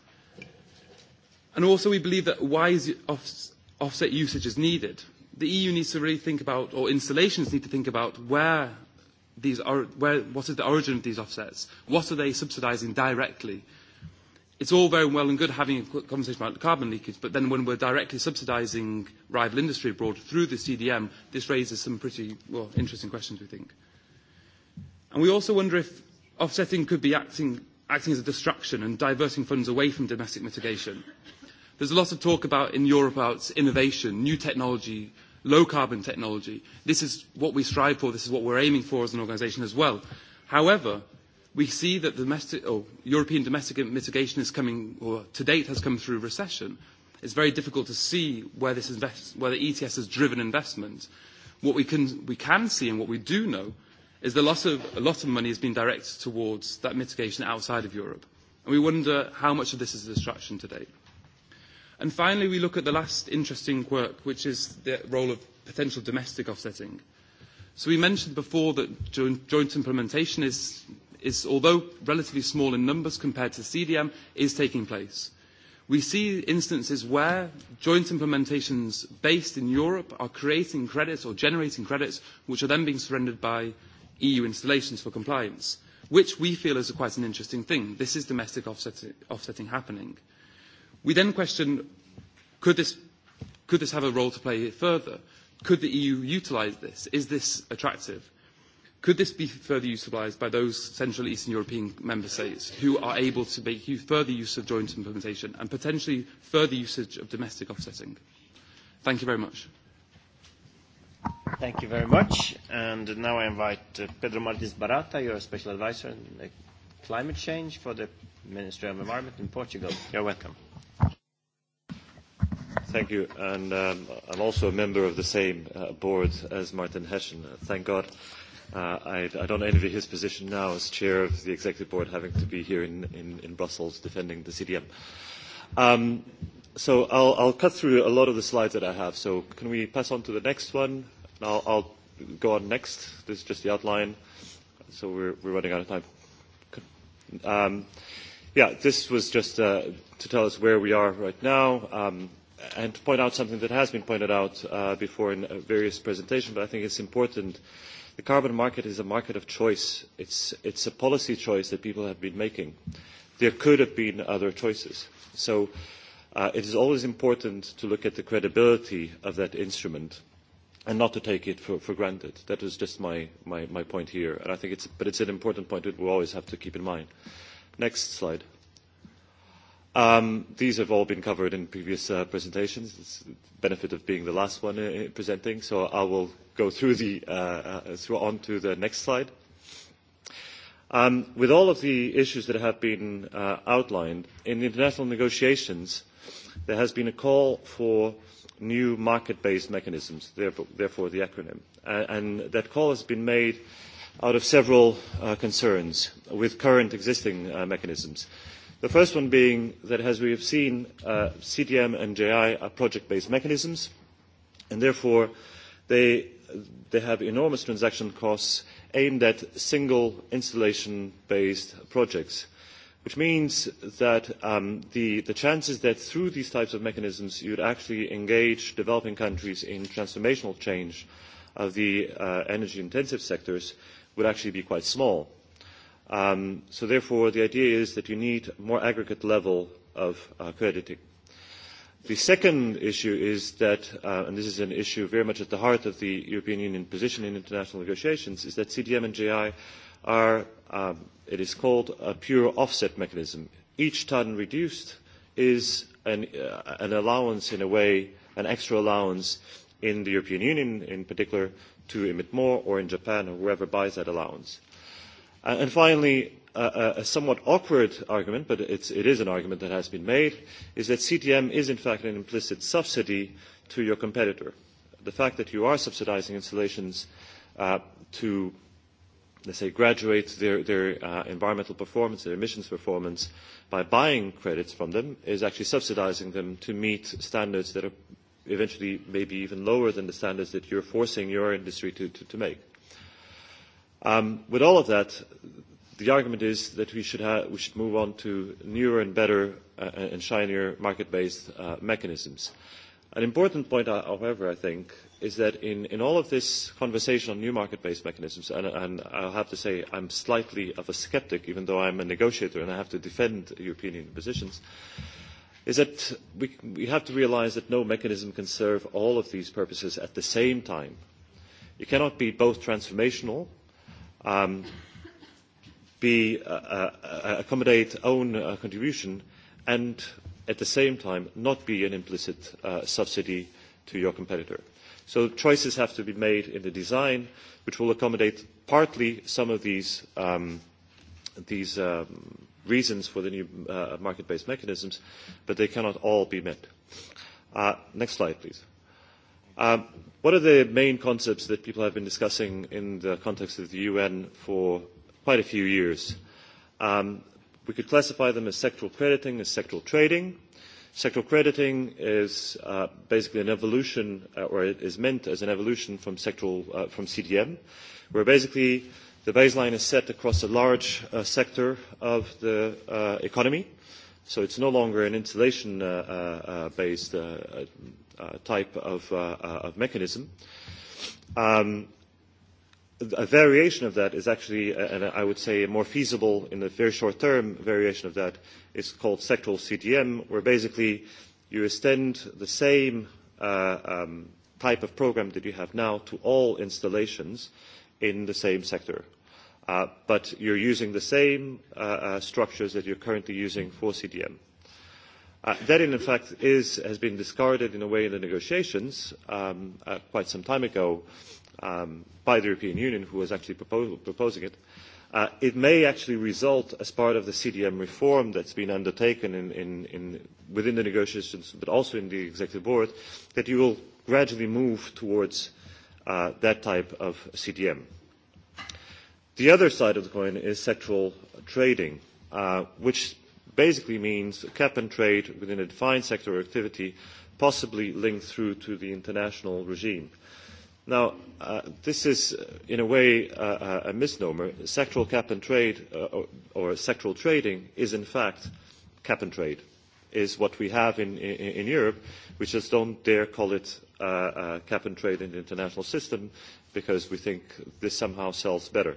And also, we believe that wise off- offset usage is needed the EU needs to really think about, or installations need to think about, where these are, where, what is the origin of these offsets? What are they subsidising directly? It's all very well and good having a conversation about carbon leakage, but then when we're directly subsidising rival industry abroad through the CDM, this raises some pretty well, interesting questions, we think. And we also wonder if offsetting could be acting, acting as a distraction and diverting funds away from domestic mitigation. There's a lot of talk about in Europe about innovation, new technology, low carbon technology. This is what we strive for. This is what we're aiming for as an organisation as well. However, we see that domestic, or oh, European domestic mitigation is coming, or to date has come through recession. It's very difficult to see where, this invest, where the ETS has driven investment. What we can, we can see and what we do know is that a lot of, a lot of money has been directed towards that mitigation outside of Europe. And we wonder how much of this is a distraction to date. And finally, we look at the last interesting work, which is the role of potential domestic offsetting. So we mentioned before that joint implementation is, is, although relatively small in numbers compared to CDM, is taking place. We see instances where joint implementations based in Europe are creating credits or generating credits, which are then being surrendered by EU installations for compliance, which we feel is quite an interesting thing. This is domestic offsetting, offsetting happening. Uh, We then question, could this, could this have a role to play here further? Could the EU utilise this? Is this attractive? Could this be further utilised by those Central Eastern European member states who are able to make further use of joint implementation and potentially further usage of domestic offsetting? Thank you very much. Thank you very much. And now I invite uh, Pedro Martins Barata, your special advisor on climate change for the Ministry of Environment in Portugal. You're welcome. Thank you. And um, I'm also a member of the same uh, board as Martin Hessian. Uh, thank God. Uh, I, I don't envy his position now as chair of the executive board, having to be here in, in, in Brussels defending the CDM. Um, so I'll, I'll cut through a lot of the slides that I have. So can we pass on to the next one? I'll, I'll go on next. This is just the outline. So we're, we're running out of time. Um, yeah, this was just uh, to tell us where we are right now. Um, and to point out something that has been pointed out uh, before in uh, various presentations, but I think it's important. The carbon market is a market of choice. It's, it's a policy choice that people have been making. There could have been other choices. So uh, it is always important to look at the credibility of that instrument and not to take it for, for granted. That was just my, my, my point here. And I think it's, but it's an important point that we we'll always have to keep in mind. Next slide. Uh, Um, these have all been covered in previous uh, presentations. It's the benefit of being the last one uh, presenting, so I will go through the, uh, uh, through on to the next slide. Um, with all of the issues that have been uh, outlined, in international negotiations, there has been a call for new market-based mechanisms, therefore, therefore the acronym. Uh, and that call has been made out of several uh, concerns with current existing uh, mechanisms. Uh, The first one being that, as we have seen, uh, CDM and JI are project-based mechanisms, and therefore they, they have enormous transaction costs aimed at single installation-based projects, which means that um, the, the chances that through these types of mechanisms you'd actually engage developing countries in transformational change of the uh, energy-intensive sectors would actually be quite small. Um, so therefore, the idea is that you need more aggregate level of uh, crediting. The second issue is that, uh, and this is an issue very much at the heart of the European Union position in international negotiations, is that CDM and JI are, um, it is called a pure offset mechanism. Each ton reduced is an, uh, an allowance in a way, an extra allowance in the European Union in particular to emit more or in Japan or whoever buys that allowance. Uh, and finally, uh, a somewhat awkward argument, but it's, it is an argument that has been made, is that CTM is in fact an implicit subsidy to your competitor. The fact that you are subsidizing installations uh, to, let's say, graduate their, their uh, environmental performance, their emissions performance, by buying credits from them is actually subsidizing them to meet standards that are eventually maybe even lower than the standards that you're forcing your industry to, to, to make. Um, with all of that, the argument is that we should, ha- we should move on to newer and better uh, and shinier market-based uh, mechanisms. An important point, uh, however, I think, is that in, in all of this conversation on new market-based mechanisms, and, and I'll have to say I'm slightly of a skeptic, even though I'm a negotiator and I have to defend European Union positions, is that we, we have to realize that no mechanism can serve all of these purposes at the same time. It cannot be both transformational um, be, uh, uh, uh, accommodate own uh, contribution and at the same time not be an implicit uh, subsidy to your competitor. So choices have to be made in the design, which will accommodate partly some of these, um, these um, reasons for the new uh, market-based mechanisms, but they cannot all be met. Uh, next slide, please. Um, what are the main concepts that people have been discussing in the context of the UN for quite a few years? Um, we could classify them as sectoral crediting, as sectoral trading. Sectoral crediting is uh, basically an evolution, uh, or it is meant as an evolution from sectoral uh, from CDM, where basically the baseline is set across a large uh, sector of the uh, economy, So it's no longer an insulation-based uh uh uh, uh, uh, uh, type of, uh, uh, of mechanism. Um, a variation of that is actually, and I would say a more feasible in the very short term variation of that, is called sectoral CDM, where basically you extend the same uh, um, type of program that you have now to all installations in the same sector. Uh, but you're using the same uh, uh, structures that you're currently using for CDM. Uh, that, in fact, is, has been discarded in a way in the negotiations um, uh, quite some time ago um, by the European Union, who was actually propose, proposing it. Uh, it may actually result as part of the CDM reform that's been undertaken in, in, in, within the negotiations, but also in the executive board, that you will gradually move towards uh, that type of CDM. Uh, The other side of the coin is sectoral trading, uh, which basically means cap and trade within a defined sector or activity, possibly linked through to the international regime. Now, uh, this is, uh, in a way, uh, uh a misnomer. Sectoral cap and trade, uh, or, or sectoral trading, is in fact cap and trade, is what we have in, in, in Europe. We just don't dare call it uh, uh, cap and trade in the international system because we think this somehow sells better.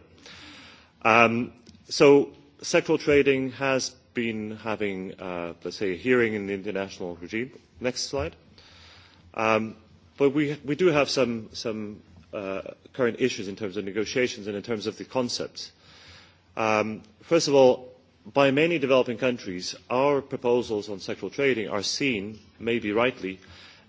Um, so sectoral trading has been having, uh, let's say, a hearing in the international regime. Next slide. Um, but we, we do have some, some uh, current issues in terms of negotiations and in terms of the concepts. Um, first of all, by many developing countries, our proposals on sexual trading are seen, maybe rightly,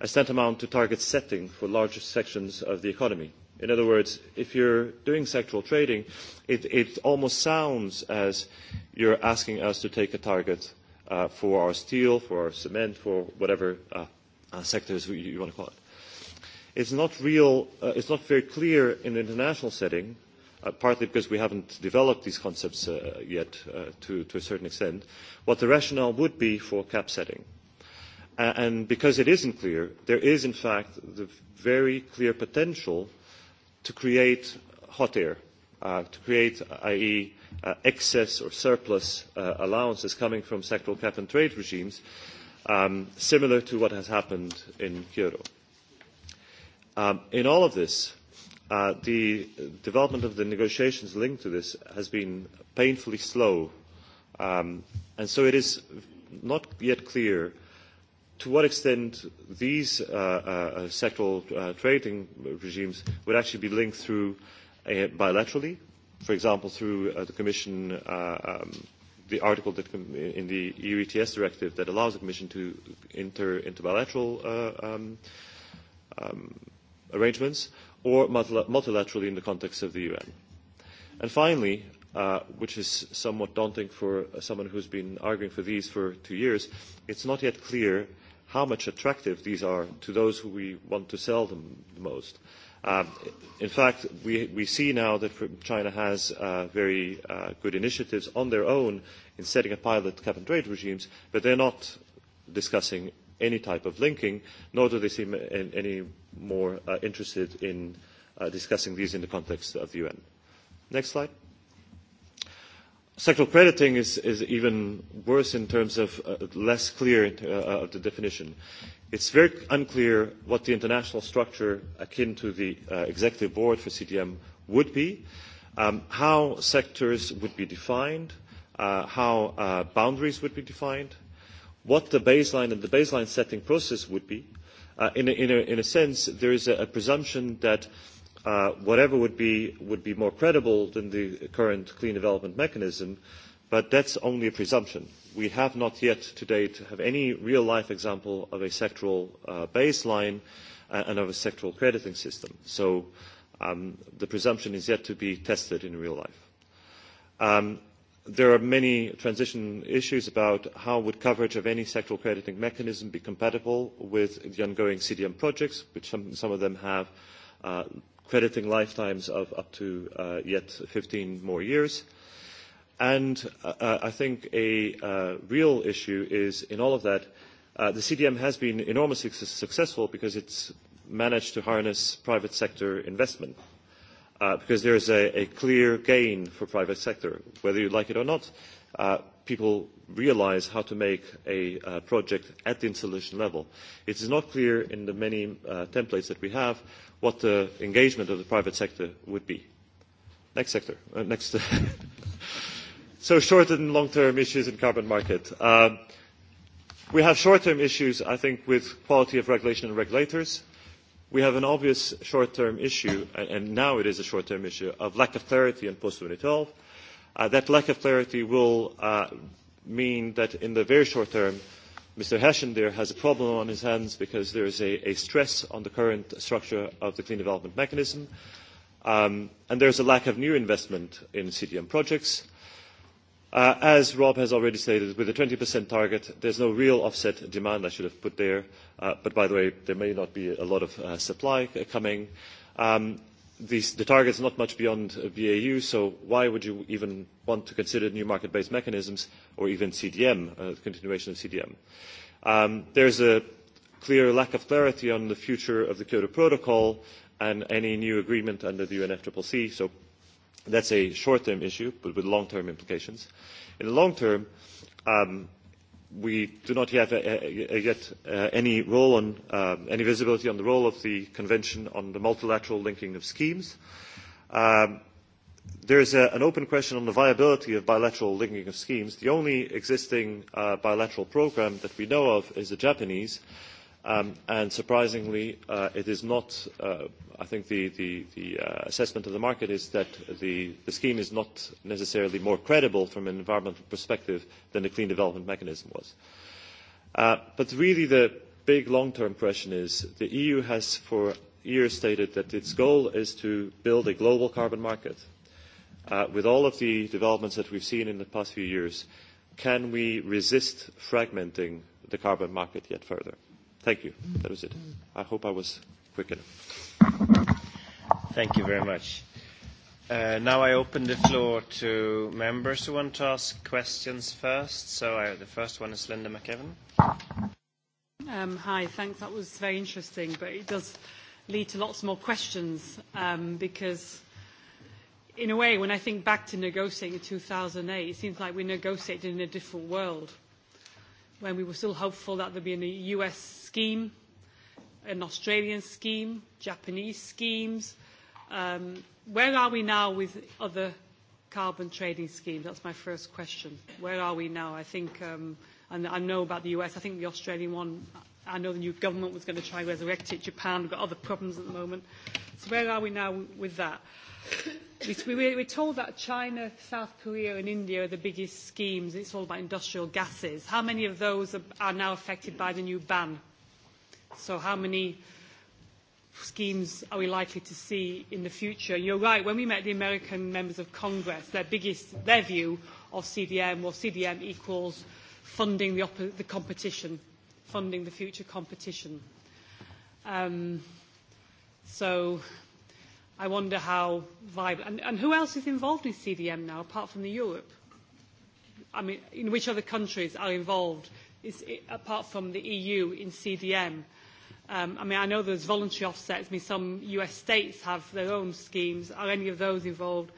as tantamount to target setting for large sections of the economy. In other words, if you're doing sectoral trading, it, it almost sounds as you're asking us to take a target uh, for our steel, for our cement, for whatever uh, uh, sectors you, you want to call it. It's not real, uh, it's not very clear in the international setting, uh, partly because we haven't developed these concepts uh, yet uh, to, to a certain extent, what the rationale would be for cap setting. Uh, and because it isn't clear, there is in fact the very clear potential uh, to create hot air, uh, to create, i.e., uh, excess or surplus uh, allowances coming from sectoral cap and trade regimes, um, similar to what has happened in Euro. Um, in all of this, uh, the development of the negotiations linked to this has been painfully slow, um, and so it is not yet clear to what extent these uh, uh, uh, sectoral uh, trading regimes would actually be linked through uh, bilaterally, for example, through uh, the Commission, uh, um, the article that com- in the EU ETS directive that allows the Commission to enter into bilateral uh, um, um, arrangements, or multil- multilaterally in the context of the UN. And finally, uh, which is somewhat daunting for someone who's been arguing for these for two years, it's not yet clear how much attractive these are to those who we want to sell them the most. Um, in fact, we, we see now that China has uh, very uh, good initiatives on their own in setting up pilot cap and trade regimes, but they're not discussing any type of linking, nor do they seem any more uh, interested in uh, discussing these in the context of the UN. Next slide. Sectoral crediting is, is even worse in terms of uh, less clear uh, uh, of the definition. It's very unclear what the international structure akin to the uh, executive board for CTM would be, um, how sectors would be defined, uh, how uh, boundaries would be defined, what the baseline and the baseline setting process would be. Uh, in, a, in, a, in a sense, there is a, a presumption that uh, uh, whatever would be, would be more credible than the current clean development mechanism, but that's only a presumption. We have not yet to date have any real-life example of a sectoral uh, baseline uh, and of a sectoral crediting system. So um, the presumption is yet to be tested in real life. Um, there are many transition issues about how would coverage of any sectoral crediting mechanism be compatible with the ongoing CDM projects, which some, some of them have uh, crediting lifetimes of up to uh, yet 15 more years. And uh, uh, I think a uh, real issue is in all of that, uh, the CDM has been enormously su- successful because it's managed to harness private sector investment. Uh, because there is a, a clear gain for private sector, whether you like it or not uh, people realize how to make a uh, project at the installation level. It is not clear in the many uh, templates that we have what the engagement of the private sector would be. Next sector. Uh, next. so short and long-term issues in carbon market. Uh, we have short-term issues, I think, with quality of regulation and regulators. We have an obvious short-term issue, and, and now it is a short-term issue, of lack of clarity in post-2012 Uh, that lack of clarity will uh, mean that in the very short term, Mr. Heshen there has a problem on his hands because there is a, a stress on the current structure of the clean development mechanism, um, and there's a lack of new investment in CDM projects. Uh, as Rob has already stated, with the 20% target, there's no real offset demand I should have put there, uh, but by the way, there may not be a lot of uh, supply coming. Um, these, the target's not much beyond uh, BAU, so why would you even want to consider new market-based mechanisms or even CDM, uh, continuation of CDM? Um, there's a clear lack of clarity on the future of the Kyoto Protocol and any new agreement under the UNFCCC, so that's a short-term issue, but with long-term implications. In the long term, um, we do not have a, a, a yet uh, any role on um, any visibility on the role of the convention on the multilateral linking of schemes. Um, there is a, an open question on the viability of bilateral linking of schemes. The only existing uh, bilateral program that we know of is the Japanese, uh, Um, and surprisingly, uh, it is not, uh, I think the, the, the uh, assessment of the market is that the, the scheme is not necessarily more credible from an environmental perspective than the clean development mechanism was. Uh, but really the big long-term question is the EU has for years stated that its goal is to build a global carbon market. Uh, with all of the developments that we've seen in the past few years, can we resist fragmenting the carbon market yet further? Uh, Thank you. That was it. I hope I was quick enough. Thank you very much. Uh, now I open the floor to members who want to ask questions first. So I, uh, the first one is Linda McEvan. Um, hi, thanks. That was very interesting, but it does lead to lots more questions um, because in a way, when I think back to negotiating in 2008, it seems like we negotiated in a different world when we were still hopeful that there'd be a US scheme, an Australian scheme, Japanese schemes. Um, where are we now with other carbon trading schemes? That's my first question. Where are we now? I think, um, and I know about the US, I think the Australian one, I know the new government was going to try and resurrect it. Japan, we've got other problems at the moment. So where are we now with that? We, we, we're told that China, South Korea and India are the biggest schemes. It's all about industrial gases. How many of those are, are now affected by the new ban? So how many schemes are we likely to see in the future? You're right, when we met the American members of Congress, their biggest, their view of CDM was CDM equals funding the, op- the competition, funding the future competition. Um, so I wonder how viable. And, and who else is involved in CDM now, apart from the Europe? I mean, in which other countries are involved, is it, apart from the EU, in CDM? Um, I mean, I know there's voluntary offsets. I mean, some US states have their own schemes. Are any of those involved?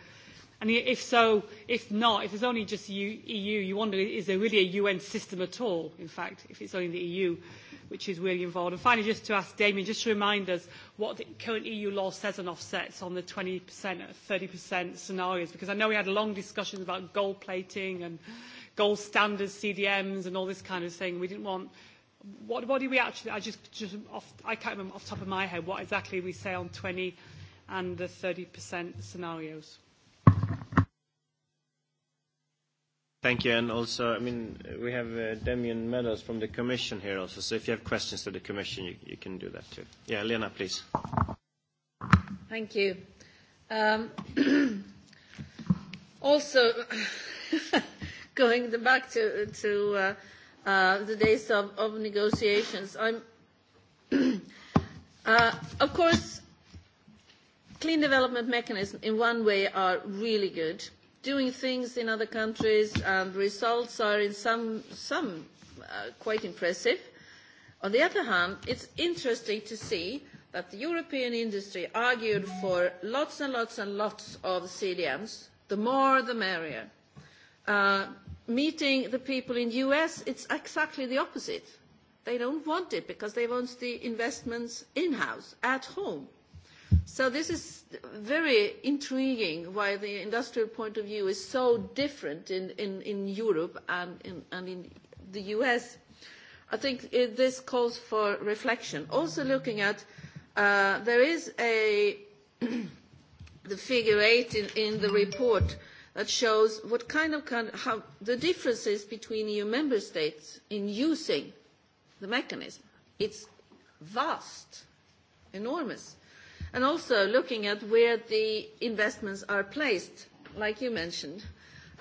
And if so, if not, if there's only just EU, e you wonder, is there really a UN system at all, in fact, if it's only the EU? Uh, which is really involved. And finally, just to ask Damien, just to remind us what the current EU law says on offsets on the 20%, 30% scenarios, because I know we had long discussions about gold plating and gold standards, CDMs, and all this kind of thing. We didn't want what, what do we actually, I just, just off, I can't remember off the top of my head what exactly we say on 20 and the 30% scenarios. Thank you. And also, I mean, we have uh, Damian Meadows from the Commission here also. So if you have questions to the Commission, you, you can do that too. Yeah, Lena, please. Thank you. Um, also, going back to, to uh, uh, the days of, of negotiations, I'm, uh, of course, clean development mechanism in one way are really good doing things in other countries, and results are in some, some uh, quite impressive. On the other hand, it's interesting to see that the European industry argued for lots and lots and lots of CDMs. The more, the merrier. Uh, meeting the people in US, it's exactly the opposite. They don't want it because they want the investments in-house, at home So this is very intriguing why the industrial point of view is so different in, in, in Europe and in, and in the US. I think it, this calls for reflection. Also looking at, uh, there is a, the figure eight in, in the report that shows what kind of, kind of, how the differences between EU member states in using the mechanism. It's vast, enormous and also looking at where the investments are placed, like you mentioned,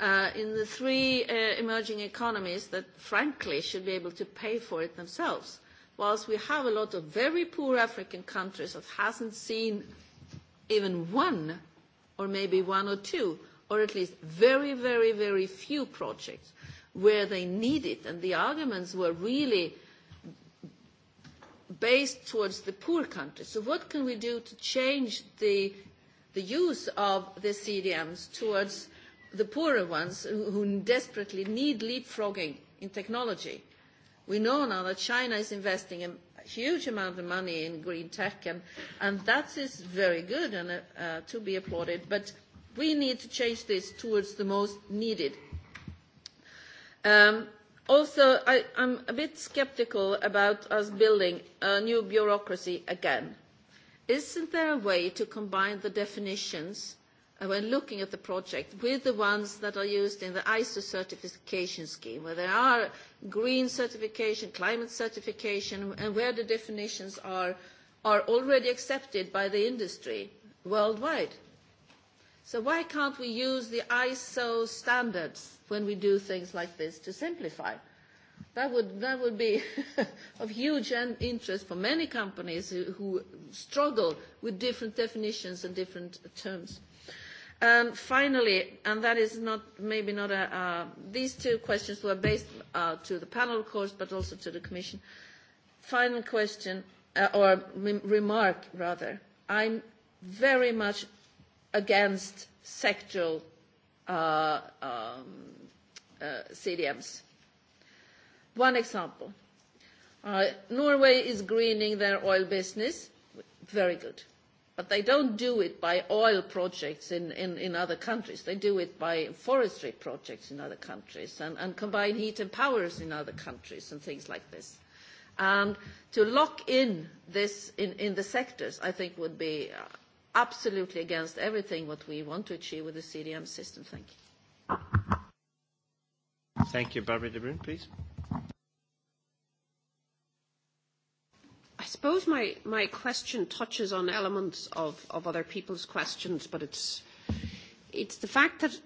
uh, in the three uh, emerging economies that frankly should be able to pay for it themselves. Whilst we have a lot of very poor African countries that hasn't seen even one or maybe one or two, or at least very, very, very few projects where they need it. And the arguments were really based towards the poor countries. So what can we do to change the, the use of the CDMs towards the poorer ones who, who desperately need leapfrogging in technology? We know now that China is investing a huge amount of money in green tech, and, and that is very good and uh, uh, to be applauded, but we need to change this towards the most needed. Um, Also, I, I'm a bit skeptical about us building a new bureaucracy again. Isn't there a way to combine the definitions uh, when looking at the project with the ones that are used in the ISO certification scheme, where there are green certification, climate certification, and where the definitions are, are already accepted by the industry worldwide? So why can't we use the ISO standards when we do things like this to simplify? That would, that would be of huge interest for many companies who, who struggle with different definitions and different terms. And um, finally, and that is not, maybe not a, uh, these two questions were based uh, to the panel, of course, but also to the commission. Final question, uh, or re remark rather. I'm very much against sectoral uh, um, uh, CDMs. One example, uh, Norway is greening their oil business, very good. But they don't do it by oil projects in, in, in other countries. They do it by forestry projects in other countries and, and combined heat and powers in other countries and things like this. And to lock in this in, in the sectors, I think would be uh, absolutely against everything what we want to achieve with the CDM system. Thank you. Thank you. Barbara de Bruyn, please. I suppose my, my question touches on elements of, of other people's questions, but it's, it's the fact that,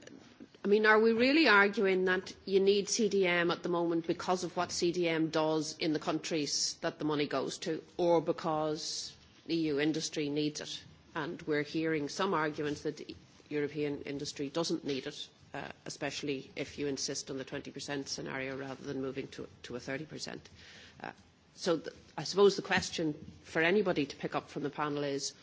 I mean, are we really arguing that you need CDM at the moment because of what CDM does in the countries that the money goes to, or because EU e industry needs it? and we're hearing some arguments that European industry doesn't need it, uh, especially if you insist on the 20% scenario rather than moving to, to a 30%. Uh, so th- I suppose the question for anybody to pick up from the panel is,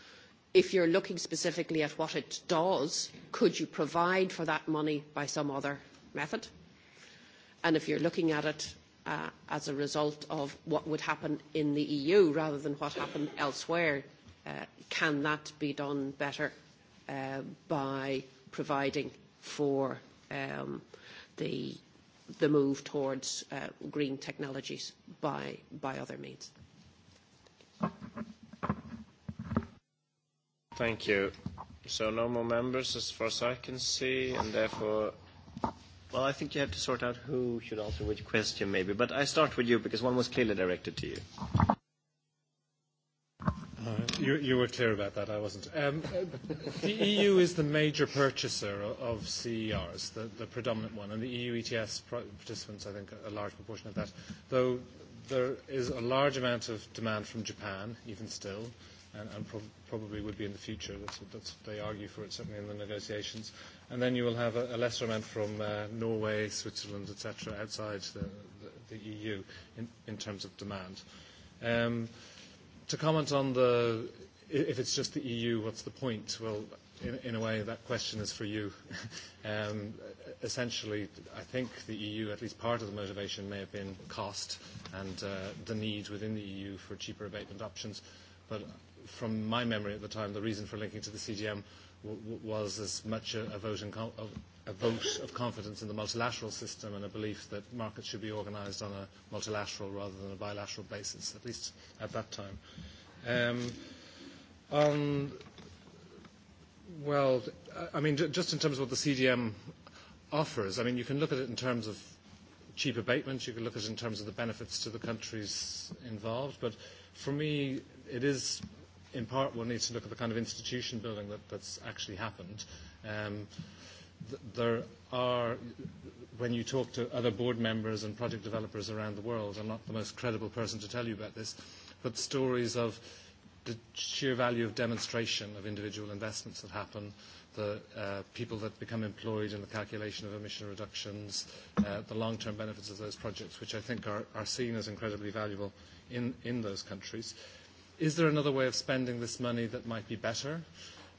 if you're looking specifically at what it does, could you provide for that money by some other method? And if you're looking at it uh, as a result of what would happen in the EU rather than what happened elsewhere, Uh, can that be done better uh, by providing for um, the, the move towards uh, green technologies by, by other means? Thank you. So no more members as far as I can see, and therefore Well, I think you have to sort out who should answer which question, maybe. But I start with you because one was clearly directed to you. You, you were clear about that. I wasn't. Um, the EU is the major purchaser of CERs, the, the predominant one, and the EU ETS participants, I think, a large proportion of that. Though there is a large amount of demand from Japan, even still, and, and pro- probably would be in the future. That's what, that's what they argue for it, certainly in the negotiations. And then you will have a, a lesser amount from uh, Norway, Switzerland, etc., outside the, the, the EU in, in terms of demand. Um, uh, to comment on the if it's just the EU, what's the point? Well, in, in a way, that question is for you. um, essentially, I think the EU, at least part of the motivation, may have been cost and uh, the need within the EU for cheaper abatement options. But from my memory at the time, the reason for linking to the CDM w- w- was as much a, a vote in com- a vote of confidence in the multilateral system and a belief that markets should be organized on a multilateral rather than a bilateral basis, at least at that time. Um, on, well, I mean, just in terms of what the CDM offers, I mean, you can look at it in terms of cheap abatement, you can look at it in terms of the benefits to the countries involved, but for me, it is in part one needs to look at the kind of institution building that, that's actually happened. Um, uh, there are, when you talk to other board members and project developers around the world, I'm not the most credible person to tell you about this, but stories of the sheer value of demonstration of individual investments that happen, the uh, people that become employed in the calculation of emission reductions, uh, the long-term benefits of those projects, which I think are, are seen as incredibly valuable in, in those countries. Is there another way of spending this money that might be better?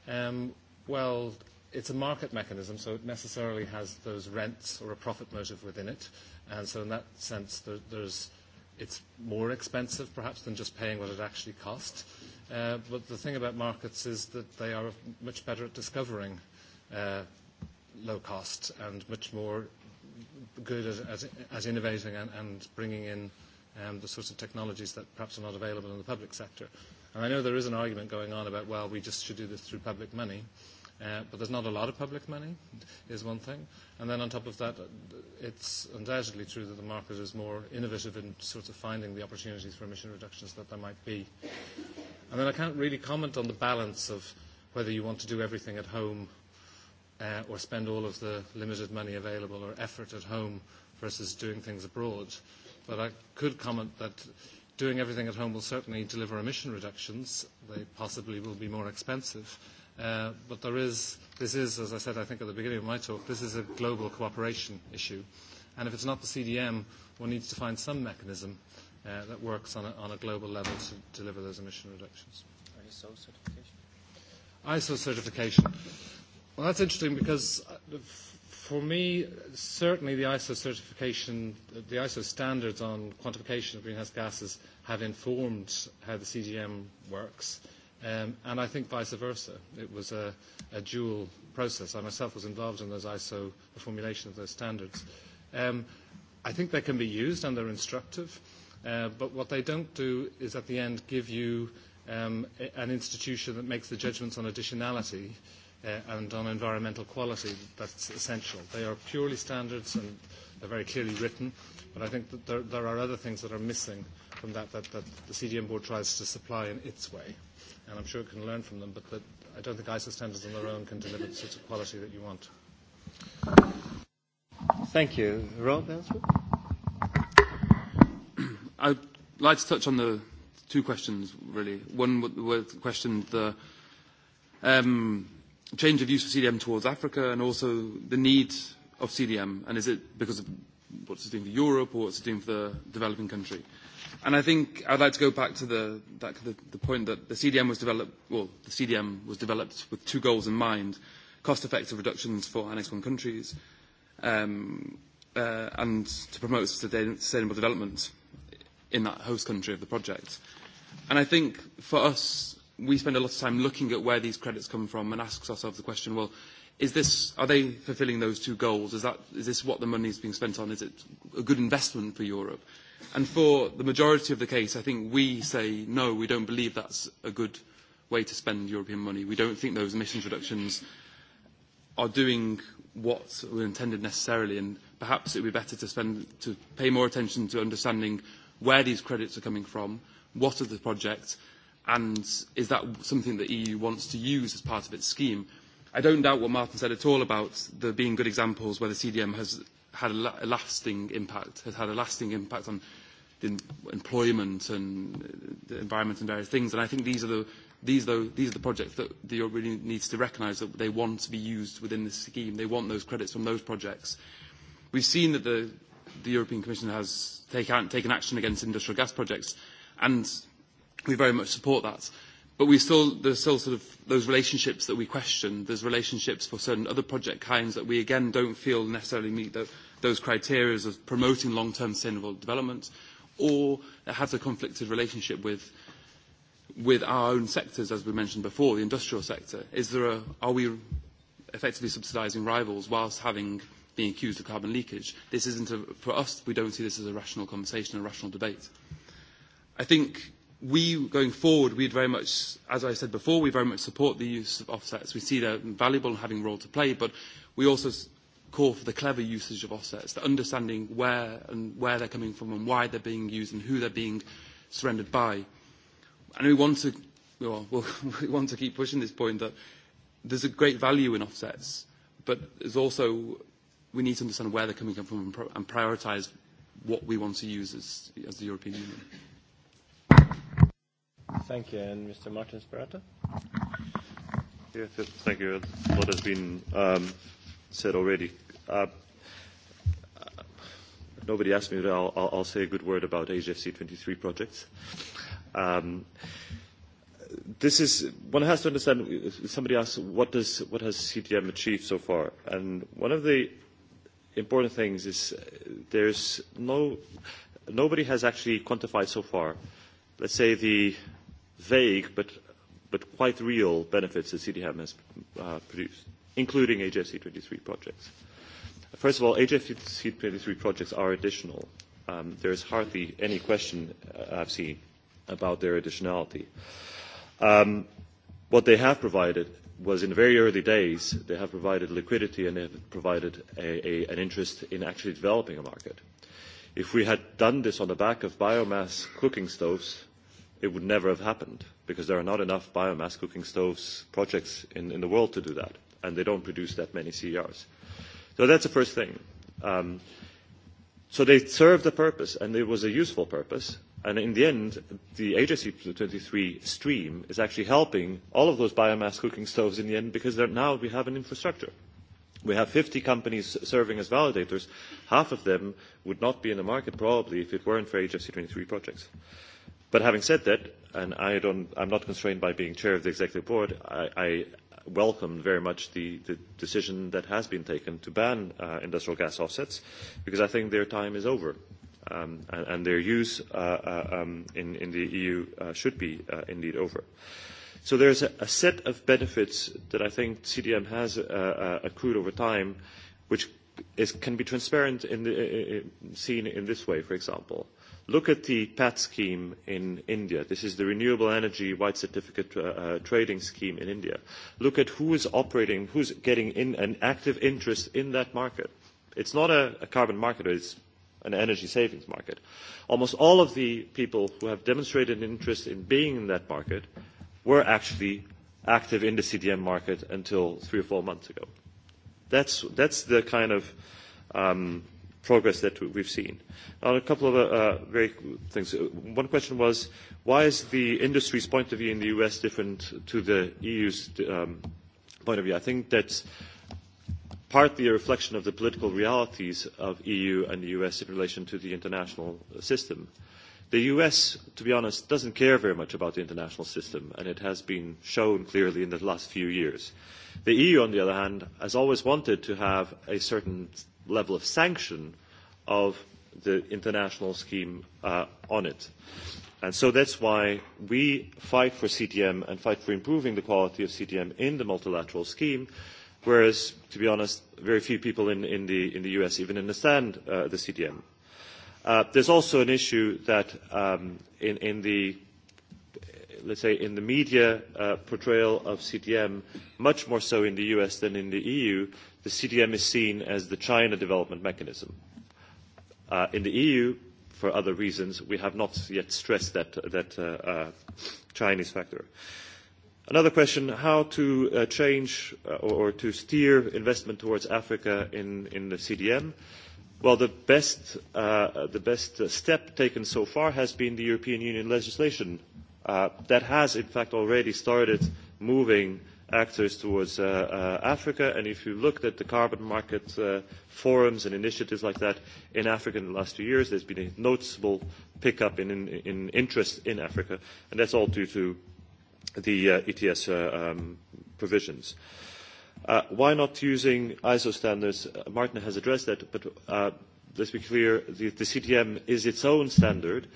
Um, well, it's a market mechanism, so it necessarily has those rents or a profit motive within it. And so in that sense, there, there's, it's more expensive perhaps than just paying what it actually cost. Uh, but the thing about markets is that they are much better at discovering uh, low cost and much more good at, at, at innovating and, and bringing in um, the sorts of technologies that perhaps are not available in the public sector. And I know there is an argument going on about, well, we just should do this through public money. Uh, Uh, but there's not a lot of public money, is one thing. And then on top of that, it's undoubtedly true that the market is more innovative in sorts of finding the opportunities for emission reductions that there might be. And then I can't really comment on the balance of whether you want to do everything at home uh, or spend all of the limited money available or effort at home versus doing things abroad. But I could comment that doing everything at home will certainly deliver emission reductions. They possibly will be more expensive. Uh, Uh, but there is, this is, as I said, I think at the beginning of my talk, this is a global cooperation issue. And if it's not the CDM, one needs to find some mechanism uh, that works on a, on a global level to deliver those emission reductions. ISO certification? ISO certification. Well, that's interesting because uh, for me, certainly the ISO certification, the ISO standards on quantification of greenhouse gases have informed how the CGM works. Uh, Um, and I think vice versa. It was a, a dual process. I myself was involved in those ISO, the formulation of those standards. Um, I think they can be used and they're instructive, uh, but what they don't do is at the end give you um, an institution that makes the judgments on additionality uh, and on environmental quality that's essential. They are purely standards and they're very clearly written, but I think that there, there are other things that are missing from that, that that the CDM board tries to supply in its way and I'm sure it can learn from them, but that I don't think ISA standards on their own can deliver the sort of quality that you want. Thank you. Rob Ainsworth? I'd like to touch on the two questions, really. One with question the um, change of use of CDM towards Africa and also the need of CDM, and is it because of what's it doing for Europe or what's it doing for the developing country? And I think I'd like to go back to the, that, the, the point that the CDM was developed, well, the CDM was developed with two goals in mind, cost-effective reductions for Annex 1 countries um, uh, and to promote sustainable development in that host country of the project. And I think for us, we spend a lot of time looking at where these credits come from and asks ourselves the question, well, is this, are they fulfilling those two goals? Is, that, is this what the money is being spent on? Is it a good investment for Europe? Uh, And for the majority of the case, I think we say, no, we don't believe that's a good way to spend European money. We don't think those emissions reductions are doing what were intended necessarily, and perhaps it would be better to, spend, to pay more attention to understanding where these credits are coming from, what are the projects, and is that something the EU wants to use as part of its scheme? I don't doubt what Martin said at all about there being good examples where the CDM has had a lasting impact, has had a lasting impact on the employment and the environment and various things. And I think these are the, these though, these are the projects that the Europe really needs to recognise that they want to be used within this scheme. They want those credits from those projects. We've seen that the, the European Commission has take, taken action against industrial gas projects, and we very much support that but we still there's still sort of those relationships that we question. There's relationships for certain other project kinds that we again don't feel necessarily meet the, those criteria of promoting long-term sustainable development, or that has a conflicted relationship with with our own sectors, as we mentioned before, the industrial sector. Is there a are we effectively subsidising rivals whilst having being accused of carbon leakage? This isn't a, for us. We don't see this as a rational conversation, a rational debate. I think we, going forward, we very much, as I said before, we very much support the use of offsets. We see they're valuable and having a role to play, but we also call for the clever usage of offsets, the understanding where and where they're coming from and why they're being used and who they're being surrendered by. And we want to, well, we want to keep pushing this point that there's a great value in offsets, but there's also, we need to understand where they're coming from and prioritise what we want to use as, as the European Union. Thank you. And Mr. Martin Sperata? Yes, yes, thank you. A lot has been um, said already. Uh, nobody asked me, but I'll, I'll, I'll say a good word about HFC 23 projects. Um, this is one has to understand. Somebody asked, "What does what has CTM achieved so far?" And one of the important things is uh, there's no nobody has actually quantified so far. Let's say the vague but, but quite real benefits that CDM has uh, produced, including HFC23 projects. First of all, HFC23 projects are additional. Um, there is hardly any question uh, I've seen about their additionality. Um, what they have provided was in the very early days, they have provided liquidity and they have provided a, a, an interest in actually developing a market. If we had done this on the back of biomass cooking stoves, it would never have happened because there are not enough biomass cooking stoves projects in, in the world to do that, and they don't produce that many CERs. So that's the first thing. Um, so they served a purpose, and it was a useful purpose. And in the end, the HSC23 stream is actually helping all of those biomass cooking stoves in the end because now we have an infrastructure. We have 50 companies serving as validators. Half of them would not be in the market probably if it weren't for HFC23 projects. Uh, But having said that, and I don't, I'm not constrained by being chair of the executive board, I, I welcome very much the, the decision that has been taken to ban uh, industrial gas offsets because I think their time is over. Um, and, and their use uh, uh, um, in, in the EU uh, should be uh, indeed over. So there's a, a set of benefits that I think CDM has uh, uh, accrued over time, which is, can be transparent in the, uh, uh seen in this way, for example. Uh, Look at the PAT scheme in India. This is the Renewable Energy White Certificate uh, uh, Trading Scheme in India. Look at who is operating, who's getting in an active interest in that market. It's not a, a carbon market, it's an energy savings market. Almost all of the people who have demonstrated an interest in being in that market were actually active in the CDM market until three or four months ago. That's, that's the kind of um, – progress that we've seen. On a couple of uh, uh very things. Uh, one question was, why is the industry's point of view in the U.S. different to the EU's um, point of view? I think that's partly a reflection of the political realities of EU and the U.S. in relation to the international system. The U.S., to be honest, doesn't care very much about the international system, and it has been shown clearly in the last few years. The EU, on the other hand, has always wanted to have a certain level of sanction of the international scheme uh, on it. And so that's why we fight for CTM and fight for improving the quality of CTM in the multilateral scheme, whereas, to be honest, very few people in, in, the, in the US even understand uh, the CTM. Uh, there's also an issue that um, in, in the let's say, in the media uh, portrayal of CTM, much more so in the US than in the EU, the CDM is seen as the China development mechanism. Uh, in the EU, for other reasons, we have not yet stressed that, that uh, uh, Chinese factor. Another question, how to uh, change uh, or, or to steer investment towards Africa in, in the CDM? Well, the best, uh, the best step taken so far has been the European Union legislation. Uh, that has, in fact, already started moving uh, actors towards uh, uh, Africa. And if you looked at the carbon market uh, forums and initiatives like that in Africa in the last two years, there's been a noticeable pickup in, in, in interest in Africa, and that's all due to the uh, ETS uh, um, provisions. Uh, why not using ISO standards? Uh, Martin has addressed that, but uh, let's be clear, the, the CTM is its own standard,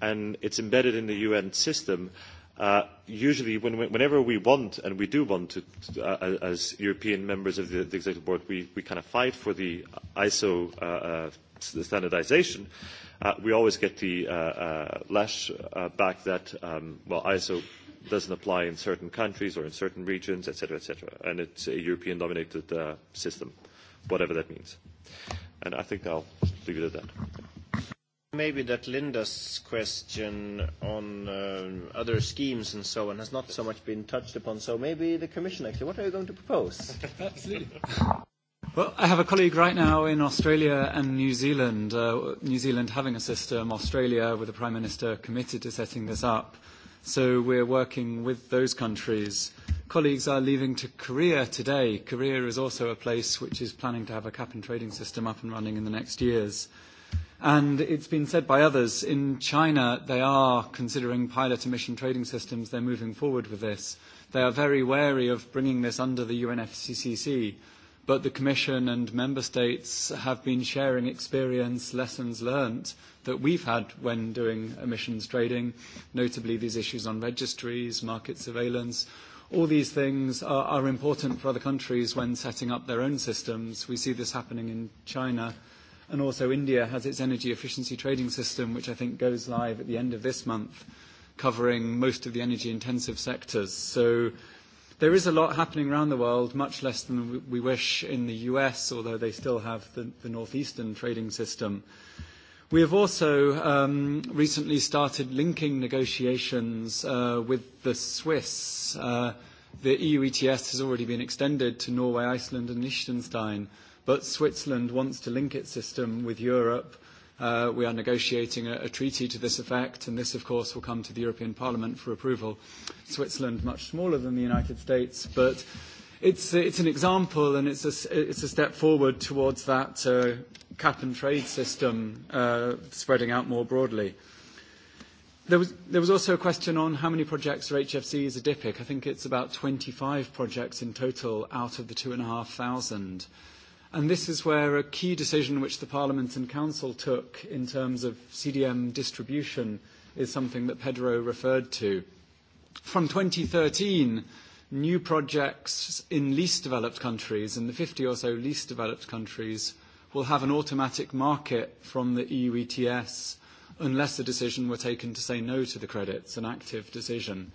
and it's embedded in the UN system. Uh, Uh, usually, when, whenever we want, and we do want to, uh, as European members of the, the Executive Board, we, we kind of fight for the ISO uh, uh, standardization, uh, we always get the uh, uh, lash uh, back that, um, well, ISO doesn't apply in certain countries or in certain regions, etc., etc., and it's a European-dominated uh, system, whatever that means. And I think I'll leave it at that maybe that Linda's question on uh, other schemes and so on has not so much been touched upon. So maybe the Commission, actually, what are you going to propose? Absolutely. Well, I have a colleague right now in Australia and New Zealand. Uh, New Zealand having a system, Australia with the Prime Minister committed to setting this up. So we're working with those countries. Colleagues are leaving to Korea today. Korea is also a place which is planning to have a cap and trading system up and running in the next years. Uh, And it's been said by others, in China, they are considering pilot emission trading systems. They're moving forward with this. They are very wary of bringing this under the UNFCCC, but the Commission and member states have been sharing experience, lessons learnt that we've had when doing emissions trading, notably these issues on registries, market surveillance. All these things are, are important for other countries when setting up their own systems. We see this happening in China And also India has its energy efficiency trading system, which I think goes live at the end of this month, covering most of the energy intensive sectors. So there is a lot happening around the world, much less than we wish in the US, although they still have the, the northeastern trading system. We have also um, recently started linking negotiations uh, with the Swiss. Uh, the EU ETS has already been extended to Norway, Iceland, and Liechtenstein but Switzerland wants to link its system with Europe. Uh, we are negotiating a, a treaty to this effect, and this, of course, will come to the European Parliament for approval. Switzerland, much smaller than the United States, but it's, it's an example, and it's a, it's a step forward towards that uh, cap and trade system uh, spreading out more broadly. There was, there was also a question on how many projects are HFCs a DIPIC. I think it's about 25 projects in total out of the 2,500. And this is where a key decision which the Parliament and Council took in terms of CDM distribution is something that Pedro referred to. From 2013, new projects in least developed countries, in the 50 or so least developed countries, will have an automatic market from the EU ETS unless a decision were taken to say no to the credits, an active decision.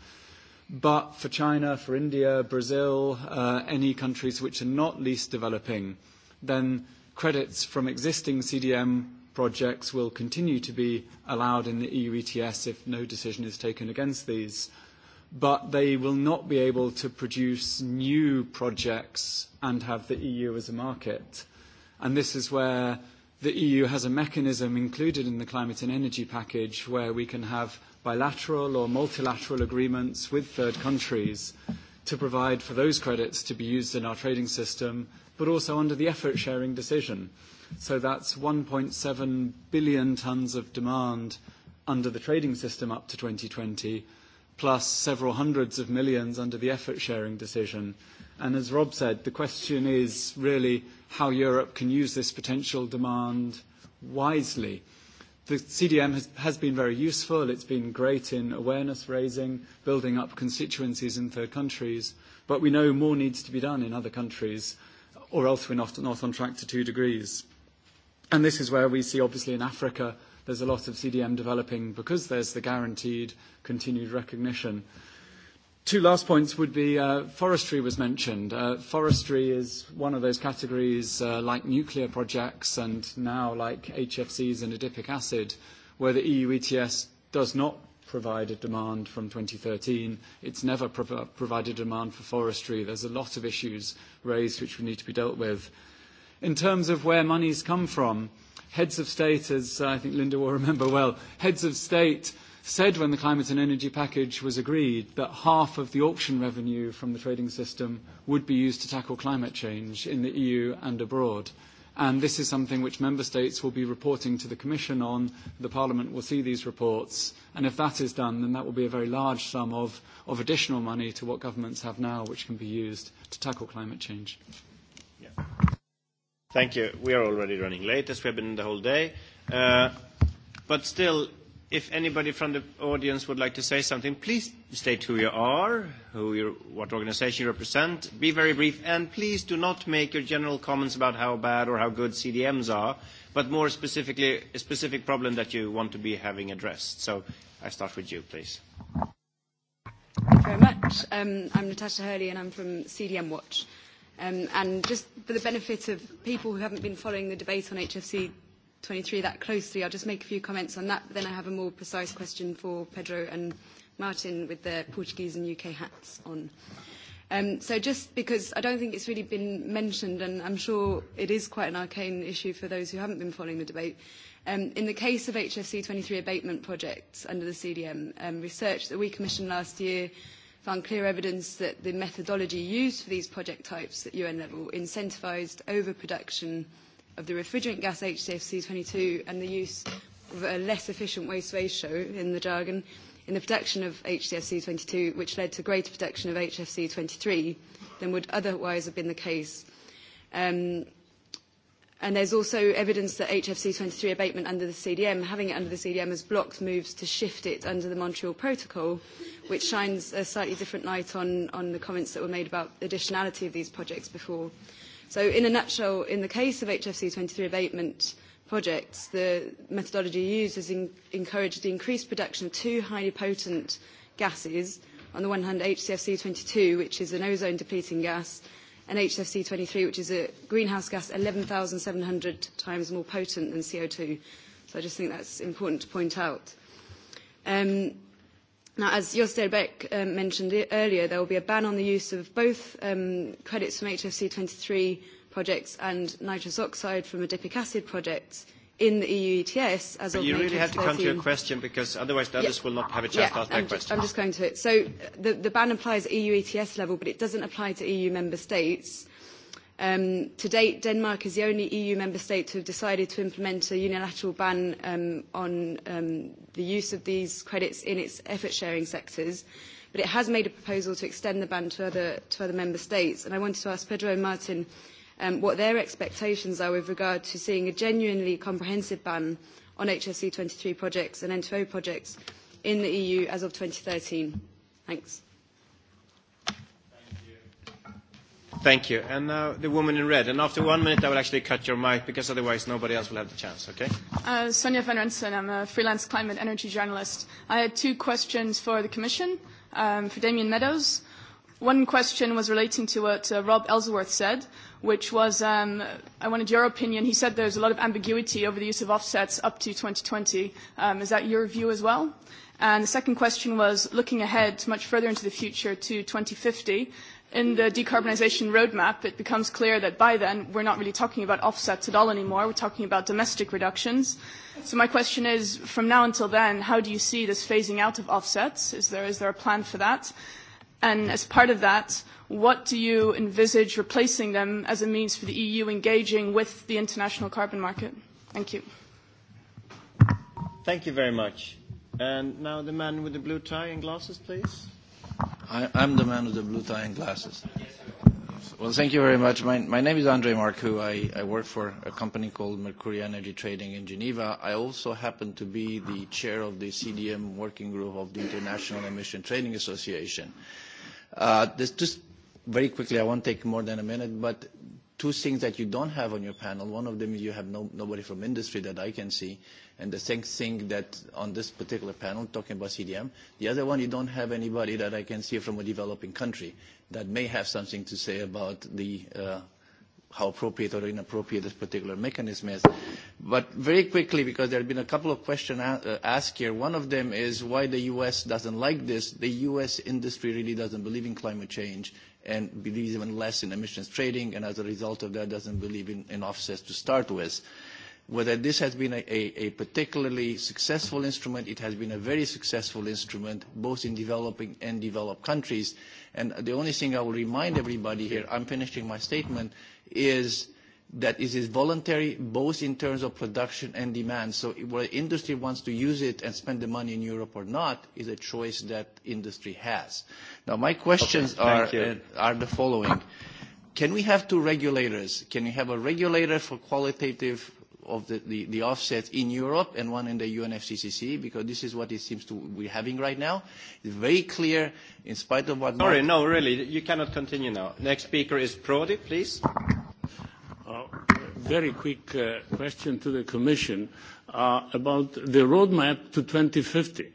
But for China, for India, Brazil, uh, any countries which are not least developing, then credits from existing CDM projects will continue to be allowed in the EU ETS if no decision is taken against these. But they will not be able to produce new projects and have the EU as a market. And this is where the EU has a mechanism included in the climate and energy package where we can have bilateral or multilateral agreements with third countries to provide for those credits to be used in our trading system but also under the effort sharing decision. So that's 1.7 billion tons of demand under the trading system up to 2020, plus several hundreds of millions under the effort sharing decision. And as Rob said, the question is really how Europe can use this potential demand wisely. The CDM has, has been very useful. It's been great in awareness raising, building up constituencies in third countries, but we know more needs to be done in other countries or else we're not, not on track to two degrees. And this is where we see, obviously, in Africa, there's a lot of CDM developing because there's the guaranteed continued recognition. Two last points would be uh, forestry was mentioned. Uh, forestry is one of those categories, uh, like nuclear projects and now like HFCs and adipic acid, where the EU ETS does not provided demand from 2013. It's never prov- provided demand for forestry. There's a lot of issues raised which we need to be dealt with. In terms of where monies come from, heads of state, as uh, I think Linda will remember well, heads of state said when the climate and energy package was agreed that half of the auction revenue from the trading system would be used to tackle climate change in the EU and abroad and this is something which member states will be reporting to the commission on. the parliament will see these reports, and if that is done, then that will be a very large sum of, of additional money to what governments have now, which can be used to tackle climate change. Yeah. thank you. we are already running late, as we have been the whole day. Uh, but still, if anybody from the audience would like to say something, please state who you are, who you're, what organization you represent. Be very brief, and please do not make your general comments about how bad or how good CDMs are, but more specifically, a specific problem that you want to be having addressed. So I start with you, please. Thank you very much. Um, I'm Natasha Hurley, and I'm from CDM Watch. Um, and just for the benefit of people who haven't been following the debate on HFC 23 that closely. I'll just make a few comments on that, but then I have a more precise question for Pedro and Martin with their Portuguese and UK hats on. Um, so just because I don't think it's really been mentioned, and I'm sure it is quite an arcane issue for those who haven't been following the debate, um, in the case of HFC 23 abatement projects under the CDM, um, research that we commissioned last year found clear evidence that the methodology used for these project types at UN level incentivised overproduction of the refrigerant gas HCFC22 and the use of a less efficient waste ratio in the jargon in the production of HCFC22, which led to greater production of HFC23 than would otherwise have been the case. Um, and there's also evidence that HFC23 abatement under the CDM, having it under the CDM, has blocked moves to shift it under the Montreal Protocol, which shines a slightly different light on, on the comments that were made about additionality of these projects before. So in a nutshell, in the case of HFC 23 abatement projects, the methodology used has in- encouraged the increased production of two highly potent gases. On the one hand, HCFC 22, which is an ozone depleting gas, and HFC 23, which is a greenhouse gas 11,700 times more potent than CO2. So I just think that's important to point out. Um, Now, as Josteir Beck um, uh, mentioned e-, earlier, there will be a ban on the use of both um, credits from HFC23 projects and nitrous oxide from adipic acid projects in the EU ETS as but of You May really have to come to your question because otherwise the yeah. others will not have a chance yeah, to ask I'm their just, question. I'm just going to it. So uh, the, the ban applies at e EU ETS level, but it doesn't apply to EU member states. Um, to date, Denmark is the only EU member state to have decided to implement a unilateral ban um, on um, the use of these credits in its effort-sharing sectors, but it has made a proposal to extend the ban to other, to other member states. And I wanted to ask Pedro and Martin um, what their expectations are with regard to seeing a genuinely comprehensive ban on HSC 23 projects and N2O projects in the EU as of 2013. Thanks. Thank you. And now uh, the woman in red. And after one minute, I will actually cut your mic because otherwise nobody else will have the chance, okay? Uh, Sonja van Rensen, I'm a freelance climate energy journalist. I had two questions for the Commission, um, for Damien Meadows. One question was relating to what uh, Rob Ellsworth said, which was, um, I wanted your opinion. He said there's a lot of ambiguity over the use of offsets up to 2020. Um, is that your view as well? And the second question was, looking ahead much further into the future to 2050, in the decarbonisation roadmap, it becomes clear that by then we're not really talking about offsets at all anymore. We're talking about domestic reductions. So my question is, from now until then, how do you see this phasing out of offsets? Is there, is there a plan for that? And as part of that, what do you envisage replacing them as a means for the EU engaging with the international carbon market? Thank you. Thank you very much. And now the man with the blue tie and glasses, please. I, I'm the man with the blue tie and glasses. Well, thank you very much. My, my name is Andre Marcoux. I, I work for a company called Mercury Energy Trading in Geneva. I also happen to be the chair of the CDM working group of the International Emission Trading Association. Uh, this, just very quickly, I won't take more than a minute, but two things that you don't have on your panel. One of them is you have no, nobody from industry that I can see. Uh, and the same thing that on this particular panel, talking about CDM. The other one, you don't have anybody that I can see from a developing country that may have something to say about the uh, how appropriate or inappropriate this particular mechanism is. But very quickly, because there have been a couple of questions uh, asked here, one of them is why the U.S. doesn't like this. The U.S. industry really doesn't believe in climate change and believes even less in emissions trading, and as a result of that, doesn't believe in, in offsets to start with whether this has been a, a, a particularly successful instrument. It has been a very successful instrument, both in developing and developed countries. And the only thing I will remind everybody here, I'm finishing my statement, is that it is voluntary both in terms of production and demand. So whether industry wants to use it and spend the money in Europe or not is a choice that industry has. Now, my questions okay, are, you. uh, are the following. Can we have two regulators? Can we have a regulator for qualitative of the, the, the offset in Europe and one in the UNFCCC, because this is what it seems to we're having right now. It's very clear, in spite of what- Sorry, Mark no, really, you cannot continue now. Next speaker is Prodi, please. Uh, very quick uh, question to the Commission uh, about the roadmap to 2050.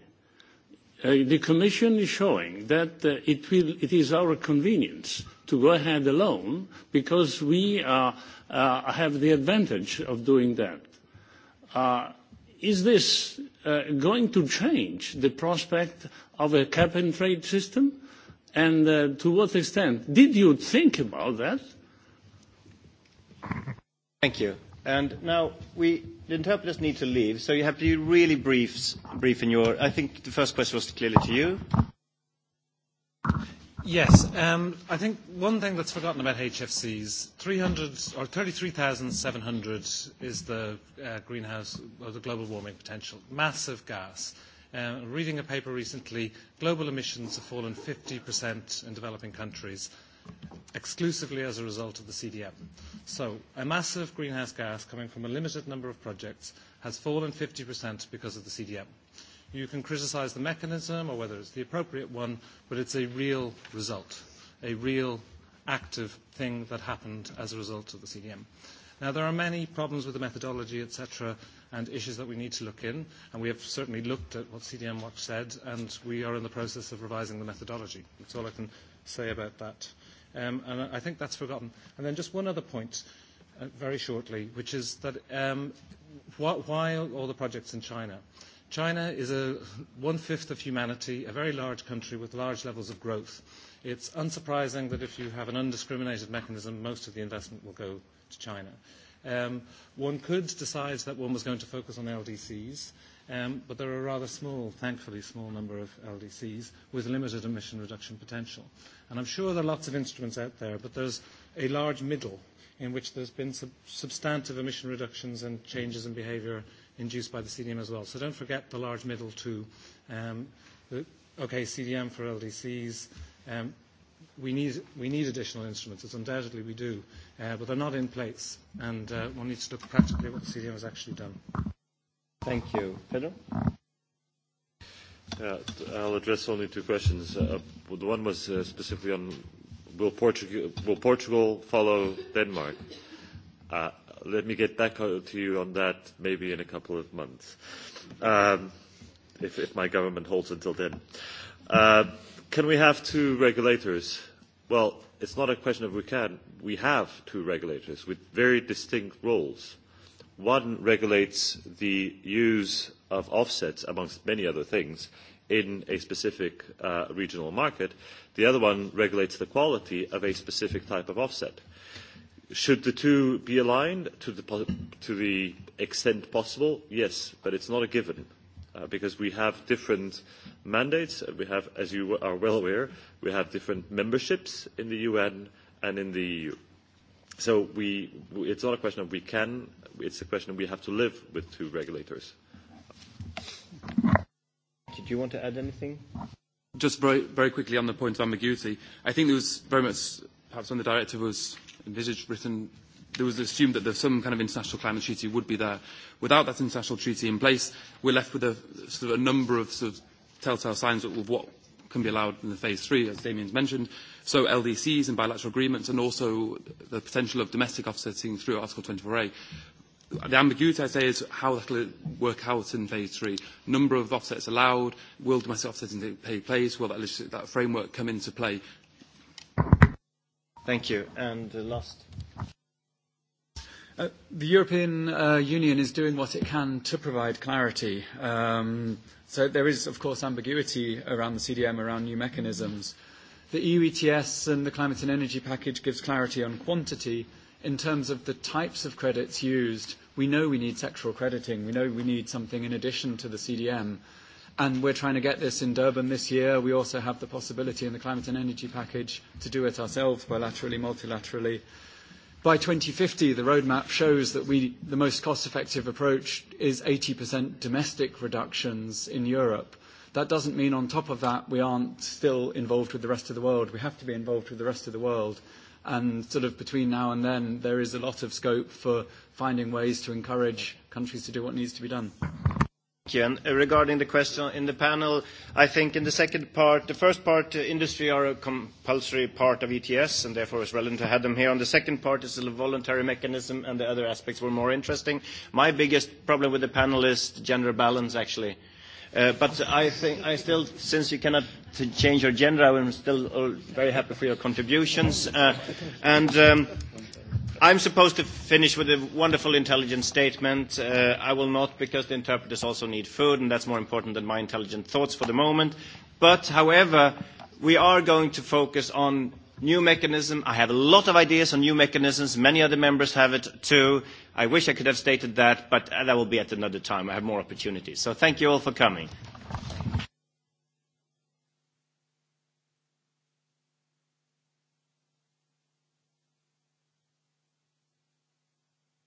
Uh, the Commission is showing that uh, it, will, it is our convenience to go ahead alone because we uh, uh, have the advantage of doing that. Uh, is this uh, going to change the prospect of a cap and trade system? And uh, to what extent? Did you think about that? Thank you. And now we, the interpreters need to leave, so you have to be really brief, brief in your. I think the first question was clearly to you. Yes. Um, I think one thing that's forgotten about HFCs, 300 or 33,700 is the uh, greenhouse or the global warming potential. Massive gas. Uh, reading a paper recently, global emissions have fallen 50% in developing countries exclusively as a result of the CDM. So a massive greenhouse gas coming from a limited number of projects has fallen 50% because of the CDM. You can criticize the mechanism or whether it's the appropriate one, but it's a real result, a real active thing that happened as a result of the CDM. Now, there are many problems with the methodology, etc., and issues that we need to look in, and we have certainly looked at what CDM Watch said, and we are in the process of revising the methodology. That's all I can say about that. Um, and I think that's forgotten. And then just one other point, uh, very shortly, which is that um, wh- why all the projects in China? Uh, China is a one-fifth of humanity, a very large country with large levels of growth. It's unsurprising that if you have an undiscriminated mechanism, most of the investment will go to China. Um, one could decide that one was going to focus on LDCs, um, but there are a rather small, thankfully small number of LDCs with limited emission reduction potential. And I'm sure there are lots of instruments out there, but there's a large middle in which there's been sub- substantive emission reductions and changes in behavior induced by the CDM as well. So don't forget the large middle two. Um, the, okay, CDM for LDCs. Um, we need, we need additional instruments. It's undoubtedly we do, uh, but they're not in place, and uh, one needs to look practically at what the CDM has actually done. Thank you. Pedro? Yeah, I'll address only two questions. Uh, the one was uh, specifically on will Portugal, will Portugal follow Denmark? Uh, let me get back to you on that maybe in a couple of months, um, if, if my government holds until then. Uh, can we have two regulators? Well, it's not a question of we can. We have two regulators with very distinct roles. One regulates the use of offsets, amongst many other things, in a specific uh, regional market. The other one regulates the quality of a specific type of offset. Should the two be aligned to the, to the extent possible? Yes, but it's not a given. Uh, because we have different mandates, and uh, we have, as you are well aware, we have different memberships in the UN and in the EU. So we, it's not a question of we can, it's a question of we have to live with two regulators. Did you want to add anything? Just very, very quickly on the point of ambiguity. I think there was very much, perhaps when the directive was envisaged Britain, there was assumed that some kind of international climate treaty would be there. Without that international treaty in place, we're left with a, sort of a number of, sort of telltale signs of what can be allowed in the phase three, as Damien's mentioned. So LDCs and bilateral agreements, and also the potential of domestic offsetting through Article 24A. The ambiguity, I say, is how that will work out in phase three. Number of offsets allowed, will domestic offsetting take place, will that, that framework come into play? Thank you. And the last. Uh, the European uh, Union is doing what it can to provide clarity. Um, so there is, of course, ambiguity around the CDM, around new mechanisms. The EU ETS and the climate and energy package gives clarity on quantity in terms of the types of credits used. We know we need sectoral crediting. We know we need something in addition to the CDM. And we're trying to get this in Durban this year. We also have the possibility in the climate and energy package to do it ourselves bilaterally, multilaterally. By 2050, the roadmap shows that we, the most cost-effective approach is 80% domestic reductions in Europe. That doesn't mean on top of that, we aren't still involved with the rest of the world. We have to be involved with the rest of the world. And sort of between now and then, there is a lot of scope for finding ways to encourage countries to do what needs to be done. Uh, regarding the question in the panel, I think in the second part, the first part, uh, industry are a compulsory part of ETS, and therefore it's relevant to have them here. On the second part is a voluntary mechanism, and the other aspects were more interesting. My biggest problem with the panel is gender balance, actually. Uh, but I think I still, since you cannot change your gender, I'm still uh, very happy for your contributions. Uh, and um, I'm supposed to finish with a wonderful intelligent statement. Uh, I will not because the interpreters also need food, and that's more important than my intelligent thoughts for the moment. But, however, we are going to focus on new mechanism. I have a lot of ideas on new mechanisms. Many other members have it too. I wish I could have stated that, but that will be at another time. I have more opportunities. So thank you all for coming.